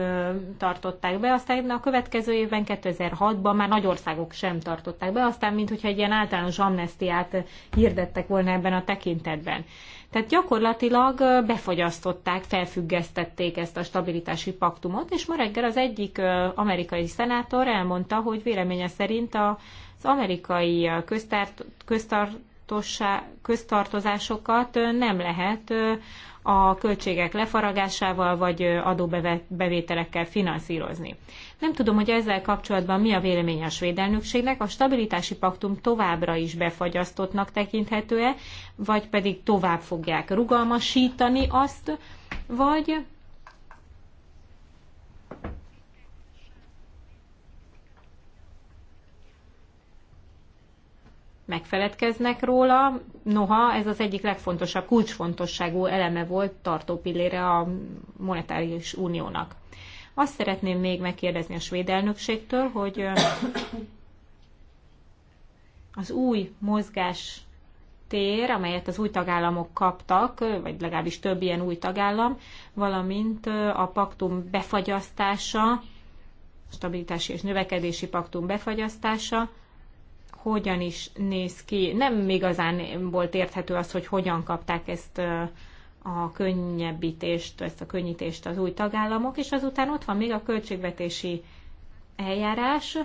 tartották be, aztán a következő évben, 2006-ban már nagy országok sem tartották be, aztán mintha egy ilyen általános amnestiát hirdettek volna ebben a tekintetben. Tehát gyakorlatilag befogyasztották, felfüggesztették ezt a stabilitási paktumot, és ma reggel az egyik amerikai szenátor elmondta, hogy véleménye szerint az amerikai köztart, köztartozásokat nem lehet a költségek lefaragásával vagy adóbevételekkel finanszírozni. Nem tudom, hogy ezzel kapcsolatban mi a vélemény a svéd elnökségnek, a stabilitási paktum továbbra is befagyasztottnak tekinthető-e, vagy pedig tovább fogják rugalmasítani azt, vagy megfeledkeznek róla, noha ez az egyik legfontosabb, kulcsfontosságú eleme volt tartópillére a monetáris uniónak. Azt szeretném még megkérdezni a svéd elnökségtől, hogy az új mozgás tér, amelyet az új tagállamok kaptak, vagy legalábbis több ilyen új tagállam, valamint a paktum befagyasztása, stabilitási és növekedési paktum befagyasztása, hogyan is néz ki. Nem igazán volt érthető az, hogy hogyan kapták ezt a könnyebbítést, ezt a könnyítést az új tagállamok, és azután ott van még a költségvetési eljárás.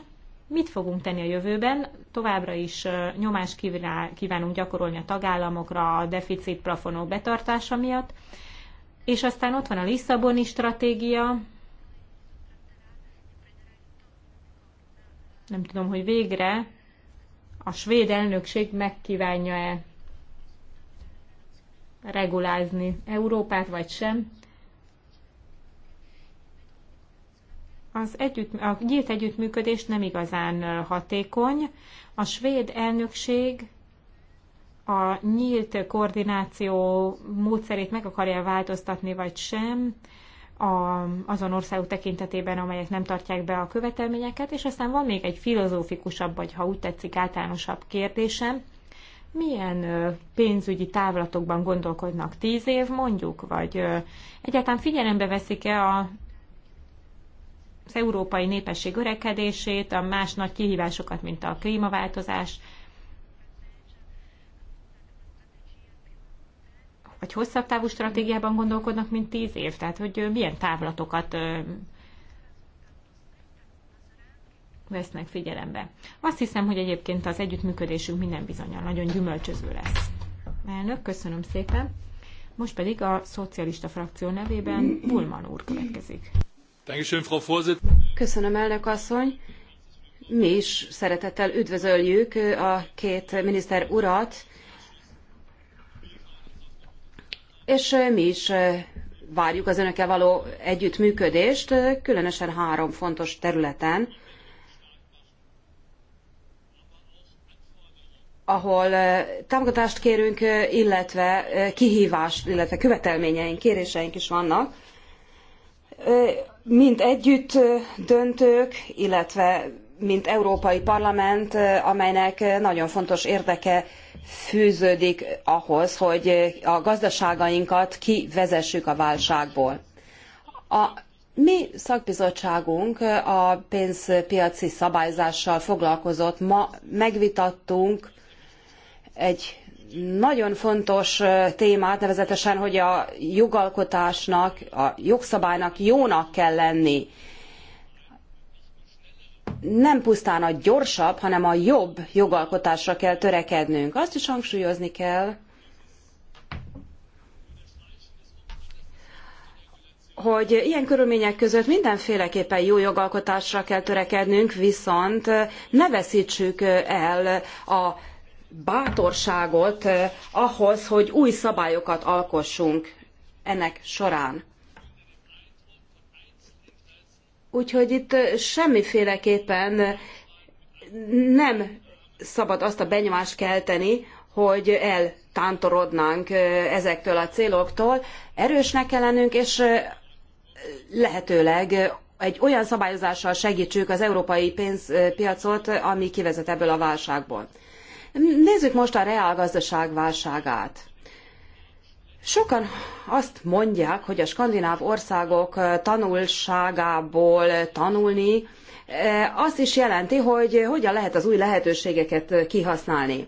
Mit fogunk tenni a jövőben? Továbbra is nyomást kívánunk gyakorolni a tagállamokra a deficit plafonok betartása miatt. És aztán ott van a Lisszaboni stratégia. Nem tudom, hogy végre a svéd elnökség megkívánja-e regulázni Európát, vagy sem. Az együtt, a nyílt együttműködés nem igazán hatékony. A svéd elnökség a nyílt koordináció módszerét meg akarja változtatni, vagy sem a, azon országok tekintetében, amelyek nem tartják be a követelményeket, és aztán van még egy filozófikusabb, vagy ha úgy tetszik, általánosabb kérdésem, milyen pénzügyi távlatokban gondolkodnak? Tíz év mondjuk? Vagy egyáltalán figyelembe veszik-e a, az európai népesség örekedését, a más nagy kihívásokat, mint a klímaváltozás, vagy hosszabb távú stratégiában gondolkodnak, mint tíz év? Tehát, hogy milyen távlatokat vesznek figyelembe. Azt hiszem, hogy egyébként az együttműködésünk minden bizonyal nagyon gyümölcsöző lesz. Elnök, köszönöm szépen. Most pedig a szocialista frakció nevében Bulman úr következik. Köszönöm, elnök asszony. Mi is szeretettel üdvözöljük a két miniszter urat, és mi is várjuk az önökkel való együttműködést, különösen három fontos területen, ahol támogatást kérünk, illetve kihívást, illetve követelményeink, kéréseink is vannak, mind együtt döntők, illetve mint Európai Parlament, eh, amelynek eh, nagyon fontos érdeke fűződik ahhoz, hogy eh, a gazdaságainkat kivezessük a válságból. A mi szakbizottságunk a pénzpiaci szabályzással foglalkozott. Ma megvitattunk egy nagyon fontos témát, nevezetesen, hogy a jogalkotásnak, a jogszabálynak jónak kell lenni nem pusztán a gyorsabb, hanem a jobb jogalkotásra kell törekednünk. Azt is hangsúlyozni kell, hogy ilyen körülmények között mindenféleképpen jó jogalkotásra kell törekednünk, viszont ne veszítsük el a bátorságot eh, ahhoz, hogy új szabályokat alkossunk ennek során. Úgyhogy itt semmiféleképpen nem szabad azt a benyomást kelteni, hogy eltántorodnánk ezektől a céloktól. Erősnek kell lennünk, és lehetőleg egy olyan szabályozással segítsük az európai pénzpiacot, ami kivezet ebből a válságból. Nézzük most a reálgazdaság válságát. Sokan azt mondják, hogy a skandináv országok eh, tanulságából tanulni, eh, azt is jelenti, hogy hogyan lehet az új lehetőségeket eh, kihasználni.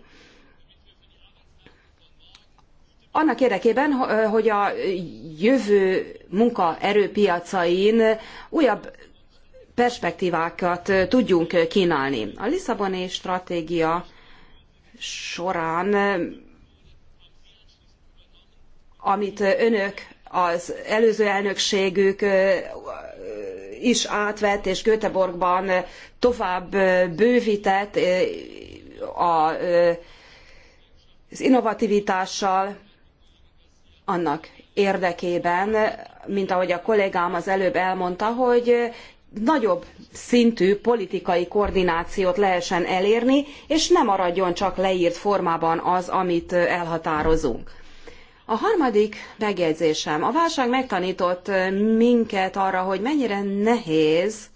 Annak érdekében, hogy a jövő munkaerőpiacain újabb perspektívákat tudjunk kínálni. A Lisszaboni stratégia során amit önök az előző elnökségük is átvett, és Göteborgban tovább bővített az innovativitással annak érdekében, mint ahogy a kollégám az előbb elmondta, hogy nagyobb szintű politikai koordinációt lehessen elérni, és ne maradjon csak leírt formában az, amit elhatározunk. A harmadik megjegyzésem. A válság megtanított eh, minket arra, hogy mennyire nehéz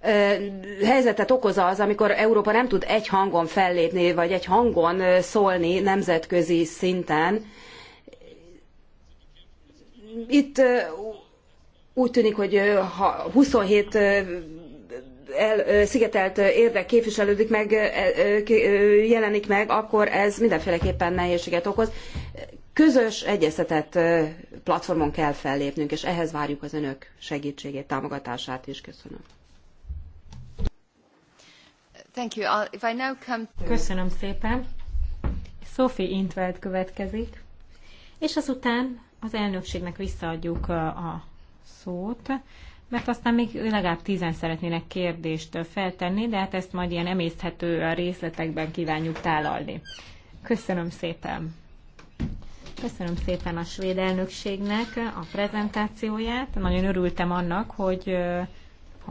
eh, helyzetet okoz az, amikor Európa nem tud egy hangon fellépni, vagy egy hangon eh, szólni nemzetközi szinten. Itt úgy tűnik, hogy 27 el, szigetelt érdek képviselődik meg, jelenik meg, akkor ez mindenféleképpen nehézséget okoz. Közös, egyeztetett platformon kell fellépnünk, és ehhez várjuk az önök segítségét, támogatását is. Köszönöm. Thank you. If I now come to... Köszönöm szépen. Sophie Intveld következik, és azután az elnökségnek visszaadjuk a szót mert aztán még legalább tízen szeretnének kérdést feltenni, de hát ezt majd ilyen emészthető részletekben kívánjuk tálalni. Köszönöm szépen! Köszönöm szépen a svéd elnökségnek a prezentációját. Nagyon örültem annak, hogy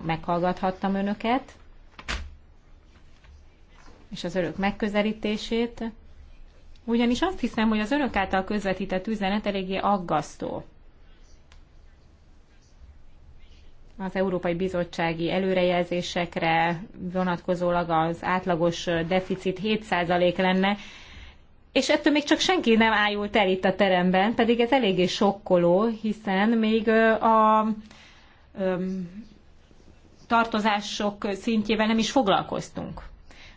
meghallgathattam önöket, és az örök megközelítését. Ugyanis azt hiszem, hogy az örök által közvetített üzenet eléggé aggasztó. az Európai Bizottsági előrejelzésekre vonatkozólag az átlagos deficit 7% lenne, és ettől még csak senki nem ájult el itt a teremben, pedig ez eléggé sokkoló, hiszen még a tartozások szintjével nem is foglalkoztunk.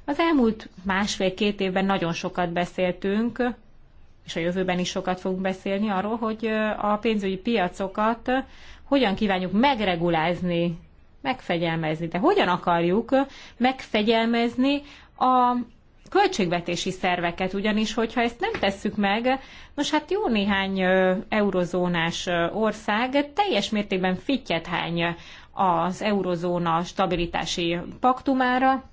Az elmúlt másfél-két évben nagyon sokat beszéltünk, és a jövőben is sokat fogunk beszélni arról, hogy a pénzügyi piacokat hogyan kívánjuk megregulázni, megfegyelmezni. De hogyan akarjuk megfegyelmezni a költségvetési szerveket, ugyanis hogyha ezt nem tesszük meg, nos hát jó néhány eurozónás ország teljes mértékben fittyethány az eurozóna stabilitási paktumára,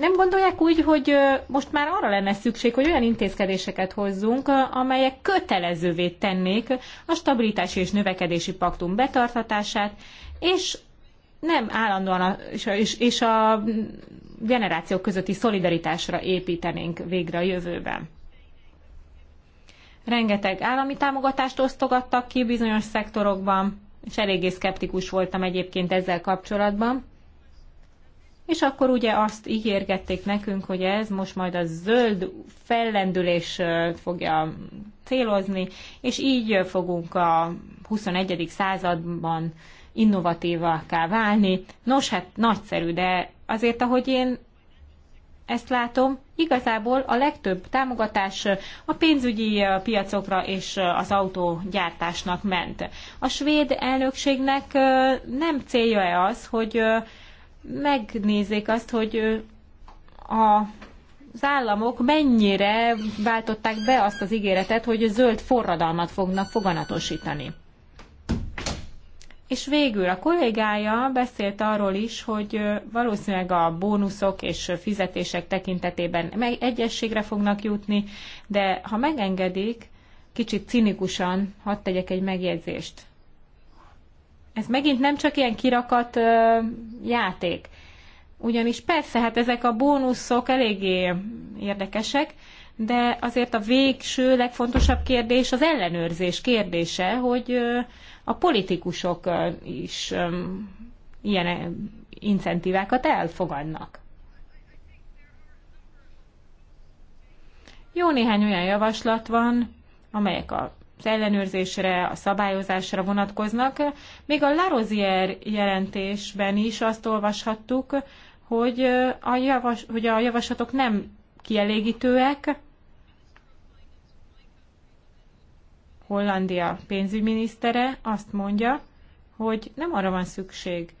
nem gondolják úgy, hogy most már arra lenne szükség, hogy olyan intézkedéseket hozzunk, amelyek kötelezővé tennék a stabilitási és növekedési paktum betartatását, és nem állandóan a, és, és a generációk közötti szolidaritásra építenénk végre a jövőben. Rengeteg állami támogatást osztogattak ki bizonyos szektorokban, és eléggé szkeptikus voltam egyébként ezzel kapcsolatban és akkor ugye azt ígérgették nekünk, hogy ez most majd a zöld fellendülés fogja célozni, és így fogunk a 21. században innovatívakká válni. Nos, hát nagyszerű, de azért, ahogy én ezt látom, igazából a legtöbb támogatás a pénzügyi piacokra és az autógyártásnak ment. A svéd elnökségnek nem célja-e az, hogy megnézzék azt, hogy a az államok mennyire váltották be azt az ígéretet, hogy a zöld forradalmat fognak foganatosítani. És végül a kollégája beszélt arról is, hogy valószínűleg a bónuszok és fizetések tekintetében egyességre fognak jutni, de ha megengedik, kicsit cinikusan hadd tegyek egy megjegyzést. Ez megint nem csak ilyen kirakat ö, játék. Ugyanis persze, hát ezek a bónuszok eléggé érdekesek, de azért a végső legfontosabb kérdés az ellenőrzés kérdése, hogy a politikusok is ilyen incentívákat elfogadnak. Jó néhány olyan javaslat van, amelyek a ellenőrzésre, a szabályozásra vonatkoznak. Még a Larozier jelentésben is azt olvashattuk, hogy a, javas, hogy a javaslatok nem kielégítőek. Hollandia pénzügyminisztere azt mondja, hogy nem arra van szükség,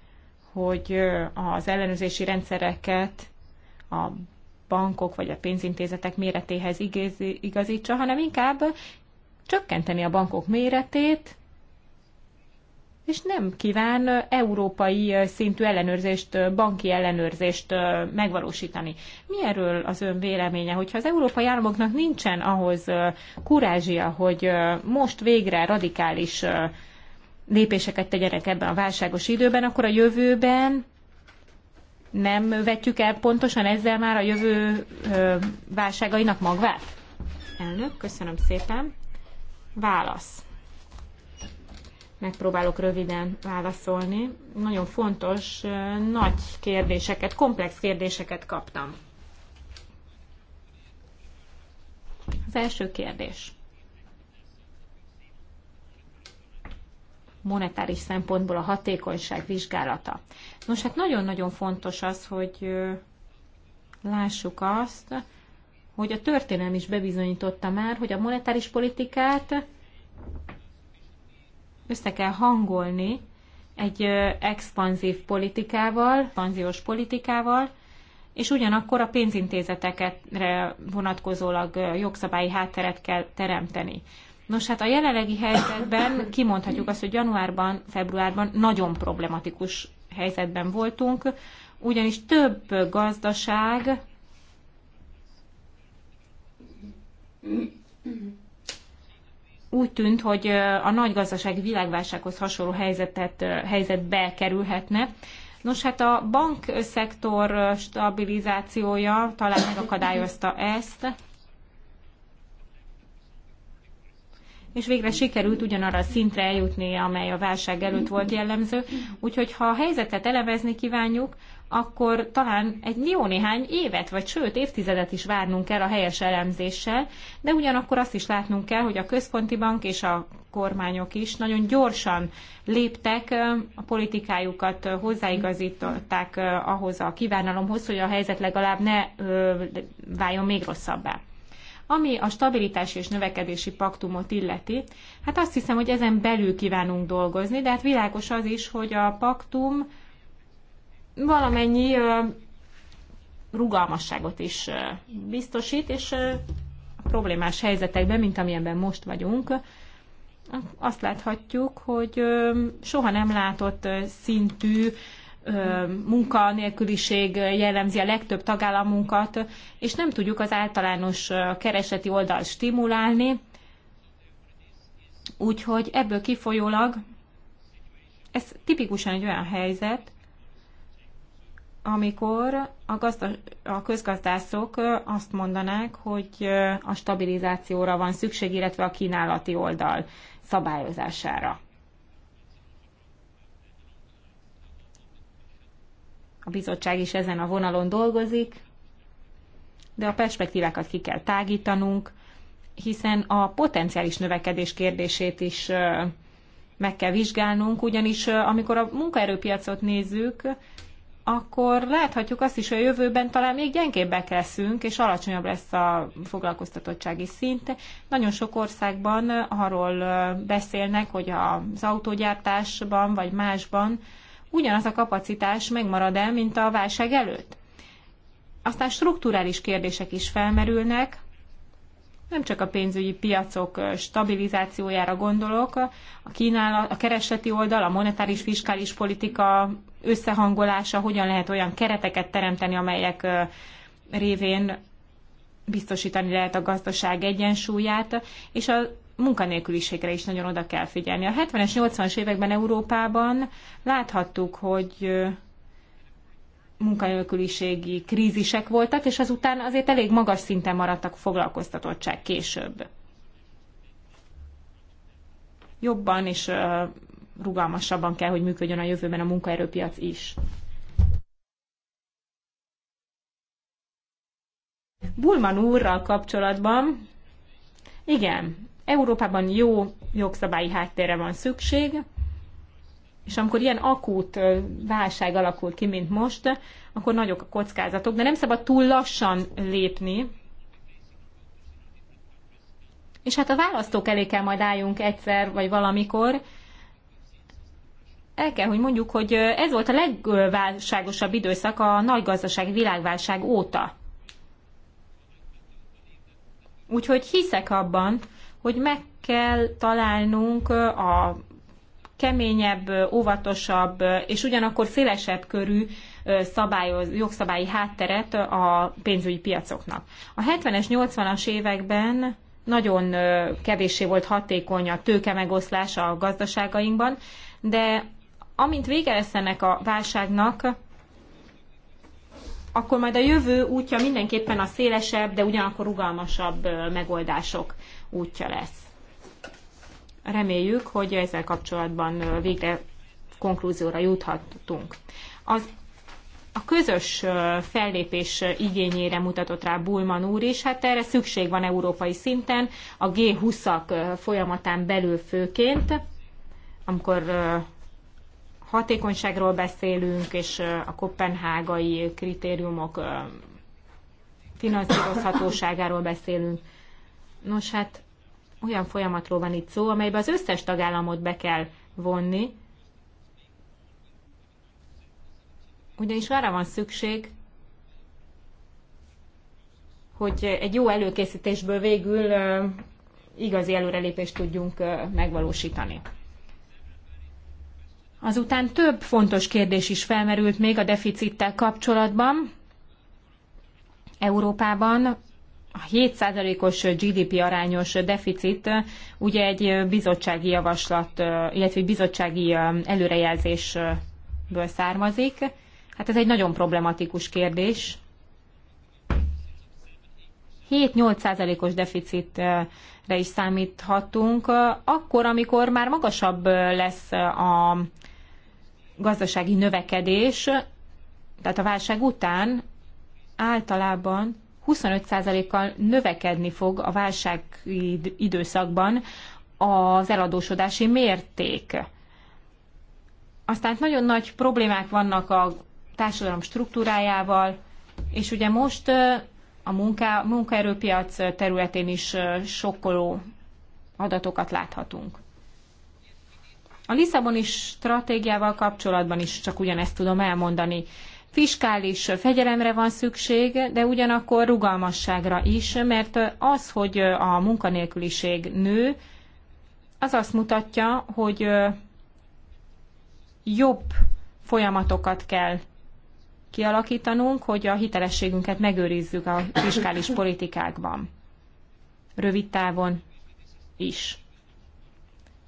hogy az ellenőrzési rendszereket a bankok vagy a pénzintézetek méretéhez igazítsa, hanem inkább csökkenteni a bankok méretét, és nem kíván európai szintű ellenőrzést, banki ellenőrzést megvalósítani. Mi erről az ön véleménye, hogyha az európai államoknak nincsen ahhoz kurázsia, hogy most végre radikális lépéseket tegyenek ebben a válságos időben, akkor a jövőben nem vetjük el pontosan ezzel már a jövő válságainak magvát? Elnök, köszönöm szépen. Válasz. Megpróbálok röviden válaszolni. Nagyon fontos, nagy kérdéseket, komplex kérdéseket kaptam. Az első kérdés. monetáris szempontból a hatékonyság vizsgálata. Nos, hát nagyon-nagyon fontos az, hogy lássuk azt, hogy a történelem is bebizonyította már, hogy a monetáris politikát össze kell hangolni egy expanzív politikával, expanziós politikával, és ugyanakkor a pénzintézetekre vonatkozólag jogszabályi hátteret kell teremteni. Nos, hát a jelenlegi helyzetben kimondhatjuk azt, hogy januárban, februárban nagyon problematikus helyzetben voltunk, ugyanis több gazdaság úgy tűnt, hogy a nagy gazdasági világválsághoz hasonló helyzetet, helyzetbe kerülhetne. Nos, hát a bankszektor stabilizációja talán megakadályozta ezt, és végre sikerült ugyanarra a szintre eljutni, amely a válság előtt volt jellemző. Úgyhogy ha a helyzetet elevezni kívánjuk, akkor talán egy jó néhány évet, vagy sőt évtizedet is várnunk kell a helyes elemzéssel, de ugyanakkor azt is látnunk kell, hogy a központi bank és a kormányok is nagyon gyorsan léptek, a politikájukat hozzáigazították ahhoz a kívánalomhoz, hogy a helyzet legalább ne váljon még rosszabbá. Ami a stabilitási és növekedési paktumot illeti, hát azt hiszem, hogy ezen belül kívánunk dolgozni, de hát világos az is, hogy a paktum valamennyi rugalmasságot is biztosít, és a problémás helyzetekben, mint amilyenben most vagyunk, azt láthatjuk, hogy soha nem látott szintű munkanélküliség jellemzi a legtöbb tagállamunkat, és nem tudjuk az általános kereseti oldalt stimulálni, úgyhogy ebből kifolyólag ez tipikusan egy olyan helyzet, amikor a, a közgazdászok azt mondanák, hogy a stabilizációra van szükség, illetve a kínálati oldal szabályozására. A bizottság is ezen a vonalon dolgozik, de a perspektívákat ki kell tágítanunk, hiszen a potenciális növekedés kérdését is meg kell vizsgálnunk, ugyanis amikor a munkaerőpiacot nézzük, akkor láthatjuk azt is, hogy a jövőben talán még gyengébbek leszünk, és alacsonyabb lesz a foglalkoztatottsági szint. Nagyon sok országban arról beszélnek, hogy az autógyártásban vagy másban ugyanaz a kapacitás megmarad el, mint a válság előtt. Aztán strukturális kérdések is felmerülnek, nem csak a pénzügyi piacok stabilizációjára gondolok, a kínálat, a keresleti oldal, a monetáris fiskális politika összehangolása, hogyan lehet olyan kereteket teremteni, amelyek révén biztosítani lehet a gazdaság egyensúlyát, és a munkanélküliségre is nagyon oda kell figyelni. A 70-es, 80-as években Európában láthattuk, hogy munkanélküliségi krízisek voltak, és azután azért elég magas szinten maradtak a foglalkoztatottság később. Jobban és rugalmasabban kell, hogy működjön a jövőben a munkaerőpiac is. Bulman úrral kapcsolatban, igen, Európában jó jogszabályi háttérre van szükség, és amikor ilyen akút válság alakul ki, mint most, akkor nagyok a kockázatok, de nem szabad túl lassan lépni. És hát a választók elé kell majd álljunk egyszer, vagy valamikor, el kell, hogy mondjuk, hogy ez volt a legválságosabb időszak a nagy gazdaság világválság óta. Úgyhogy hiszek abban, hogy meg kell találnunk a keményebb, óvatosabb és ugyanakkor szélesebb körű szabályoz, jogszabályi hátteret a pénzügyi piacoknak. A 70-es, 80-as években nagyon kevéssé volt hatékony a tőke megoszlása a gazdaságainkban, de amint vége lesz ennek a válságnak, akkor majd a jövő útja mindenképpen a szélesebb, de ugyanakkor rugalmasabb megoldások útja lesz reméljük, hogy ezzel kapcsolatban végre konklúzióra juthatunk. Az a közös fellépés igényére mutatott rá Bulman úr is, hát erre szükség van európai szinten, a G20-ak folyamatán belül főként, amikor hatékonyságról beszélünk, és a kopenhágai kritériumok finanszírozhatóságáról beszélünk. Nos, hát olyan folyamatról van itt szó, amelybe az összes tagállamot be kell vonni, ugyanis arra van szükség, hogy egy jó előkészítésből végül igazi előrelépést tudjunk megvalósítani. Azután több fontos kérdés is felmerült még a deficittel kapcsolatban. Európában a 7%-os GDP arányos deficit ugye egy bizottsági javaslat, illetve egy bizottsági előrejelzésből származik. Hát ez egy nagyon problematikus kérdés. 7-8%-os deficitre is számíthatunk, akkor, amikor már magasabb lesz a gazdasági növekedés, tehát a válság után általában 25%-kal növekedni fog a válság időszakban az eladósodási mérték. Aztán nagyon nagy problémák vannak a társadalom struktúrájával, és ugye most a munka, munkaerőpiac területén is sokkoló adatokat láthatunk. A Lisszaboni stratégiával kapcsolatban is csak ugyanezt tudom elmondani. Fiskális fegyelemre van szükség, de ugyanakkor rugalmasságra is, mert az, hogy a munkanélküliség nő, az azt mutatja, hogy jobb folyamatokat kell kialakítanunk, hogy a hitelességünket megőrizzük a fiskális politikákban. Rövid távon is.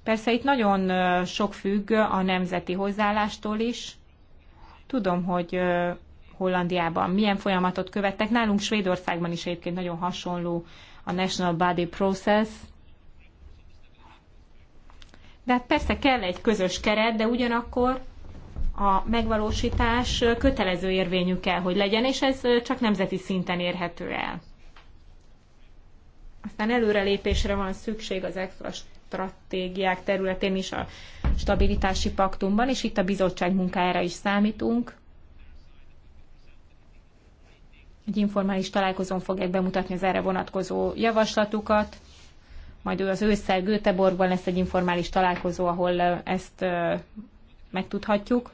Persze itt nagyon sok függ a nemzeti hozzáállástól is, Tudom, hogy Hollandiában milyen folyamatot követtek. Nálunk Svédországban is egyébként nagyon hasonló a National Body Process. De hát persze kell egy közös keret, de ugyanakkor a megvalósítás kötelező érvényű kell, hogy legyen, és ez csak nemzeti szinten érhető el. Aztán előrelépésre van szükség az extra stratégiák területén is a stabilitási paktumban, és itt a bizottság munkájára is számítunk. Egy informális találkozón fogják bemutatni az erre vonatkozó javaslatukat, majd ő az ősszel Göteborgban lesz egy informális találkozó, ahol ezt megtudhatjuk.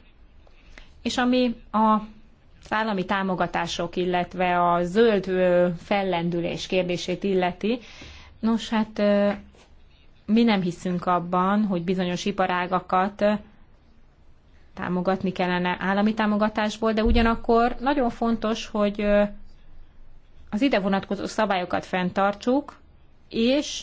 És ami a állami támogatások, illetve a zöld fellendülés kérdését illeti, nos hát mi nem hiszünk abban, hogy bizonyos iparágakat támogatni kellene állami támogatásból, de ugyanakkor nagyon fontos, hogy az ide vonatkozó szabályokat fenntartsuk, és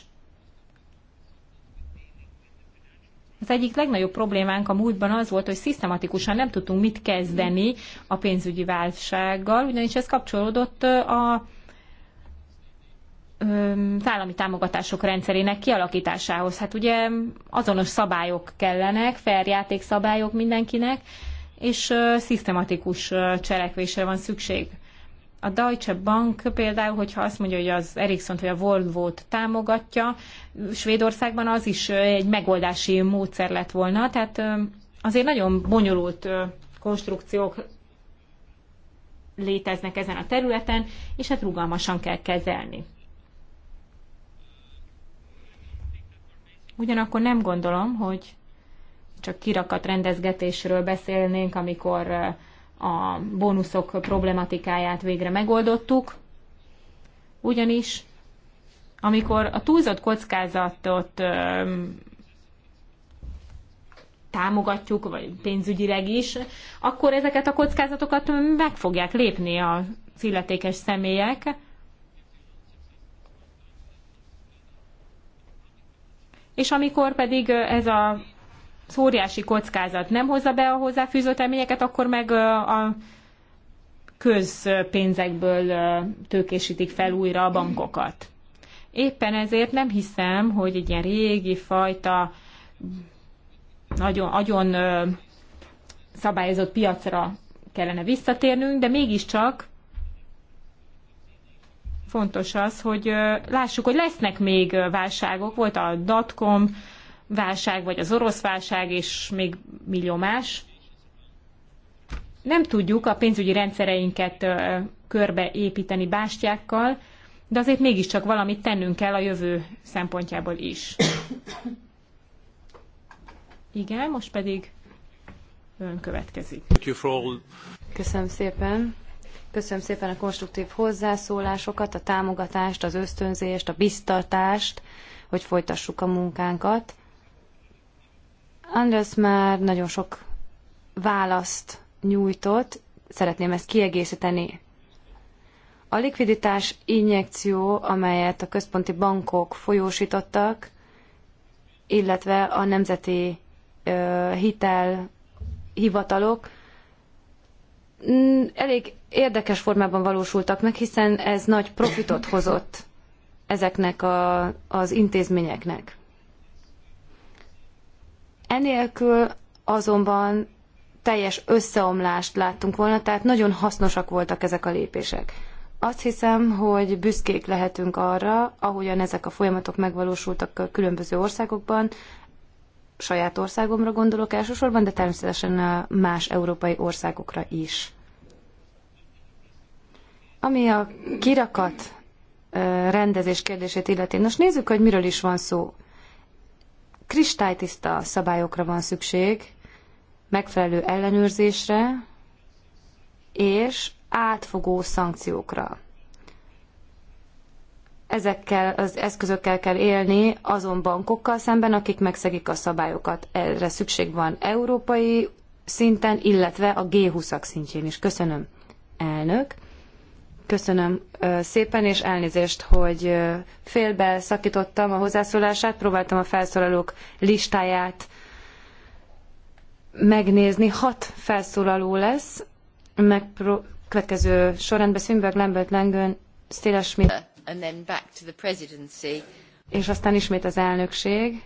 az egyik legnagyobb problémánk a múltban az volt, hogy szisztematikusan nem tudtunk mit kezdeni a pénzügyi válsággal, ugyanis ez kapcsolódott a állami támogatások rendszerének kialakításához. Hát ugye azonos szabályok kellenek, feljáték szabályok mindenkinek, és szisztematikus cselekvésre van szükség. A Deutsche Bank például, hogyha azt mondja, hogy az Ericsson-t vagy a Volvo-t támogatja, Svédországban az is egy megoldási módszer lett volna, tehát azért nagyon bonyolult konstrukciók léteznek ezen a területen, és hát rugalmasan kell kezelni. Ugyanakkor nem gondolom, hogy csak kirakat rendezgetésről beszélnénk, amikor a bónuszok problematikáját végre megoldottuk, ugyanis amikor a túlzott kockázatot támogatjuk, vagy pénzügyileg is, akkor ezeket a kockázatokat meg fogják lépni a illetékes személyek, és amikor pedig ez a az óriási kockázat nem hozza be a hozzáfűzött reményeket, akkor meg a közpénzekből tőkésítik fel újra a bankokat. Éppen ezért nem hiszem, hogy egy ilyen régi fajta nagyon, nagyon szabályozott piacra kellene visszatérnünk, de mégiscsak fontos az, hogy lássuk, hogy lesznek még válságok. Volt a dotcom válság, vagy az orosz válság, és még millió más. Nem tudjuk a pénzügyi rendszereinket körbeépíteni bástyákkal, de azért mégiscsak valamit tennünk kell a jövő szempontjából is. Igen, most pedig ön következik. Köszönöm szépen Köszönöm szépen a konstruktív hozzászólásokat, a támogatást, az ösztönzést, a biztatást, hogy folytassuk a munkánkat. András már nagyon sok választ nyújtott, szeretném ezt kiegészíteni. A likviditás injekció, amelyet a központi bankok folyósítottak, illetve a nemzeti ö, hitel hivatalok elég érdekes formában valósultak meg, hiszen ez nagy profitot hozott ezeknek a, az intézményeknek. Enélkül azonban teljes összeomlást láttunk volna, tehát nagyon hasznosak voltak ezek a lépések. Azt hiszem, hogy büszkék lehetünk arra, ahogyan ezek a folyamatok megvalósultak a különböző országokban, saját országomra gondolok elsősorban, de természetesen más európai országokra is. Ami a kirakat rendezés kérdését illeti, nos nézzük, hogy miről is van szó. Kristálytiszta szabályokra van szükség, megfelelő ellenőrzésre és átfogó szankciókra. Ezekkel az eszközökkel kell élni azon bankokkal szemben, akik megszegik a szabályokat. Erre szükség van európai szinten, illetve a G20-ak szintjén is. Köszönöm, elnök. Köszönöm szépen, és elnézést, hogy félbe szakítottam a hozzászólását, próbáltam a felszólalók listáját megnézni. Hat felszólaló lesz, következő sorrendben Swinberg, Lambert, Langen, Stila Schmidt, és aztán ismét az elnökség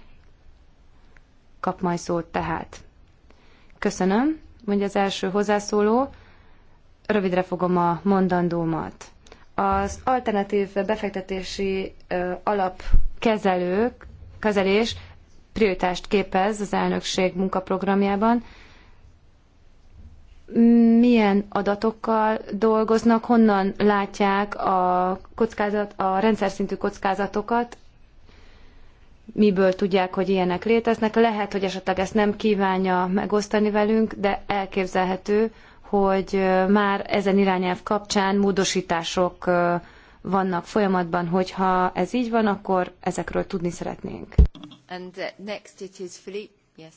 kap majd szót tehát. Köszönöm, mondja az első hozzászóló. Rövidre fogom a mondandómat. Az alternatív befektetési alapkezelők, kezelés prioritást képez az elnökség munkaprogramjában. Milyen adatokkal dolgoznak, honnan látják a, kockázat, a rendszer szintű kockázatokat, miből tudják, hogy ilyenek léteznek. Lehet, hogy esetleg ezt nem kívánja megosztani velünk, de elképzelhető, hogy már ezen irányelv kapcsán módosítások vannak folyamatban, hogyha ez így van, akkor ezekről tudni szeretnénk. And uh, next it is Philippe. Yes.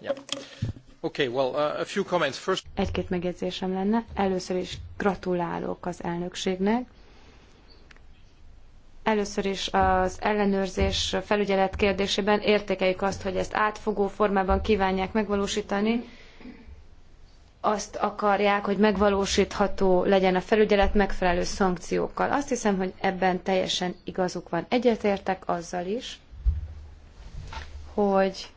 Yeah. Okay, well, uh, a few comments. First... Egy-két megjegyzésem lenne. Először is gratulálok az elnökségnek. Először is az ellenőrzés felügyelet kérdésében értékeljük azt, hogy ezt átfogó formában kívánják megvalósítani azt akarják, hogy megvalósítható legyen a felügyelet megfelelő szankciókkal. Azt hiszem, hogy ebben teljesen igazuk van. Egyetértek azzal is, hogy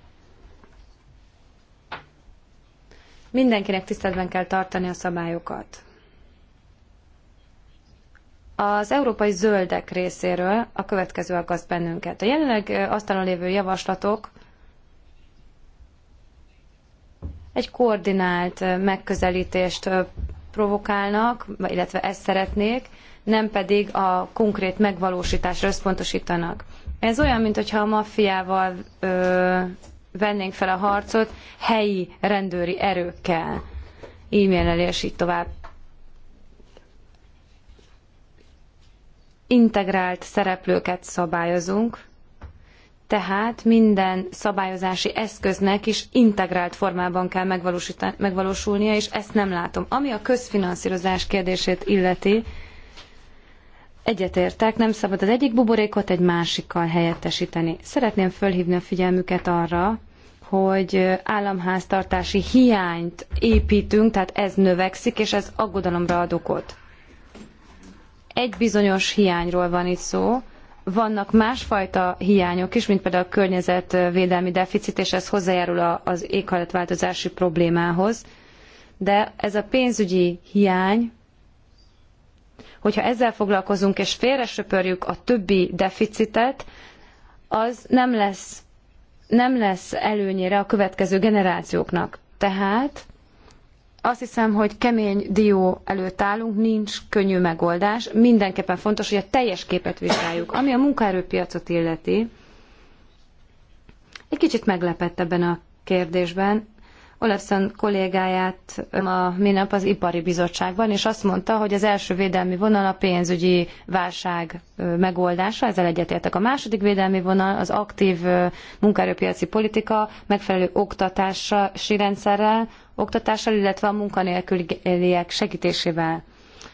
mindenkinek tiszteletben kell tartani a szabályokat. Az európai zöldek részéről a következő aggaszt bennünket. A jelenleg asztalon lévő javaslatok egy koordinált megközelítést provokálnak, illetve ezt szeretnék, nem pedig a konkrét megvalósításra összpontosítanak. Ez olyan, mintha a maffiával ö, vennénk fel a harcot helyi rendőri erőkkel, e-mailel és így tovább. Integrált szereplőket szabályozunk, tehát minden szabályozási eszköznek is integrált formában kell megvalósulnia, és ezt nem látom. Ami a közfinanszírozás kérdését illeti, egyetértek, nem szabad az egyik buborékot egy másikkal helyettesíteni. Szeretném fölhívni a figyelmüket arra, hogy államháztartási hiányt építünk, tehát ez növekszik, és ez aggodalomra ad okot. Egy bizonyos hiányról van itt szó, vannak másfajta hiányok is, mint például a környezetvédelmi deficit, és ez hozzájárul az éghajlatváltozási problémához. De ez a pénzügyi hiány, hogyha ezzel foglalkozunk és félresöpörjük a többi deficitet, az nem lesz, nem lesz előnyére a következő generációknak. Tehát azt hiszem, hogy kemény dió előtt állunk, nincs könnyű megoldás. Mindenképpen fontos, hogy a teljes képet vizsgáljuk. Ami a munkaerőpiacot illeti, egy kicsit meglepett ebben a kérdésben. Olafson kollégáját a minap az ipari bizottságban, és azt mondta, hogy az első védelmi vonal a pénzügyi válság megoldása, ezzel egyetértek. A második védelmi vonal az aktív munkaerőpiaci politika megfelelő oktatási rendszerrel, oktatással, illetve a munkanélküliek segítésével.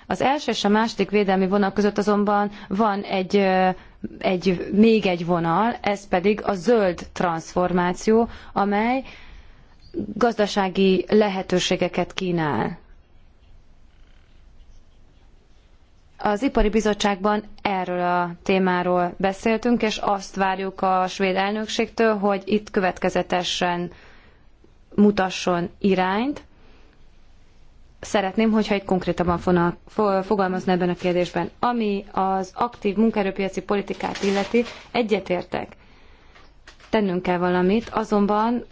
Az első és a második védelmi vonal között azonban van egy, egy, még egy vonal, ez pedig a zöld transformáció, amely gazdasági lehetőségeket kínál. Az Ipari Bizottságban erről a témáról beszéltünk, és azt várjuk a svéd elnökségtől, hogy itt következetesen mutasson irányt. Szeretném, hogyha egy konkrétabban fogalmazna ebben a kérdésben. Ami az aktív munkaerőpiaci politikát illeti, egyetértek. Tennünk kell valamit, azonban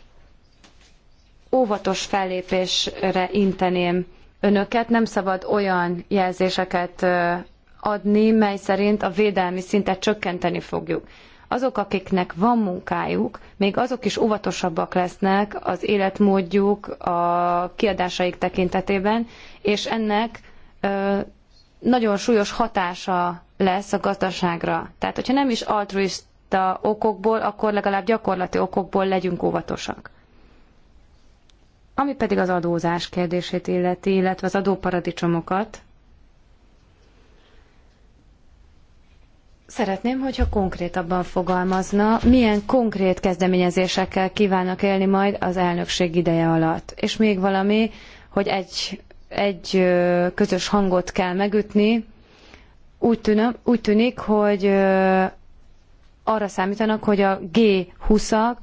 óvatos fellépésre inteném önöket, nem szabad olyan jelzéseket adni, mely szerint a védelmi szintet csökkenteni fogjuk azok, akiknek van munkájuk, még azok is óvatosabbak lesznek az életmódjuk, a kiadásaik tekintetében, és ennek nagyon súlyos hatása lesz a gazdaságra. Tehát, hogyha nem is altruista okokból, akkor legalább gyakorlati okokból legyünk óvatosak. Ami pedig az adózás kérdését illeti, illetve az adóparadicsomokat, Szeretném, hogyha konkrétabban fogalmazna, milyen konkrét kezdeményezésekkel kívánnak élni majd az elnökség ideje alatt. És még valami, hogy egy, egy közös hangot kell megütni. Úgy, tűnöm, úgy tűnik, hogy arra számítanak, hogy a G20-ak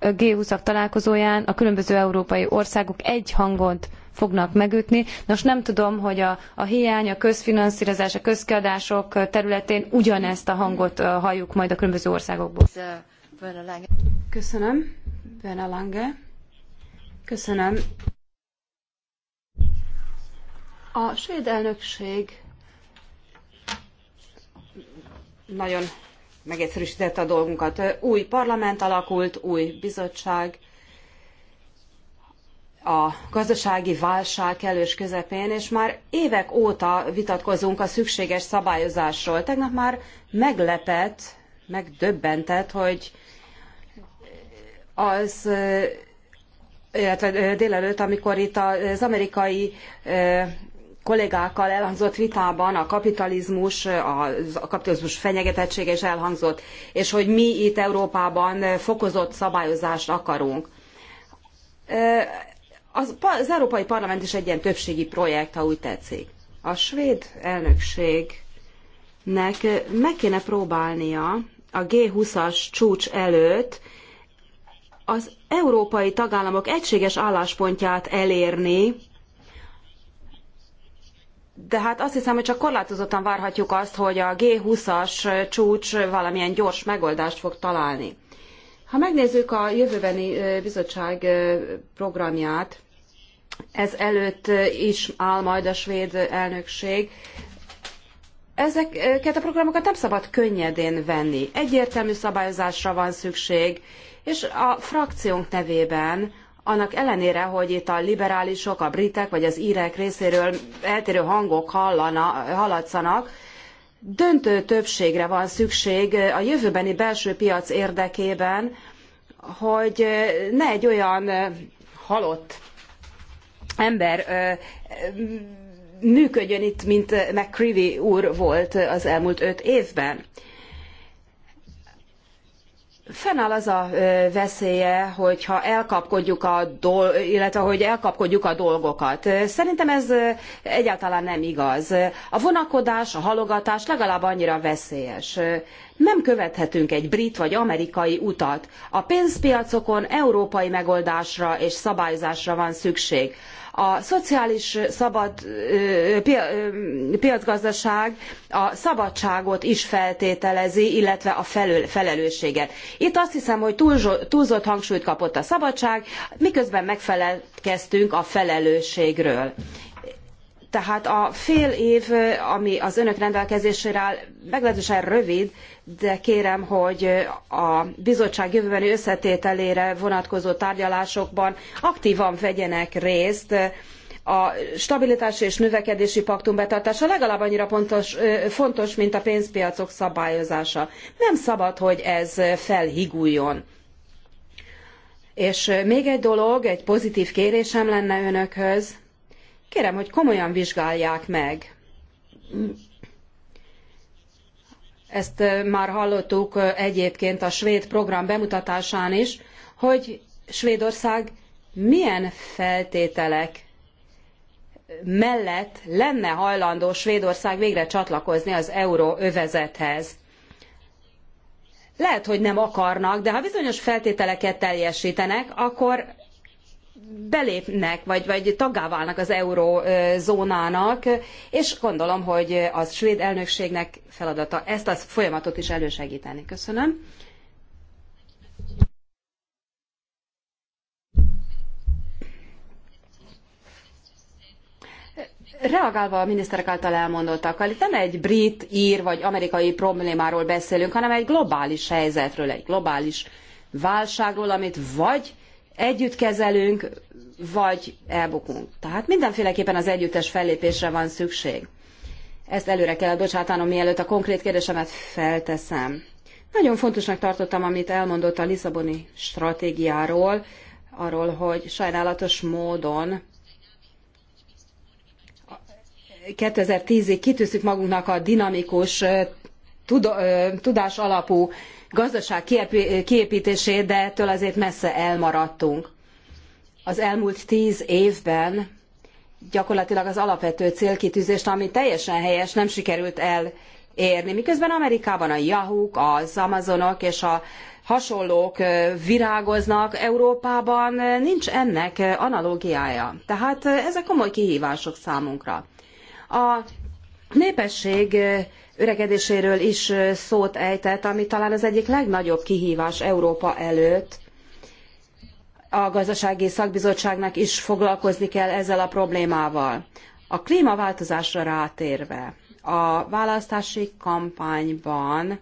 G20-ak találkozóján a különböző európai országok egy hangot fognak megütni. Nos, nem tudom, hogy a, a hiány, a közfinanszírozás, a közkiadások területén ugyanezt a hangot halljuk majd a különböző országokból. Köszönöm. Bena Lange. Köszönöm. A svéd elnökség nagyon megegyszerűsítette a dolgunkat. Új parlament alakult, új bizottság, a gazdasági válság kellős közepén, és már évek óta vitatkozunk a szükséges szabályozásról. Tegnap már meglepett, megdöbbentett, hogy az illetve délelőtt, amikor itt az amerikai kollégákkal elhangzott vitában a kapitalizmus, a kapitalizmus fenyegetettsége is elhangzott, és hogy mi itt Európában fokozott szabályozást akarunk. Az, az Európai Parlament is egy ilyen többségi projekt, ha úgy tetszik. A svéd elnökségnek meg kéne próbálnia a G20-as csúcs előtt az európai tagállamok egységes álláspontját elérni, de hát azt hiszem, hogy csak korlátozottan várhatjuk azt, hogy a G20-as csúcs valamilyen gyors megoldást fog találni. Ha megnézzük a jövőbeni bizottság programját, ez előtt is áll majd a svéd elnökség. Ezeket a programokat nem szabad könnyedén venni. Egyértelmű szabályozásra van szükség, és a frakciónk nevében annak ellenére, hogy itt a liberálisok, a britek vagy az írek részéről eltérő hangok hallana, hallatszanak, döntő többségre van szükség a jövőbeni belső piac érdekében, hogy ne egy olyan halott ember működjön itt, mint McCreevy úr volt az elmúlt öt évben. Fennáll az a veszélye, hogyha elkapkodjuk a dol- illetve hogy elkapkodjuk a dolgokat. Szerintem ez egyáltalán nem igaz. A vonakodás, a halogatás legalább annyira veszélyes. Nem követhetünk egy brit vagy amerikai utat. A pénzpiacokon európai megoldásra és szabályozásra van szükség. A szociális szabad piacgazdaság a szabadságot is feltételezi, illetve a felül, felelősséget. Itt azt hiszem, hogy túlzott hangsúlyt kapott a szabadság, miközben megfelelkeztünk a felelősségről. Tehát a fél év, ami az önök rendelkezésére áll, meglehetősen rövid, de kérem, hogy a bizottság jövőbeni összetételére vonatkozó tárgyalásokban aktívan vegyenek részt. A stabilitási és növekedési paktum betartása legalább annyira pontos, fontos, mint a pénzpiacok szabályozása. Nem szabad, hogy ez felhiguljon. És még egy dolog, egy pozitív kérésem lenne önökhöz, Kérem, hogy komolyan vizsgálják meg. Ezt eh, már hallottuk eh, egyébként a svéd program bemutatásán is, hogy Svédország milyen feltételek mellett lenne hajlandó Svédország végre csatlakozni az euróövezethez. Lehet, hogy nem akarnak, de ha bizonyos feltételeket teljesítenek, akkor belépnek, vagy, vagy tagá válnak az eurózónának, és gondolom, hogy az svéd elnökségnek feladata ezt a folyamatot is elősegíteni. Köszönöm. Reagálva a miniszterek által elmondottakkal, itt nem egy brit, ír vagy amerikai problémáról beszélünk, hanem egy globális helyzetről, egy globális válságról, amit vagy együtt kezelünk, vagy elbukunk. Tehát mindenféleképpen az együttes fellépésre van szükség. Ezt előre kell bocsátanom, mielőtt a konkrét kérdésemet felteszem. Nagyon fontosnak tartottam, amit elmondott a Lisszaboni stratégiáról, arról, hogy sajnálatos módon 2010-ig kitűztük magunknak a dinamikus, eh, eh, tudás alapú gazdaság kiéptését de ettől azért messze elmaradtunk. Az elmúlt tíz évben gyakorlatilag az alapvető célkitűzést, ami teljesen helyes, nem sikerült elérni. Miközben Amerikában a Yahoo, az Amazonok és a hasonlók virágoznak, Európában nincs ennek analógiája. Tehát ezek komoly kihívások számunkra. A népesség öregedéséről is szót ejtett, ami talán az egyik legnagyobb kihívás Európa előtt. A gazdasági szakbizottságnak is foglalkozni kell ezzel a problémával. A klímaváltozásra rátérve, a választási kampányban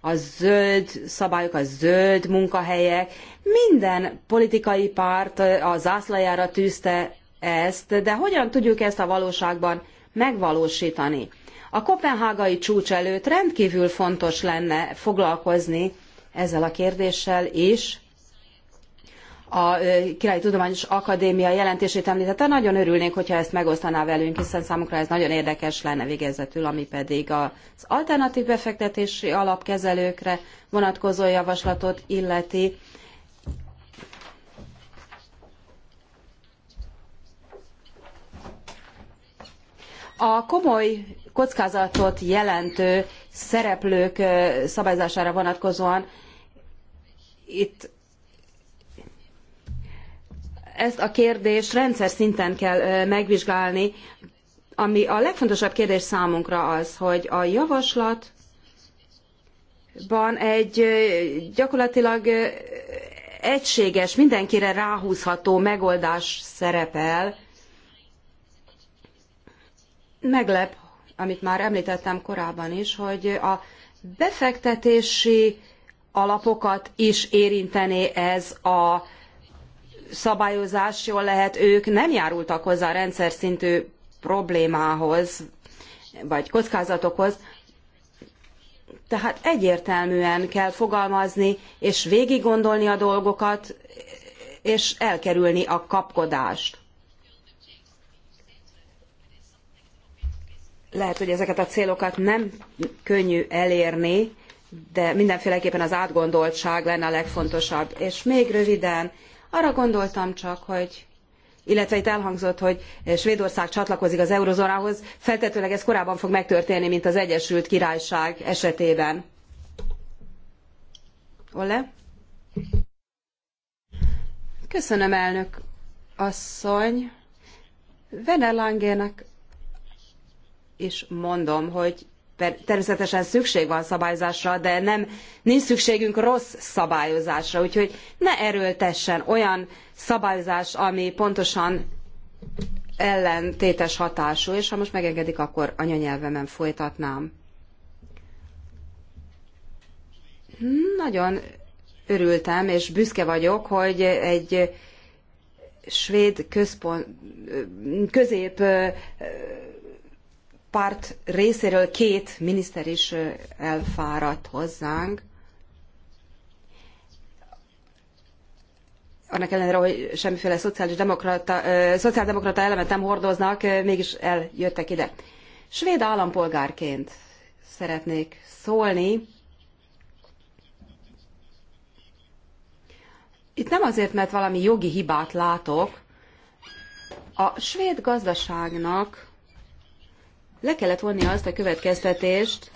a zöld szabályok, a zöld munkahelyek, minden politikai párt a zászlajára tűzte ezt, de hogyan tudjuk ezt a valóságban megvalósítani? A kopenhágai csúcs előtt rendkívül fontos lenne foglalkozni ezzel a kérdéssel is. A Királyi Tudományos Akadémia jelentését említette, nagyon hogy hogyha ezt megosztaná velünk, hiszen számukra ez nagyon érdekes lenne végezetül, ami pedig az alternatív befektetési alapkezelőkre vonatkozó javaslatot illeti. A komoly kockázatot jelentő szereplők szabályzására vonatkozóan itt ezt a kérdést rendszer szinten kell megvizsgálni, ami a legfontosabb kérdés számunkra az, hogy a javaslatban egy gyakorlatilag egységes, mindenkire ráhúzható megoldás szerepel, meglep, amit már említettem korábban is, hogy a befektetési alapokat is érintené ez a szabályozás, jól lehet ők nem járultak hozzá a rendszer szintű problémához, vagy kockázatokhoz, tehát egyértelműen kell fogalmazni, és végiggondolni a dolgokat, és elkerülni a kapkodást. Lehet, hogy ezeket a célokat nem könnyű elérni, de mindenféleképpen az átgondoltság lenne a legfontosabb. És még röviden, arra gondoltam csak, hogy illetve itt elhangzott, hogy Svédország csatlakozik az eurozónához, feltetőleg ez korábban fog megtörténni, mint az Egyesült Királyság esetében. Olle? Köszönöm, elnök asszony. Vene Langének és mondom, hogy természetesen szükség van szabályozásra, de nem, nincs szükségünk rossz szabályozásra, úgyhogy ne erőltessen olyan szabályozás, ami pontosan ellentétes hatású, és ha most megengedik, akkor anyanyelvemen folytatnám. Nagyon örültem, és büszke vagyok, hogy egy svéd központ, közép párt részéről két miniszter is elfáradt hozzánk. Annak ellenére, hogy semmiféle szociális demokrata, szociáldemokrata elemet nem hordoznak, mégis eljöttek ide. Svéd állampolgárként szeretnék szólni. Itt nem azért, mert valami jogi hibát látok. A svéd gazdaságnak le kellett vonni azt a következtetést,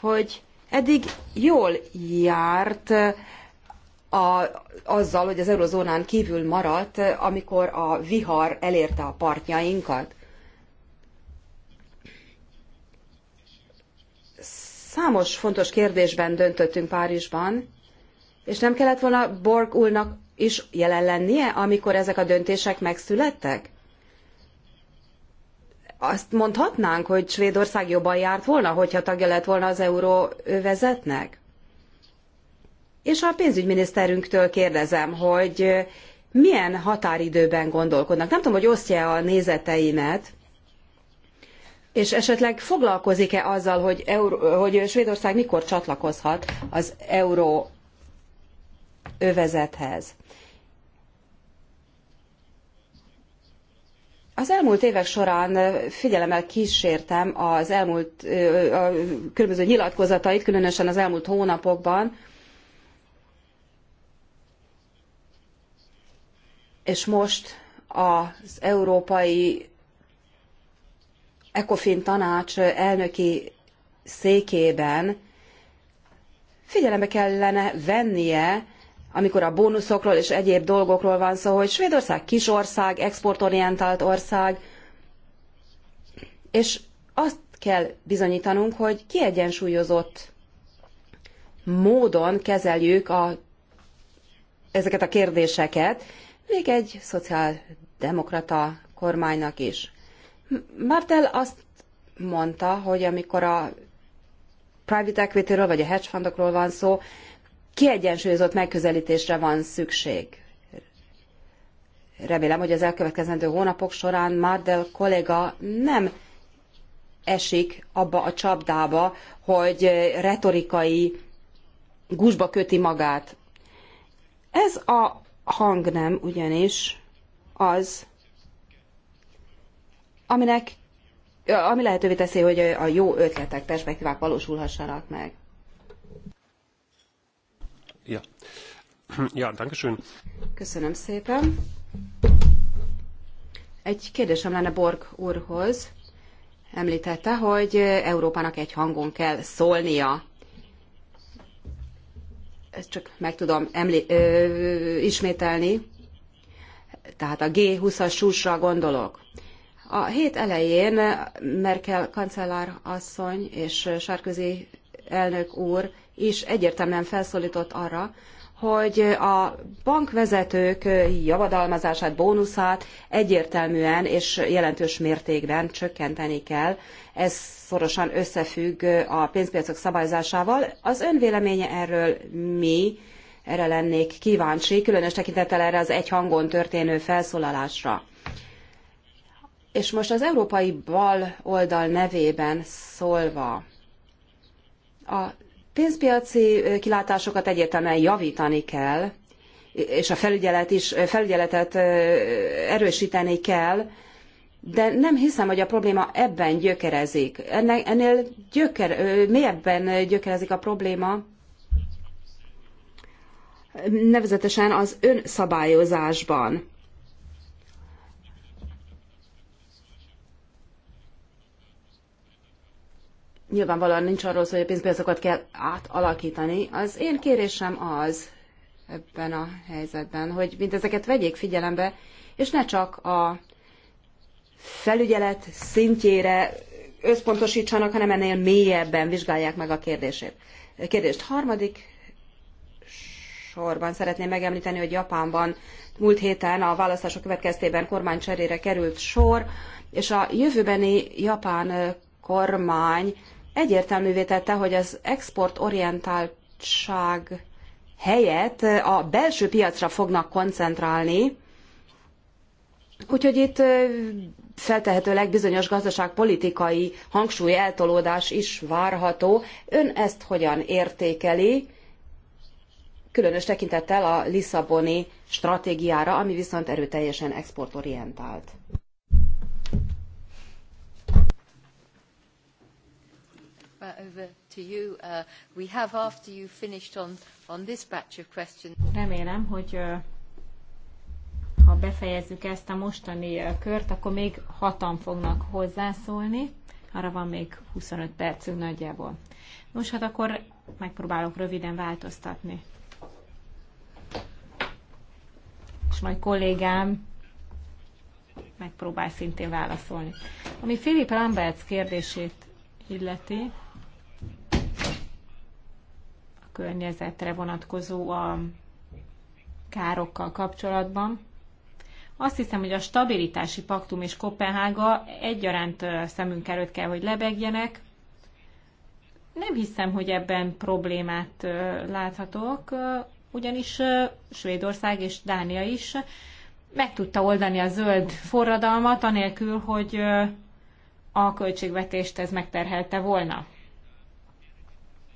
hogy eddig jól járt a, azzal, hogy az eurozónán kívül maradt, amikor a vihar elérte a partjainkat. Számos fontos kérdésben döntöttünk Párizsban, és nem kellett volna Borg úrnak is jelen lennie, amikor ezek a döntések megszülettek? azt mondhatnánk, hogy Svédország jobban járt volna, hogyha tagja lett volna az euróvezetnek? És a pénzügyminiszterünktől kérdezem, hogy milyen határidőben gondolkodnak. Nem tudom, hogy osztja a nézeteimet, és esetleg foglalkozik-e azzal, hogy, Euró, hogy Svédország mikor csatlakozhat az euró övezethez? Az elmúlt évek során figyelemmel kísértem az elmúlt a különböző nyilatkozatait, különösen az elmúlt hónapokban, és most az Európai ECOFIN tanács elnöki székében figyelembe kellene vennie amikor a bónuszokról és egyéb dolgokról van szó, hogy Svédország kis ország, exportorientált ország, és azt kell bizonyítanunk, hogy kiegyensúlyozott módon kezeljük a, ezeket a kérdéseket, még egy szociáldemokrata kormánynak is. Martel azt mondta, hogy amikor a private equity-ről vagy a hedge fundokról van szó, kiegyensúlyozott megközelítésre van szükség. Remélem, hogy az elkövetkezendő hónapok során Mardel kolléga nem esik abba a csapdába, hogy retorikai gusba köti magát. Ez a hang nem ugyanis az, aminek, ami lehetővé teszi, hogy a jó ötletek, perspektívák valósulhassanak meg. Ja. <clears throat> Ja, Köszönöm szépen. Egy kérdésem lenne Borg úrhoz. Említette, hogy Európának egy hangon kell szólnia. Ezt csak meg tudom emli- ö, ismételni. Tehát a G20-as súsra gondolok. A hét elején Merkel kancellár asszony és Sárközi elnök úr is egyértelműen felszólított arra, hogy a bankvezetők javadalmazását, bónuszát egyértelműen és jelentős mértékben csökkenteni kell. Ez szorosan összefügg a pénzpiacok szabályozásával. Az ön véleménye erről mi? Erre lennék kíváncsi, különös tekintettel erre az egy hangon történő felszólalásra. És most az európai bal oldal nevében szólva, a pénzpiaci kilátásokat egyértelműen javítani kell, és a felügyelet is, felügyeletet erősíteni kell, de nem hiszem, hogy a probléma ebben gyökerezik. ennél gyöker, mélyebben gyökerezik a probléma, nevezetesen az önszabályozásban. nyilvánvalóan nincs arról szó, hogy a pénzpiacokat kell átalakítani. Az én kérésem az ebben a helyzetben, hogy mindezeket vegyék figyelembe, és ne csak a felügyelet szintjére összpontosítsanak, hanem ennél mélyebben vizsgálják meg a kérdését. Kérdést harmadik sorban szeretném megemlíteni, hogy Japánban múlt héten a választások következtében kormánycserére került sor, és a jövőbeni japán kormány egyértelművé tette, hogy az exportorientáltság helyett a belső piacra fognak koncentrálni, úgyhogy itt feltehetőleg bizonyos gazdaságpolitikai hangsúly eltolódás is várható. Ön ezt hogyan értékeli, különös tekintettel a Lisszaboni stratégiára, ami viszont erőteljesen exportorientált? over to you. Uh, we have, after you finished on, on this batch of questions... Remélem, hogy ha befejezzük ezt a mostani kört, akkor még hatan fognak hozzászólni. Arra van még 25 percünk nagyjából. Nos, hát akkor megpróbálok röviden változtatni. És majd kollégám megpróbál szintén válaszolni. Ami Philip Lamberts kérdését illeti, környezetre vonatkozó a károkkal kapcsolatban. Azt hiszem, hogy a stabilitási paktum és Kopenhága egyaránt szemünk előtt kell, hogy lebegjenek. Nem hiszem, hogy ebben problémát láthatok, ugyanis Svédország és Dánia is meg tudta oldani a zöld forradalmat, anélkül, hogy a költségvetést ez megterhelte volna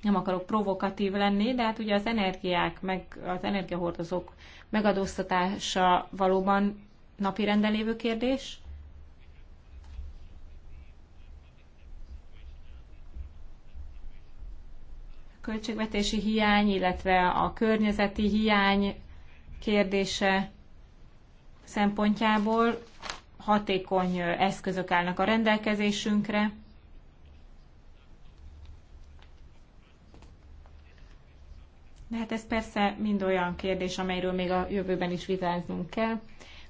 nem akarok provokatív lenni, de hát ugye az energiák, meg az energiahordozók megadóztatása valóban napi rendelévő kérdés. A költségvetési hiány, illetve a környezeti hiány kérdése szempontjából hatékony eszközök állnak a rendelkezésünkre. De hát ez persze mind olyan kérdés, amelyről még a jövőben is vitáznunk kell.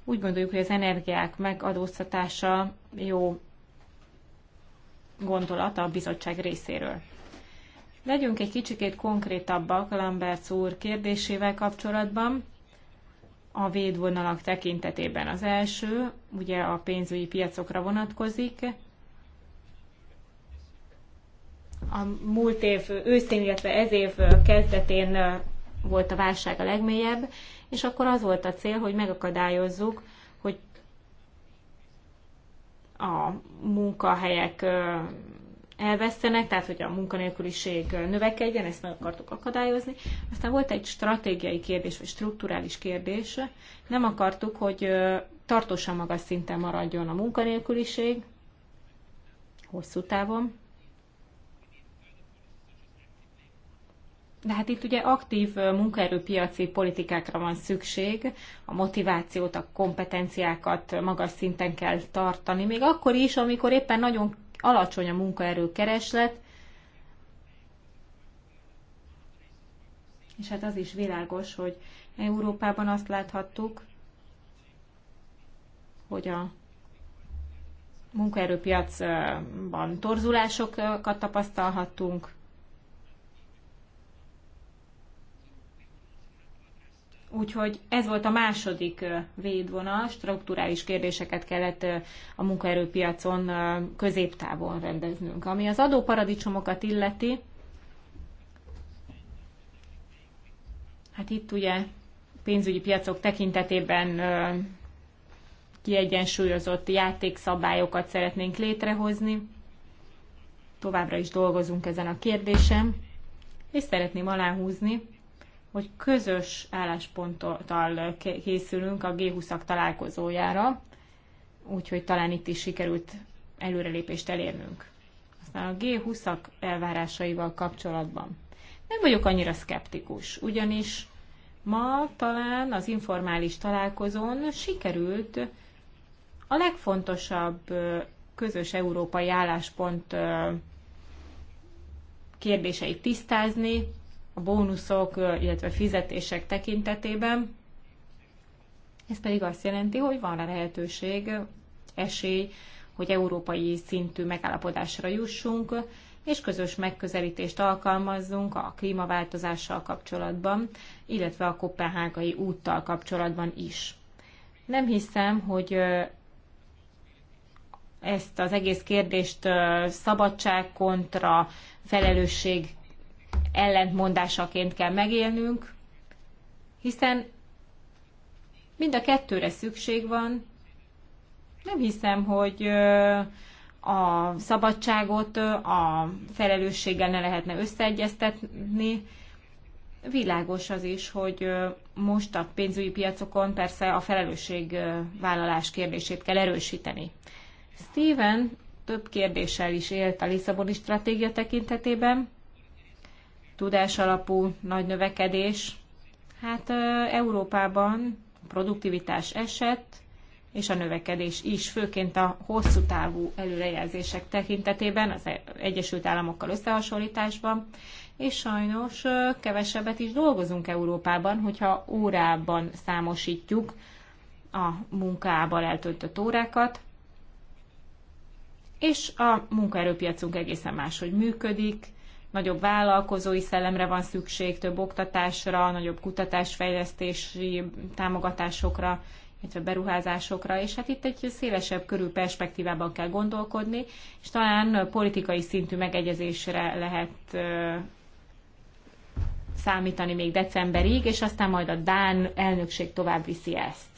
Úgy gondoljuk, hogy az energiák megadóztatása jó gondolata a bizottság részéről. Legyünk egy kicsikét konkrétabbak Lamberts úr kérdésével kapcsolatban. A védvonalak tekintetében az első, ugye a pénzügyi piacokra vonatkozik, a múlt év őszén, illetve ez év kezdetén volt a válság a legmélyebb, és akkor az volt a cél, hogy megakadályozzuk, hogy a munkahelyek elvesztenek, tehát hogy a munkanélküliség növekedjen, ezt meg akartuk akadályozni. Aztán volt egy stratégiai kérdés, vagy strukturális kérdés. Nem akartuk, hogy tartósan magas szinten maradjon a munkanélküliség hosszú távon, De hát itt ugye aktív munkaerőpiaci politikákra van szükség, a motivációt, a kompetenciákat magas szinten kell tartani, még akkor is, amikor éppen nagyon alacsony a munkaerő kereslet, és hát az is világos, hogy Európában azt láthattuk, hogy a munkaerőpiacban torzulásokat tapasztalhattunk, Úgyhogy ez volt a második védvonal, strukturális kérdéseket kellett a munkaerőpiacon középtávon rendeznünk. Ami az adóparadicsomokat illeti, hát itt ugye pénzügyi piacok tekintetében kiegyensúlyozott játékszabályokat szeretnénk létrehozni. Továbbra is dolgozunk ezen a kérdésen, és szeretném aláhúzni, hogy közös állásponttal készülünk a G20-ak találkozójára, úgyhogy talán itt is sikerült előrelépést elérnünk. Aztán a G20-ak elvárásaival kapcsolatban. Nem vagyok annyira szkeptikus, ugyanis ma talán az informális találkozón sikerült a legfontosabb közös európai álláspont kérdéseit tisztázni, a bónuszok, illetve fizetések tekintetében. Ez pedig azt jelenti, hogy van a lehetőség, esély, hogy európai szintű megállapodásra jussunk, és közös megközelítést alkalmazzunk a klímaváltozással kapcsolatban, illetve a kopenhágai úttal kapcsolatban is. Nem hiszem, hogy ezt az egész kérdést szabadság kontra felelősség ellentmondásaként kell megélnünk, hiszen mind a kettőre szükség van. Nem hiszem, hogy a szabadságot a felelősséggel ne lehetne összeegyeztetni. Világos az is, hogy most a pénzügyi piacokon persze a felelősségvállalás kérdését kell erősíteni. Steven több kérdéssel is élt a Lisszaboni stratégia tekintetében tudásalapú nagy növekedés. Hát Európában a produktivitás esett, és a növekedés is, főként a hosszú távú előrejelzések tekintetében, az e- Egyesült Államokkal összehasonlításban, és sajnos kevesebbet is dolgozunk Európában, hogyha órában számosítjuk a munkában eltöltött órákat, és a munkaerőpiacunk egészen máshogy működik, nagyobb vállalkozói szellemre van szükség, több oktatásra, nagyobb kutatásfejlesztési támogatásokra, illetve beruházásokra, és hát itt egy szélesebb körű perspektívában kell gondolkodni, és talán politikai szintű megegyezésre lehet számítani még decemberig, és aztán majd a Dán elnökség tovább viszi ezt.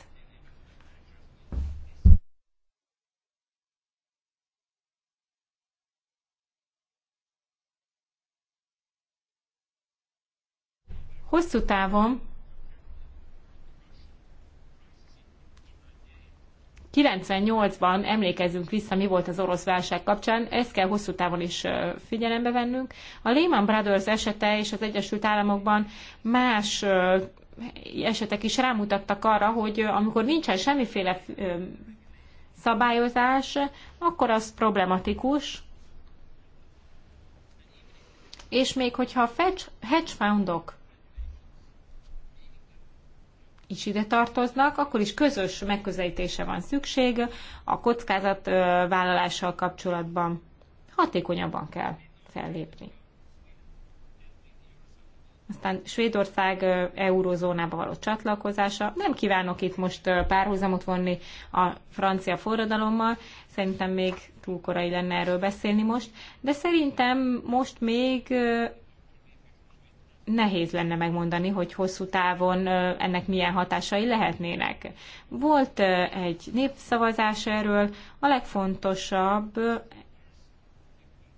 Hosszú távon 98-ban emlékezzünk vissza, mi volt az orosz válság kapcsán, ezt kell hosszú távon is figyelembe vennünk. A Lehman Brothers esete és az Egyesült Államokban más esetek is rámutattak arra, hogy amikor nincsen semmiféle szabályozás, akkor az problematikus. És még hogyha hedge -ok is ide tartoznak, akkor is közös megközelítése van szükség a kockázatvállalással kapcsolatban. Hatékonyabban kell fellépni. Aztán Svédország eurozónába való csatlakozása. Nem kívánok itt most párhuzamot vonni a francia forradalommal, szerintem még túl korai lenne erről beszélni most, de szerintem most még nehéz lenne megmondani, hogy hosszú távon ennek milyen hatásai lehetnének. Volt egy népszavazás erről, a legfontosabb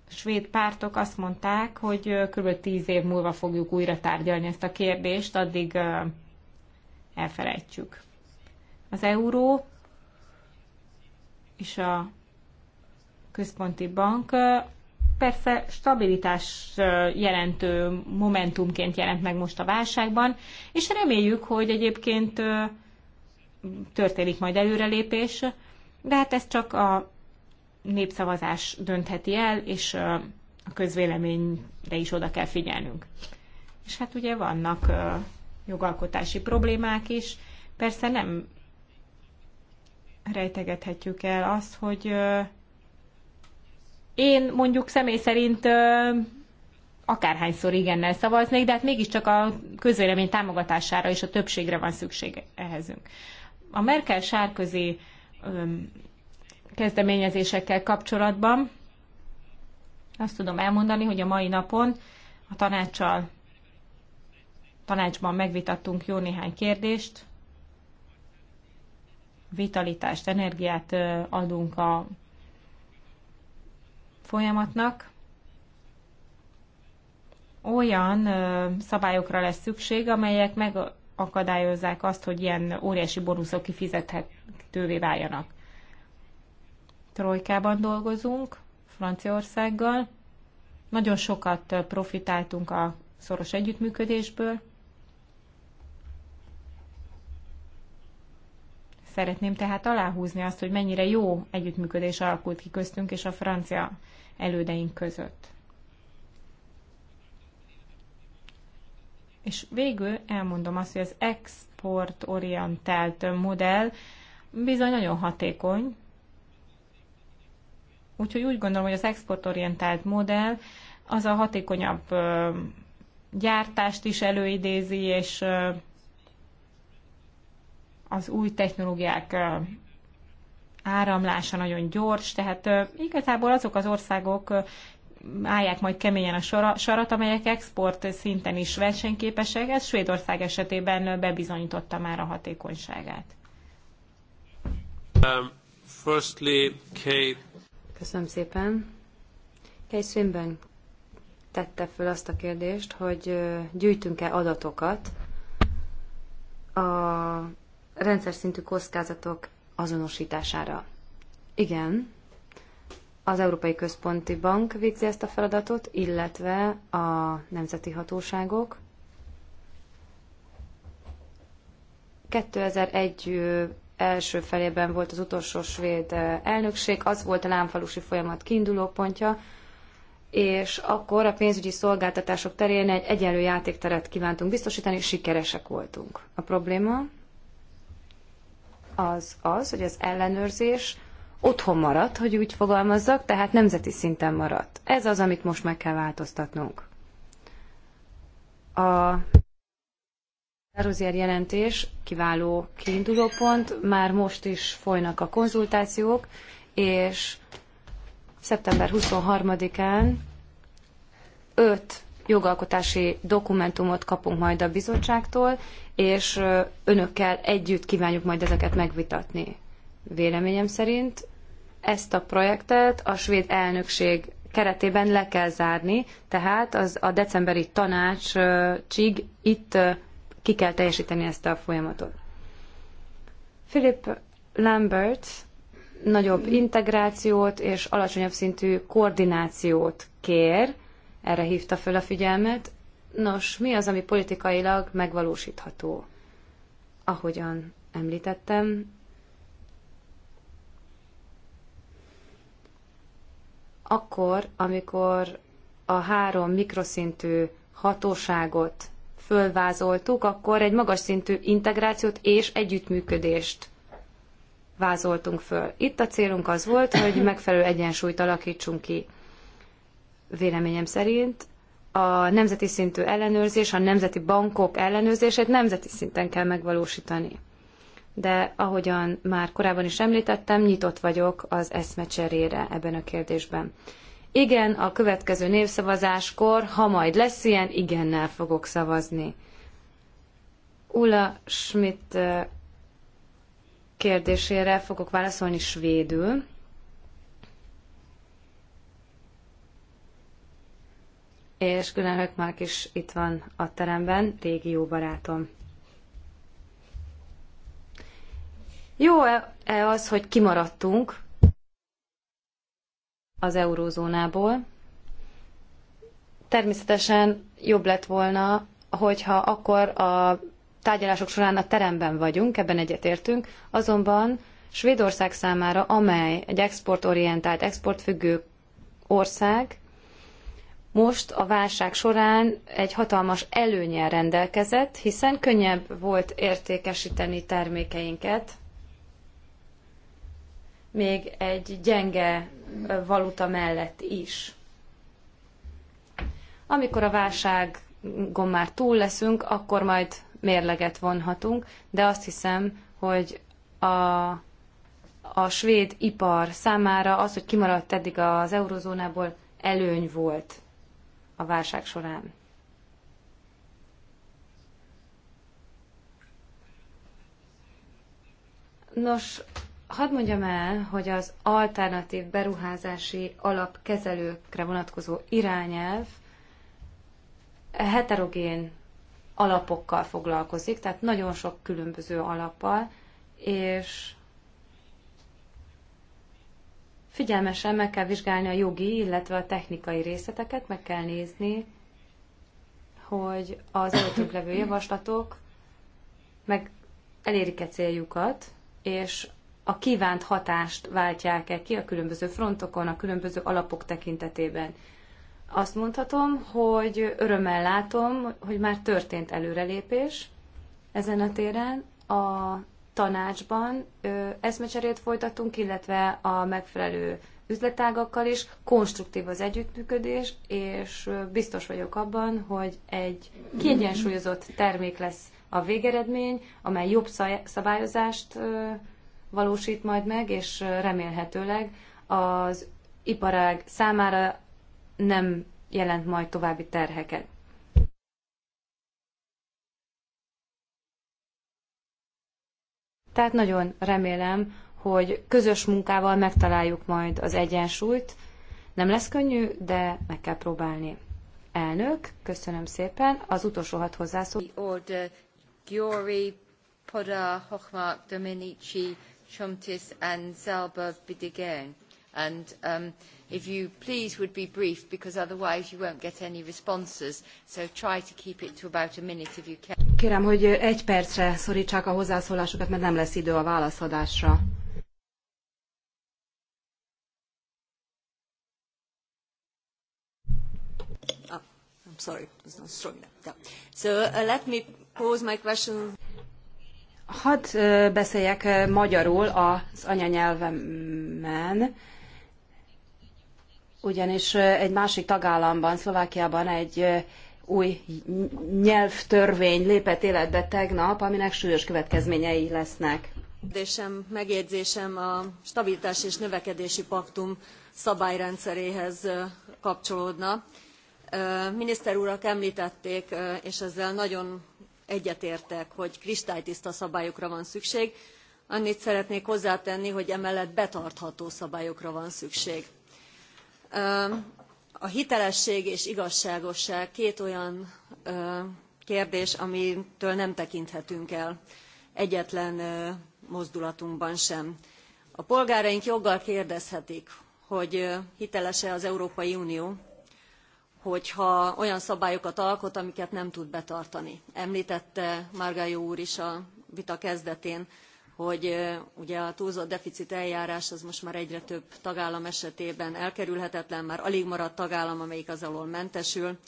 svéd pártok azt mondták, hogy kb. tíz év múlva fogjuk újra tárgyalni ezt a kérdést, addig elfelejtjük. Az euró és a központi bank persze stabilitás jelentő momentumként jelent meg most a válságban, és reméljük, hogy egyébként történik majd előrelépés, de hát ez csak a népszavazás döntheti el, és a közvéleményre is oda kell figyelnünk. És hát ugye vannak jogalkotási problémák is, persze nem rejtegethetjük el azt, hogy én mondjuk személy szerint akárhányszor igennel szavaznék, de hát mégiscsak a közvélemény támogatására és a többségre van szükség ehhezünk. A Merkel sárközi kezdeményezésekkel kapcsolatban azt tudom elmondani, hogy a mai napon a tanácssal, tanácsban megvitattunk jó néhány kérdést, vitalitást, energiát adunk a folyamatnak olyan szabályokra lesz szükség, amelyek megakadályozzák azt, hogy ilyen óriási boruszok kifizethetővé váljanak. Trojkában dolgozunk, Franciaországgal. Nagyon sokat profitáltunk a szoros együttműködésből. Szeretném tehát aláhúzni azt, hogy mennyire jó együttműködés alakult ki köztünk és a francia elődeink között. És végül elmondom azt, hogy az exportorientált modell bizony nagyon hatékony. Úgyhogy úgy gondolom, hogy az exportorientált modell az a hatékonyabb gyártást is előidézi, és az új technológiák áramlása nagyon gyors, tehát igazából azok az országok állják majd keményen a sarat, amelyek export szinten is versenyképesek. Ez Svédország esetében bebizonyította már a hatékonyságát. Um, firstly, Kay... Köszönöm szépen. Kay Swinburne tette föl azt a kérdést, hogy gyűjtünk-e adatokat a rendszer szintű kockázatok azonosítására. Igen, az Európai Központi Bank végzi ezt a feladatot, illetve a nemzeti hatóságok. 2001 első felében volt az utolsó svéd elnökség, az volt a lámfalusi folyamat kiindulópontja, és akkor a pénzügyi szolgáltatások terén egy egyenlő játékteret kívántunk biztosítani, és sikeresek voltunk. A probléma az az, hogy az ellenőrzés otthon maradt, hogy úgy fogalmazzak, tehát nemzeti szinten maradt. Ez az, amit most meg kell változtatnunk. A Rozier jelentés kiváló kiindulópont, már most is folynak a konzultációk, és szeptember 23-án öt jogalkotási dokumentumot kapunk majd a bizottságtól, és önökkel együtt kívánjuk majd ezeket megvitatni. Véleményem szerint ezt a projektet a svéd elnökség keretében le kell zárni, tehát az a decemberi tanácsig itt ki kell teljesíteni ezt a folyamatot. Philip Lambert nagyobb integrációt és alacsonyabb szintű koordinációt kér, erre hívta föl a figyelmet. Nos, mi az, ami politikailag megvalósítható? Ahogyan említettem, akkor, amikor a három mikroszintű hatóságot fölvázoltuk, akkor egy magas szintű integrációt és együttműködést vázoltunk föl. Itt a célunk az volt, hogy megfelelő egyensúlyt alakítsunk ki véleményem szerint a nemzeti szintű ellenőrzés, a nemzeti bankok ellenőrzését nemzeti szinten kell megvalósítani. De ahogyan már korábban is említettem, nyitott vagyok az eszmecserére ebben a kérdésben. Igen, a következő névszavazáskor, ha majd lesz ilyen, igennel fogok szavazni. Ulla Schmidt eh, kérdésére fogok válaszolni svédül. és Gülen már is itt van a teremben, régi jó barátom. Jó-e e az, hogy kimaradtunk az eurózónából? Természetesen jobb lett volna, hogyha akkor a tárgyalások során a teremben vagyunk, ebben egyetértünk, azonban Svédország számára, amely egy exportorientált, exportfüggő ország, most a válság során egy hatalmas előnyel rendelkezett, hiszen könnyebb volt értékesíteni termékeinket, még egy gyenge valuta mellett is. Amikor a válságon már túl leszünk, akkor majd mérleget vonhatunk, de azt hiszem, hogy a, a svéd ipar számára az, hogy kimaradt eddig az eurozónából, előny volt a válság során. Nos, hadd mondjam el, hogy az alternatív beruházási alapkezelőkre vonatkozó irányelv heterogén alapokkal foglalkozik, tehát nagyon sok különböző alappal, és Figyelmesen meg kell vizsgálni a jogi, illetve a technikai részleteket, meg kell nézni, hogy az előttünk levő javaslatok meg elérik-e céljukat, és a kívánt hatást váltják-e ki a különböző frontokon, a különböző alapok tekintetében. Azt mondhatom, hogy örömmel látom, hogy már történt előrelépés ezen a téren. A tanácsban eszmecserét folytatunk, illetve a megfelelő üzletágakkal is. Konstruktív az együttműködés, és biztos vagyok abban, hogy egy kiegyensúlyozott termék lesz a végeredmény, amely jobb szabályozást valósít majd meg, és remélhetőleg az iparág számára nem jelent majd további terheket. Tehát nagyon remélem, hogy közös munkával megtaláljuk majd az egyensúlyt. Nem lesz könnyű, de meg kell próbálni. Elnök, köszönöm szépen. Az utolsó hat hozzászó. Order, Poda, Hochmark, and Zalba And um, if you please would be brief, because otherwise you won't get any responses. So try to keep it to about a minute if you can. Kérem, hogy egy percre szorítsák a hozzászólásokat, mert nem lesz idő a válaszadásra. Ah, I'm sorry, it's not strong enough. So uh, let me pose my question. Hadd uh, beszéljek uh, magyarul az anyanyelvemen, ugyanis uh, egy másik tagállamban, Szlovákiában egy új nyelvtörvény lépett életbe tegnap, aminek súlyos következményei lesznek. Kérdésem, megjegyzésem a stabilitás és növekedési paktum szabályrendszeréhez kapcsolódna. Miniszter urak említették, és ezzel nagyon egyetértek, hogy kristálytiszta szabályokra van szükség. Annyit szeretnék hozzátenni, hogy emellett betartható szabályokra van szükség a hitelesség és igazságosság két olyan ö, kérdés, amitől nem tekinthetünk el egyetlen ö, mozdulatunkban sem. A polgáraink joggal kérdezhetik, hogy hiteles-e az Európai Unió, hogyha olyan szabályokat alkot, amiket nem tud betartani. Említette Márgályó úr is a vita kezdetén hogy ugye a túlzott deficit eljárás az most már egyre több tagállam esetében elkerülhetetlen, már alig maradt tagállam, amelyik az alól mentesül.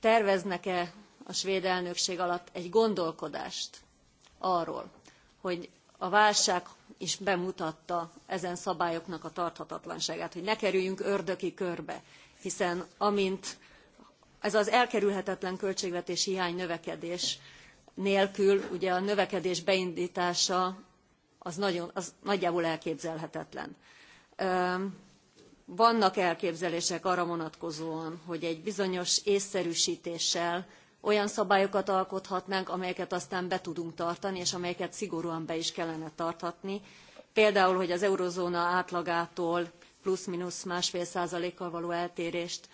Terveznek-e a svéd elnökség alatt egy gondolkodást arról, hogy a válság is bemutatta ezen szabályoknak a tarthatatlanságát, hogy ne kerüljünk ördöki körbe, hiszen amint ez az elkerülhetetlen költségvetési hiány növekedés nélkül ugye a növekedés beindítása az, nagyon, az nagyjából elképzelhetetlen. Vannak elképzelések arra vonatkozóan, hogy egy bizonyos észszerűsítéssel olyan szabályokat alkothatnánk, amelyeket aztán be tudunk tartani, és amelyeket szigorúan be is kellene tarthatni. Például, hogy az eurozóna átlagától plusz-minusz másfél százalékkal való eltérést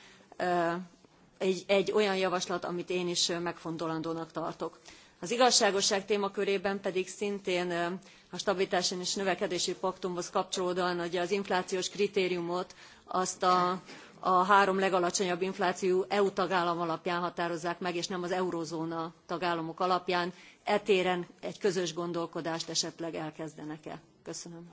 egy, egy olyan javaslat, amit én is megfontolandónak tartok az igazságosság témakörében pedig szintén a stabilitási és növekedési paktumhoz kapcsolódóan ugye az inflációs kritériumot azt a, három legalacsonyabb inflációjú eu tagállam alapján határozzák meg és nem az eurózóna tagállamok alapján e téren egy közös gondolkodást esetleg elkezdenek e? köszönöm.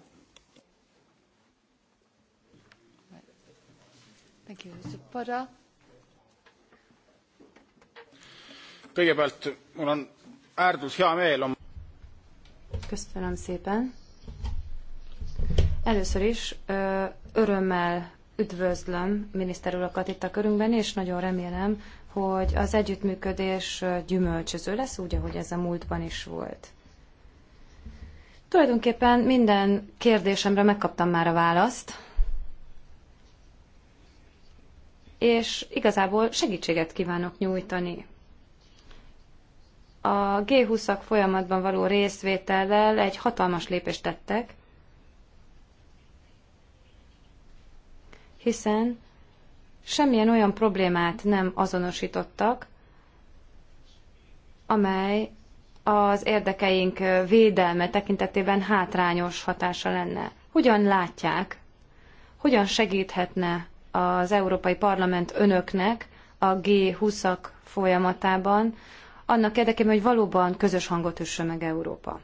kõigepealt mul on Árdus, hea meel on. Köszönöm szépen. Először is örömmel üdvözlöm miniszter urakat itt a körünkben, és nagyon remélem, hogy az együttműködés gyümölcsöző lesz, úgy, ahogy ez a múltban is volt. Tulajdonképpen minden kérdésemre megkaptam már a választ, és igazából segítséget kívánok nyújtani a G20-ak folyamatban való részvétellel egy hatalmas lépést tettek, hiszen semmilyen olyan problémát nem azonosítottak, amely az érdekeink védelme tekintetében hátrányos hatása lenne. Hogyan látják, hogyan segíthetne az Európai Parlament önöknek a G20-ak folyamatában, annak érdekében, hogy valóban közös hangot üssön meg Európa.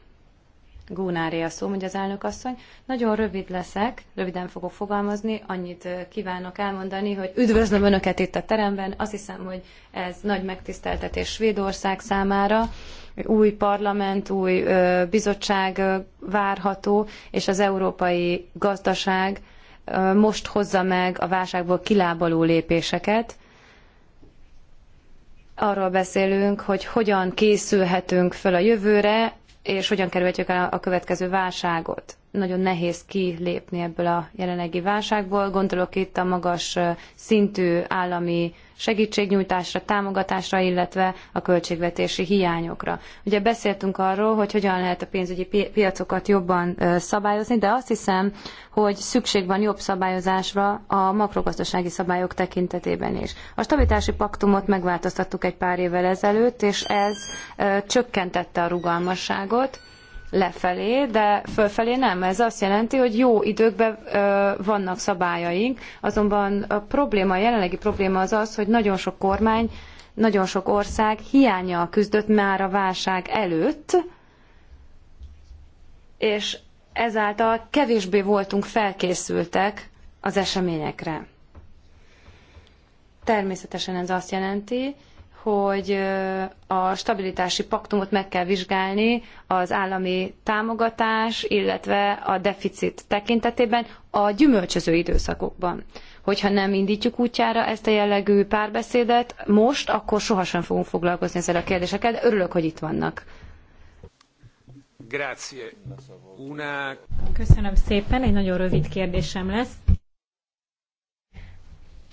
Gúnáré a szó, mondja az elnök asszony. Nagyon rövid leszek, röviden fogok fogalmazni, annyit kívánok elmondani, hogy üdvözlöm Önöket itt a teremben. Azt hiszem, hogy ez nagy megtiszteltetés Svédország számára. Új parlament, új bizottság várható, és az európai gazdaság most hozza meg a válságból kilábaló lépéseket arról beszélünk, hogy hogyan készülhetünk föl a jövőre, és hogyan kerülhetjük el a következő válságot. Nagyon nehéz kilépni ebből a jelenlegi válságból. Gondolok itt a magas szintű állami segítségnyújtásra, támogatásra, illetve a költségvetési hiányokra. Ugye beszéltünk arról, hogy hogyan lehet a pénzügyi piacokat jobban szabályozni, de azt hiszem, hogy szükség van jobb szabályozásra a makrogazdasági szabályok tekintetében is. A stabilitási paktumot megváltoztattuk egy pár évvel ezelőtt, és ez csökkentette a rugalmasságot, lefelé, de fölfelé nem. Ez azt jelenti, hogy jó időkben vannak szabályaink, azonban a probléma, a jelenlegi probléma az az, hogy nagyon sok kormány, nagyon sok ország hiánya küzdött már a válság előtt, és ezáltal kevésbé voltunk felkészültek az eseményekre. Természetesen ez azt jelenti, hogy a stabilitási paktumot meg kell vizsgálni az állami támogatás, illetve a deficit tekintetében a gyümölcsöző időszakokban. Hogyha nem indítjuk útjára ezt a jellegű párbeszédet most, akkor sohasem fogunk foglalkozni ezzel a kérdésekkel, de örülök, hogy itt vannak. Grazie. Una... Köszönöm szépen, egy nagyon rövid kérdésem lesz.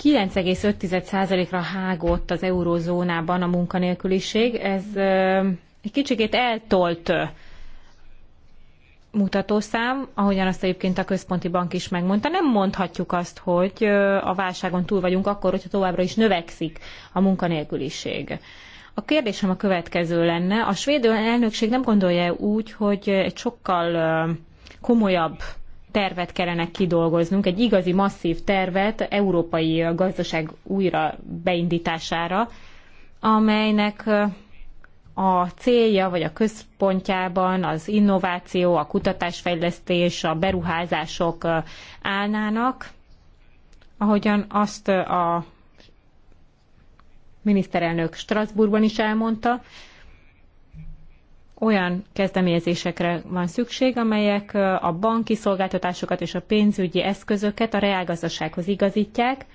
9,5%-ra hágott az eurózónában a munkanélküliség. Ez egy kicsikét eltolt mutatószám, ahogyan azt egyébként a központi bank is megmondta, nem mondhatjuk azt, hogy a válságon túl vagyunk akkor, hogyha továbbra is növekszik a munkanélküliség. A kérdésem a következő lenne, a svéd elnökség nem gondolja úgy, hogy egy sokkal komolyabb tervet kellene kidolgoznunk, egy igazi masszív tervet európai gazdaság újra beindítására, amelynek a célja vagy a központjában az innováció, a kutatásfejlesztés, a beruházások állnának, ahogyan azt a miniszterelnök Strasbourgban is elmondta, olyan kezdeményezésekre van szükség, amelyek a banki szolgáltatásokat és a pénzügyi eszközöket a reálgazdasághoz igazítják.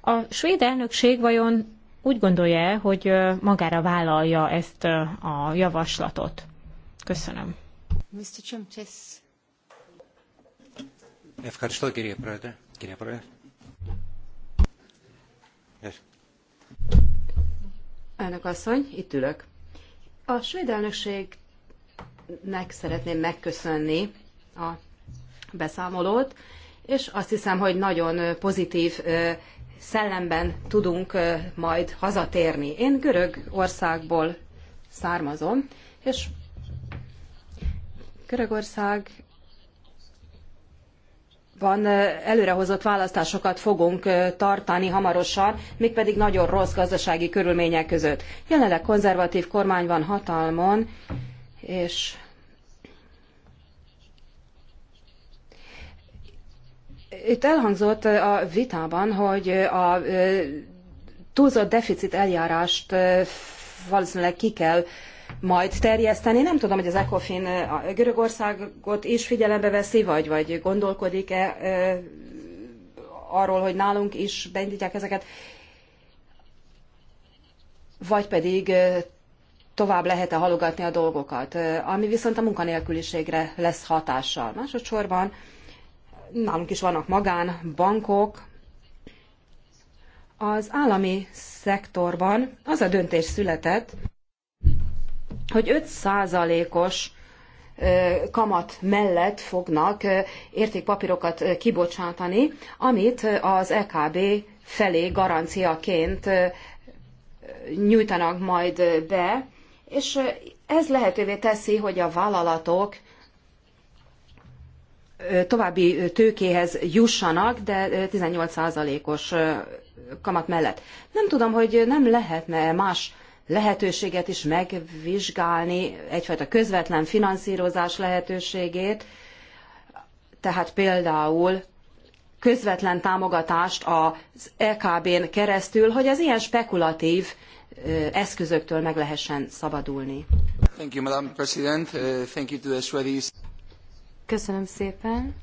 A svéd elnökség vajon úgy gondolja-e, hogy magára vállalja ezt a javaslatot? Köszönöm. Mr. Elnök asszony, itt ülök. A svéd elnökség nek szeretném megköszönni a beszámolót, és azt hiszem, hogy nagyon pozitív szellemben tudunk majd hazatérni. Én görög országból származom, és Görögország van előrehozott választásokat fogunk tartani hamarosan, mégpedig nagyon rossz gazdasági körülmények között. Jelenleg konzervatív kormány van hatalmon, és itt elhangzott a vitában, hogy a túlzott deficit eljárást valószínűleg ki kell majd terjeszteni. Nem tudom, hogy az ECOFIN a Görögországot is figyelembe veszi, vagy, vagy gondolkodik-e arról, hogy nálunk is beindítják ezeket, vagy pedig tovább lehet-e halogatni a dolgokat, ami viszont a munkanélküliségre lesz hatással. Másodszorban nálunk is vannak magánbankok. Az állami szektorban az a döntés született, hogy 5%-os kamat mellett fognak értékpapírokat kibocsátani, amit az EKB felé garanciaként nyújtanak majd be, és ez lehetővé teszi, hogy a vállalatok további tőkéhez jussanak, de 18%-os kamat mellett. Nem tudom, hogy nem lehetne más lehetőséget is megvizsgálni, egyfajta közvetlen finanszírozás lehetőségét, tehát például közvetlen támogatást az EKB-n keresztül, hogy az ilyen spekulatív eszközöktől meg lehessen szabadulni. Uh, köszönöm szépen.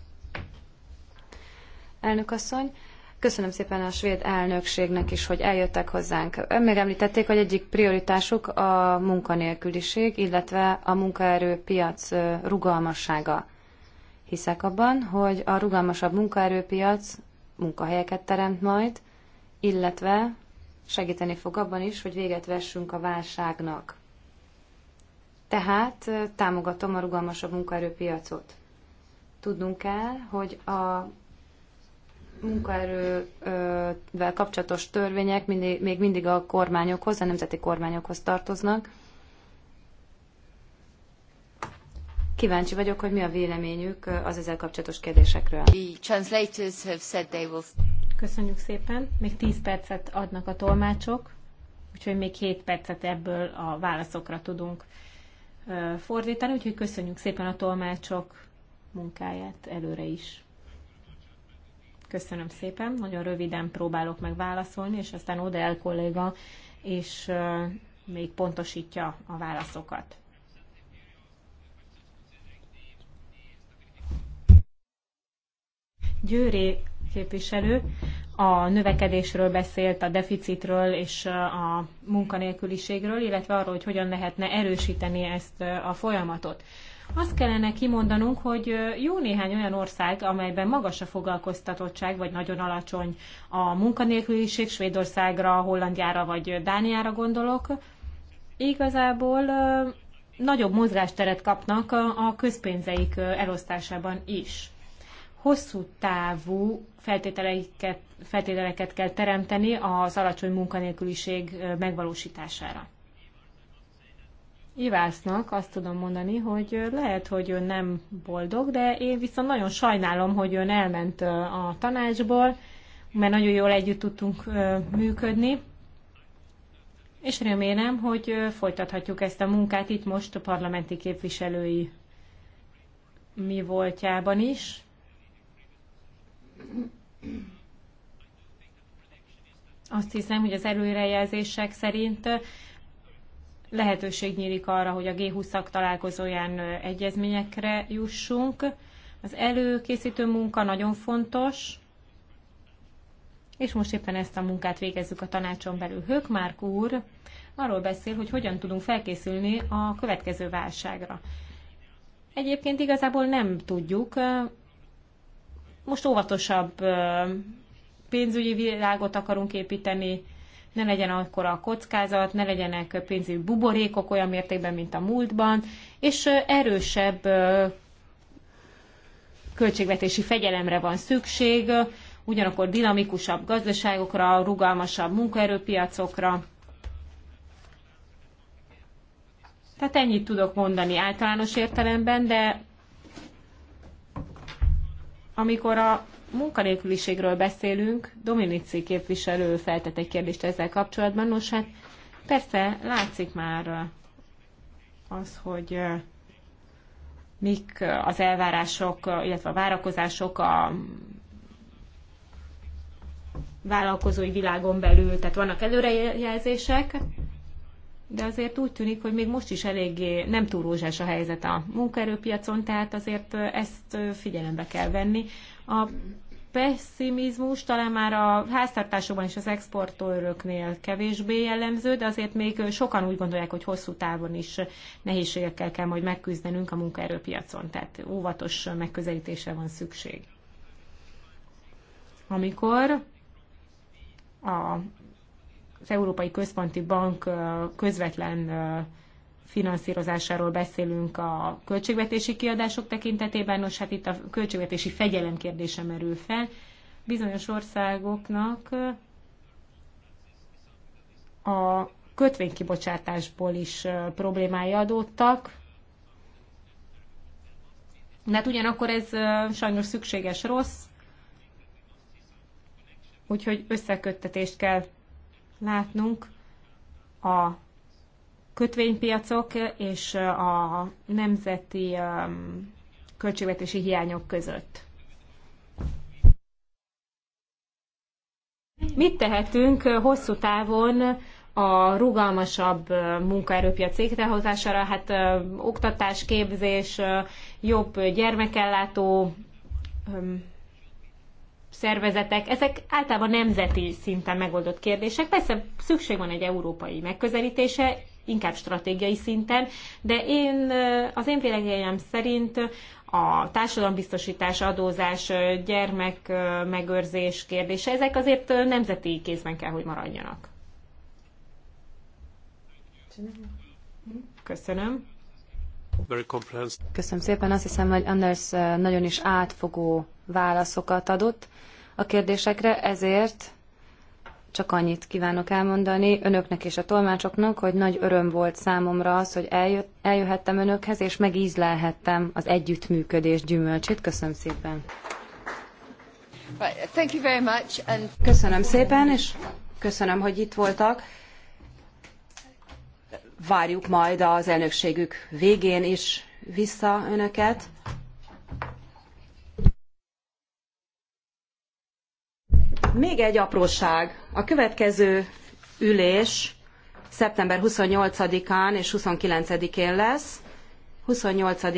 Elnök asszony, köszönöm szépen a svéd elnökségnek is, hogy eljöttek hozzánk. Még említették, hogy egyik prioritásuk a munkanélküliség, illetve a munkaerőpiac rugalmassága. Hiszek abban, hogy a rugalmasabb munkaerőpiac munkahelyeket teremt majd, illetve segíteni fog abban is, hogy véget vessünk a válságnak. Tehát támogatom a rugalmasabb munkaerőpiacot. Tudnunk kell, hogy a munkaerővel kapcsolatos törvények mindig, még mindig a kormányokhoz, a nemzeti kormányokhoz tartoznak, Kíváncsi vagyok, hogy mi a véleményük az ezzel kapcsolatos kérdésekről. The translators have said they will... Köszönjük szépen. Még 10 percet adnak a tolmácsok, úgyhogy még 7 percet ebből a válaszokra tudunk fordítani, úgyhogy köszönjük szépen a tolmácsok munkáját előre is. Köszönöm szépen, nagyon röviden próbálok meg válaszolni, és aztán Odell kolléga és még pontosítja a válaszokat. Győri képviselő a növekedésről beszélt, a deficitről és a munkanélküliségről, illetve arról, hogy hogyan lehetne erősíteni ezt a folyamatot. Azt kellene kimondanunk, hogy jó néhány olyan ország, amelyben magas a foglalkoztatottság, vagy nagyon alacsony a munkanélküliség, Svédországra, Hollandiára vagy Dániára gondolok, igazából nagyobb mozgásteret kapnak a közpénzeik elosztásában is hosszú távú feltételeket, feltételeket kell teremteni az alacsony munkanélküliség megvalósítására. Ivásznak azt tudom mondani, hogy lehet, hogy ő nem boldog, de én viszont nagyon sajnálom, hogy ön elment a tanácsból, mert nagyon jól együtt tudtunk működni, és remélem, hogy folytathatjuk ezt a munkát itt most a parlamenti képviselői mi voltjában is. Azt hiszem, hogy az előrejelzések szerint lehetőség nyílik arra, hogy a G20-ak találkozóján egyezményekre jussunk. Az előkészítő munka nagyon fontos, és most éppen ezt a munkát végezzük a tanácson belül. Márk úr arról beszél, hogy hogyan tudunk felkészülni a következő válságra. Egyébként igazából nem tudjuk, most óvatosabb pénzügyi világot akarunk építeni, ne legyen akkor a kockázat, ne legyenek pénzügyi buborékok olyan mértékben, mint a múltban, és erősebb költségvetési fegyelemre van szükség, ugyanakkor dinamikusabb gazdaságokra, rugalmasabb munkaerőpiacokra. Tehát ennyit tudok mondani általános értelemben, de amikor a munkanélküliségről beszélünk, Dominici képviselő feltett egy kérdést ezzel kapcsolatban. Nos, hát persze látszik már az, hogy mik az elvárások, illetve a várakozások a vállalkozói világon belül, tehát vannak előrejelzések, de azért úgy tűnik, hogy még most is eléggé nem túl rózsás a helyzet a munkaerőpiacon, tehát azért ezt figyelembe kell venni. A pessimizmus talán már a háztartásokban és az exportőröknél kevésbé jellemző, de azért még sokan úgy gondolják, hogy hosszú távon is nehézségekkel kell majd megküzdenünk a munkaerőpiacon, tehát óvatos megközelítésre van szükség. Amikor a az Európai Központi Bank közvetlen finanszírozásáról beszélünk a költségvetési kiadások tekintetében, nos hát itt a költségvetési fegyelem kérdése merül fel. Bizonyos országoknak a kötvénykibocsátásból is problémái adódtak, de hát ugyanakkor ez sajnos szükséges rossz, úgyhogy összeköttetést kell látnunk a kötvénypiacok és a nemzeti um, költségvetési hiányok között. Mit tehetünk hosszú távon a rugalmasabb uh, munkaerőpiac létrehozására? Hát uh, oktatás, képzés, uh, jobb gyermekellátó um, szervezetek, ezek általában nemzeti szinten megoldott kérdések. Persze szükség van egy európai megközelítése, inkább stratégiai szinten, de én eh, az én véleményem szerint a társadalombiztosítás, adózás, eh, gyermek eh, megőrzés kérdése, ezek azért nemzeti kézben kell, hogy maradjanak. Köszönöm. Köszönöm szépen. Azt hiszem, hogy Anders eh, nagyon is átfogó válaszokat adott a kérdésekre, ezért csak annyit kívánok elmondani önöknek és a tolmácsoknak, hogy nagy öröm volt számomra az, hogy eljött, eljöhettem önökhez, és megízlelhettem az együttműködés gyümölcsét. Köszönöm szépen. Köszönöm szépen, és köszönöm, hogy itt voltak várjuk majd az elnökségük végén is vissza önöket. Még egy apróság. A következő ülés szeptember 28-án és 29-én lesz. 28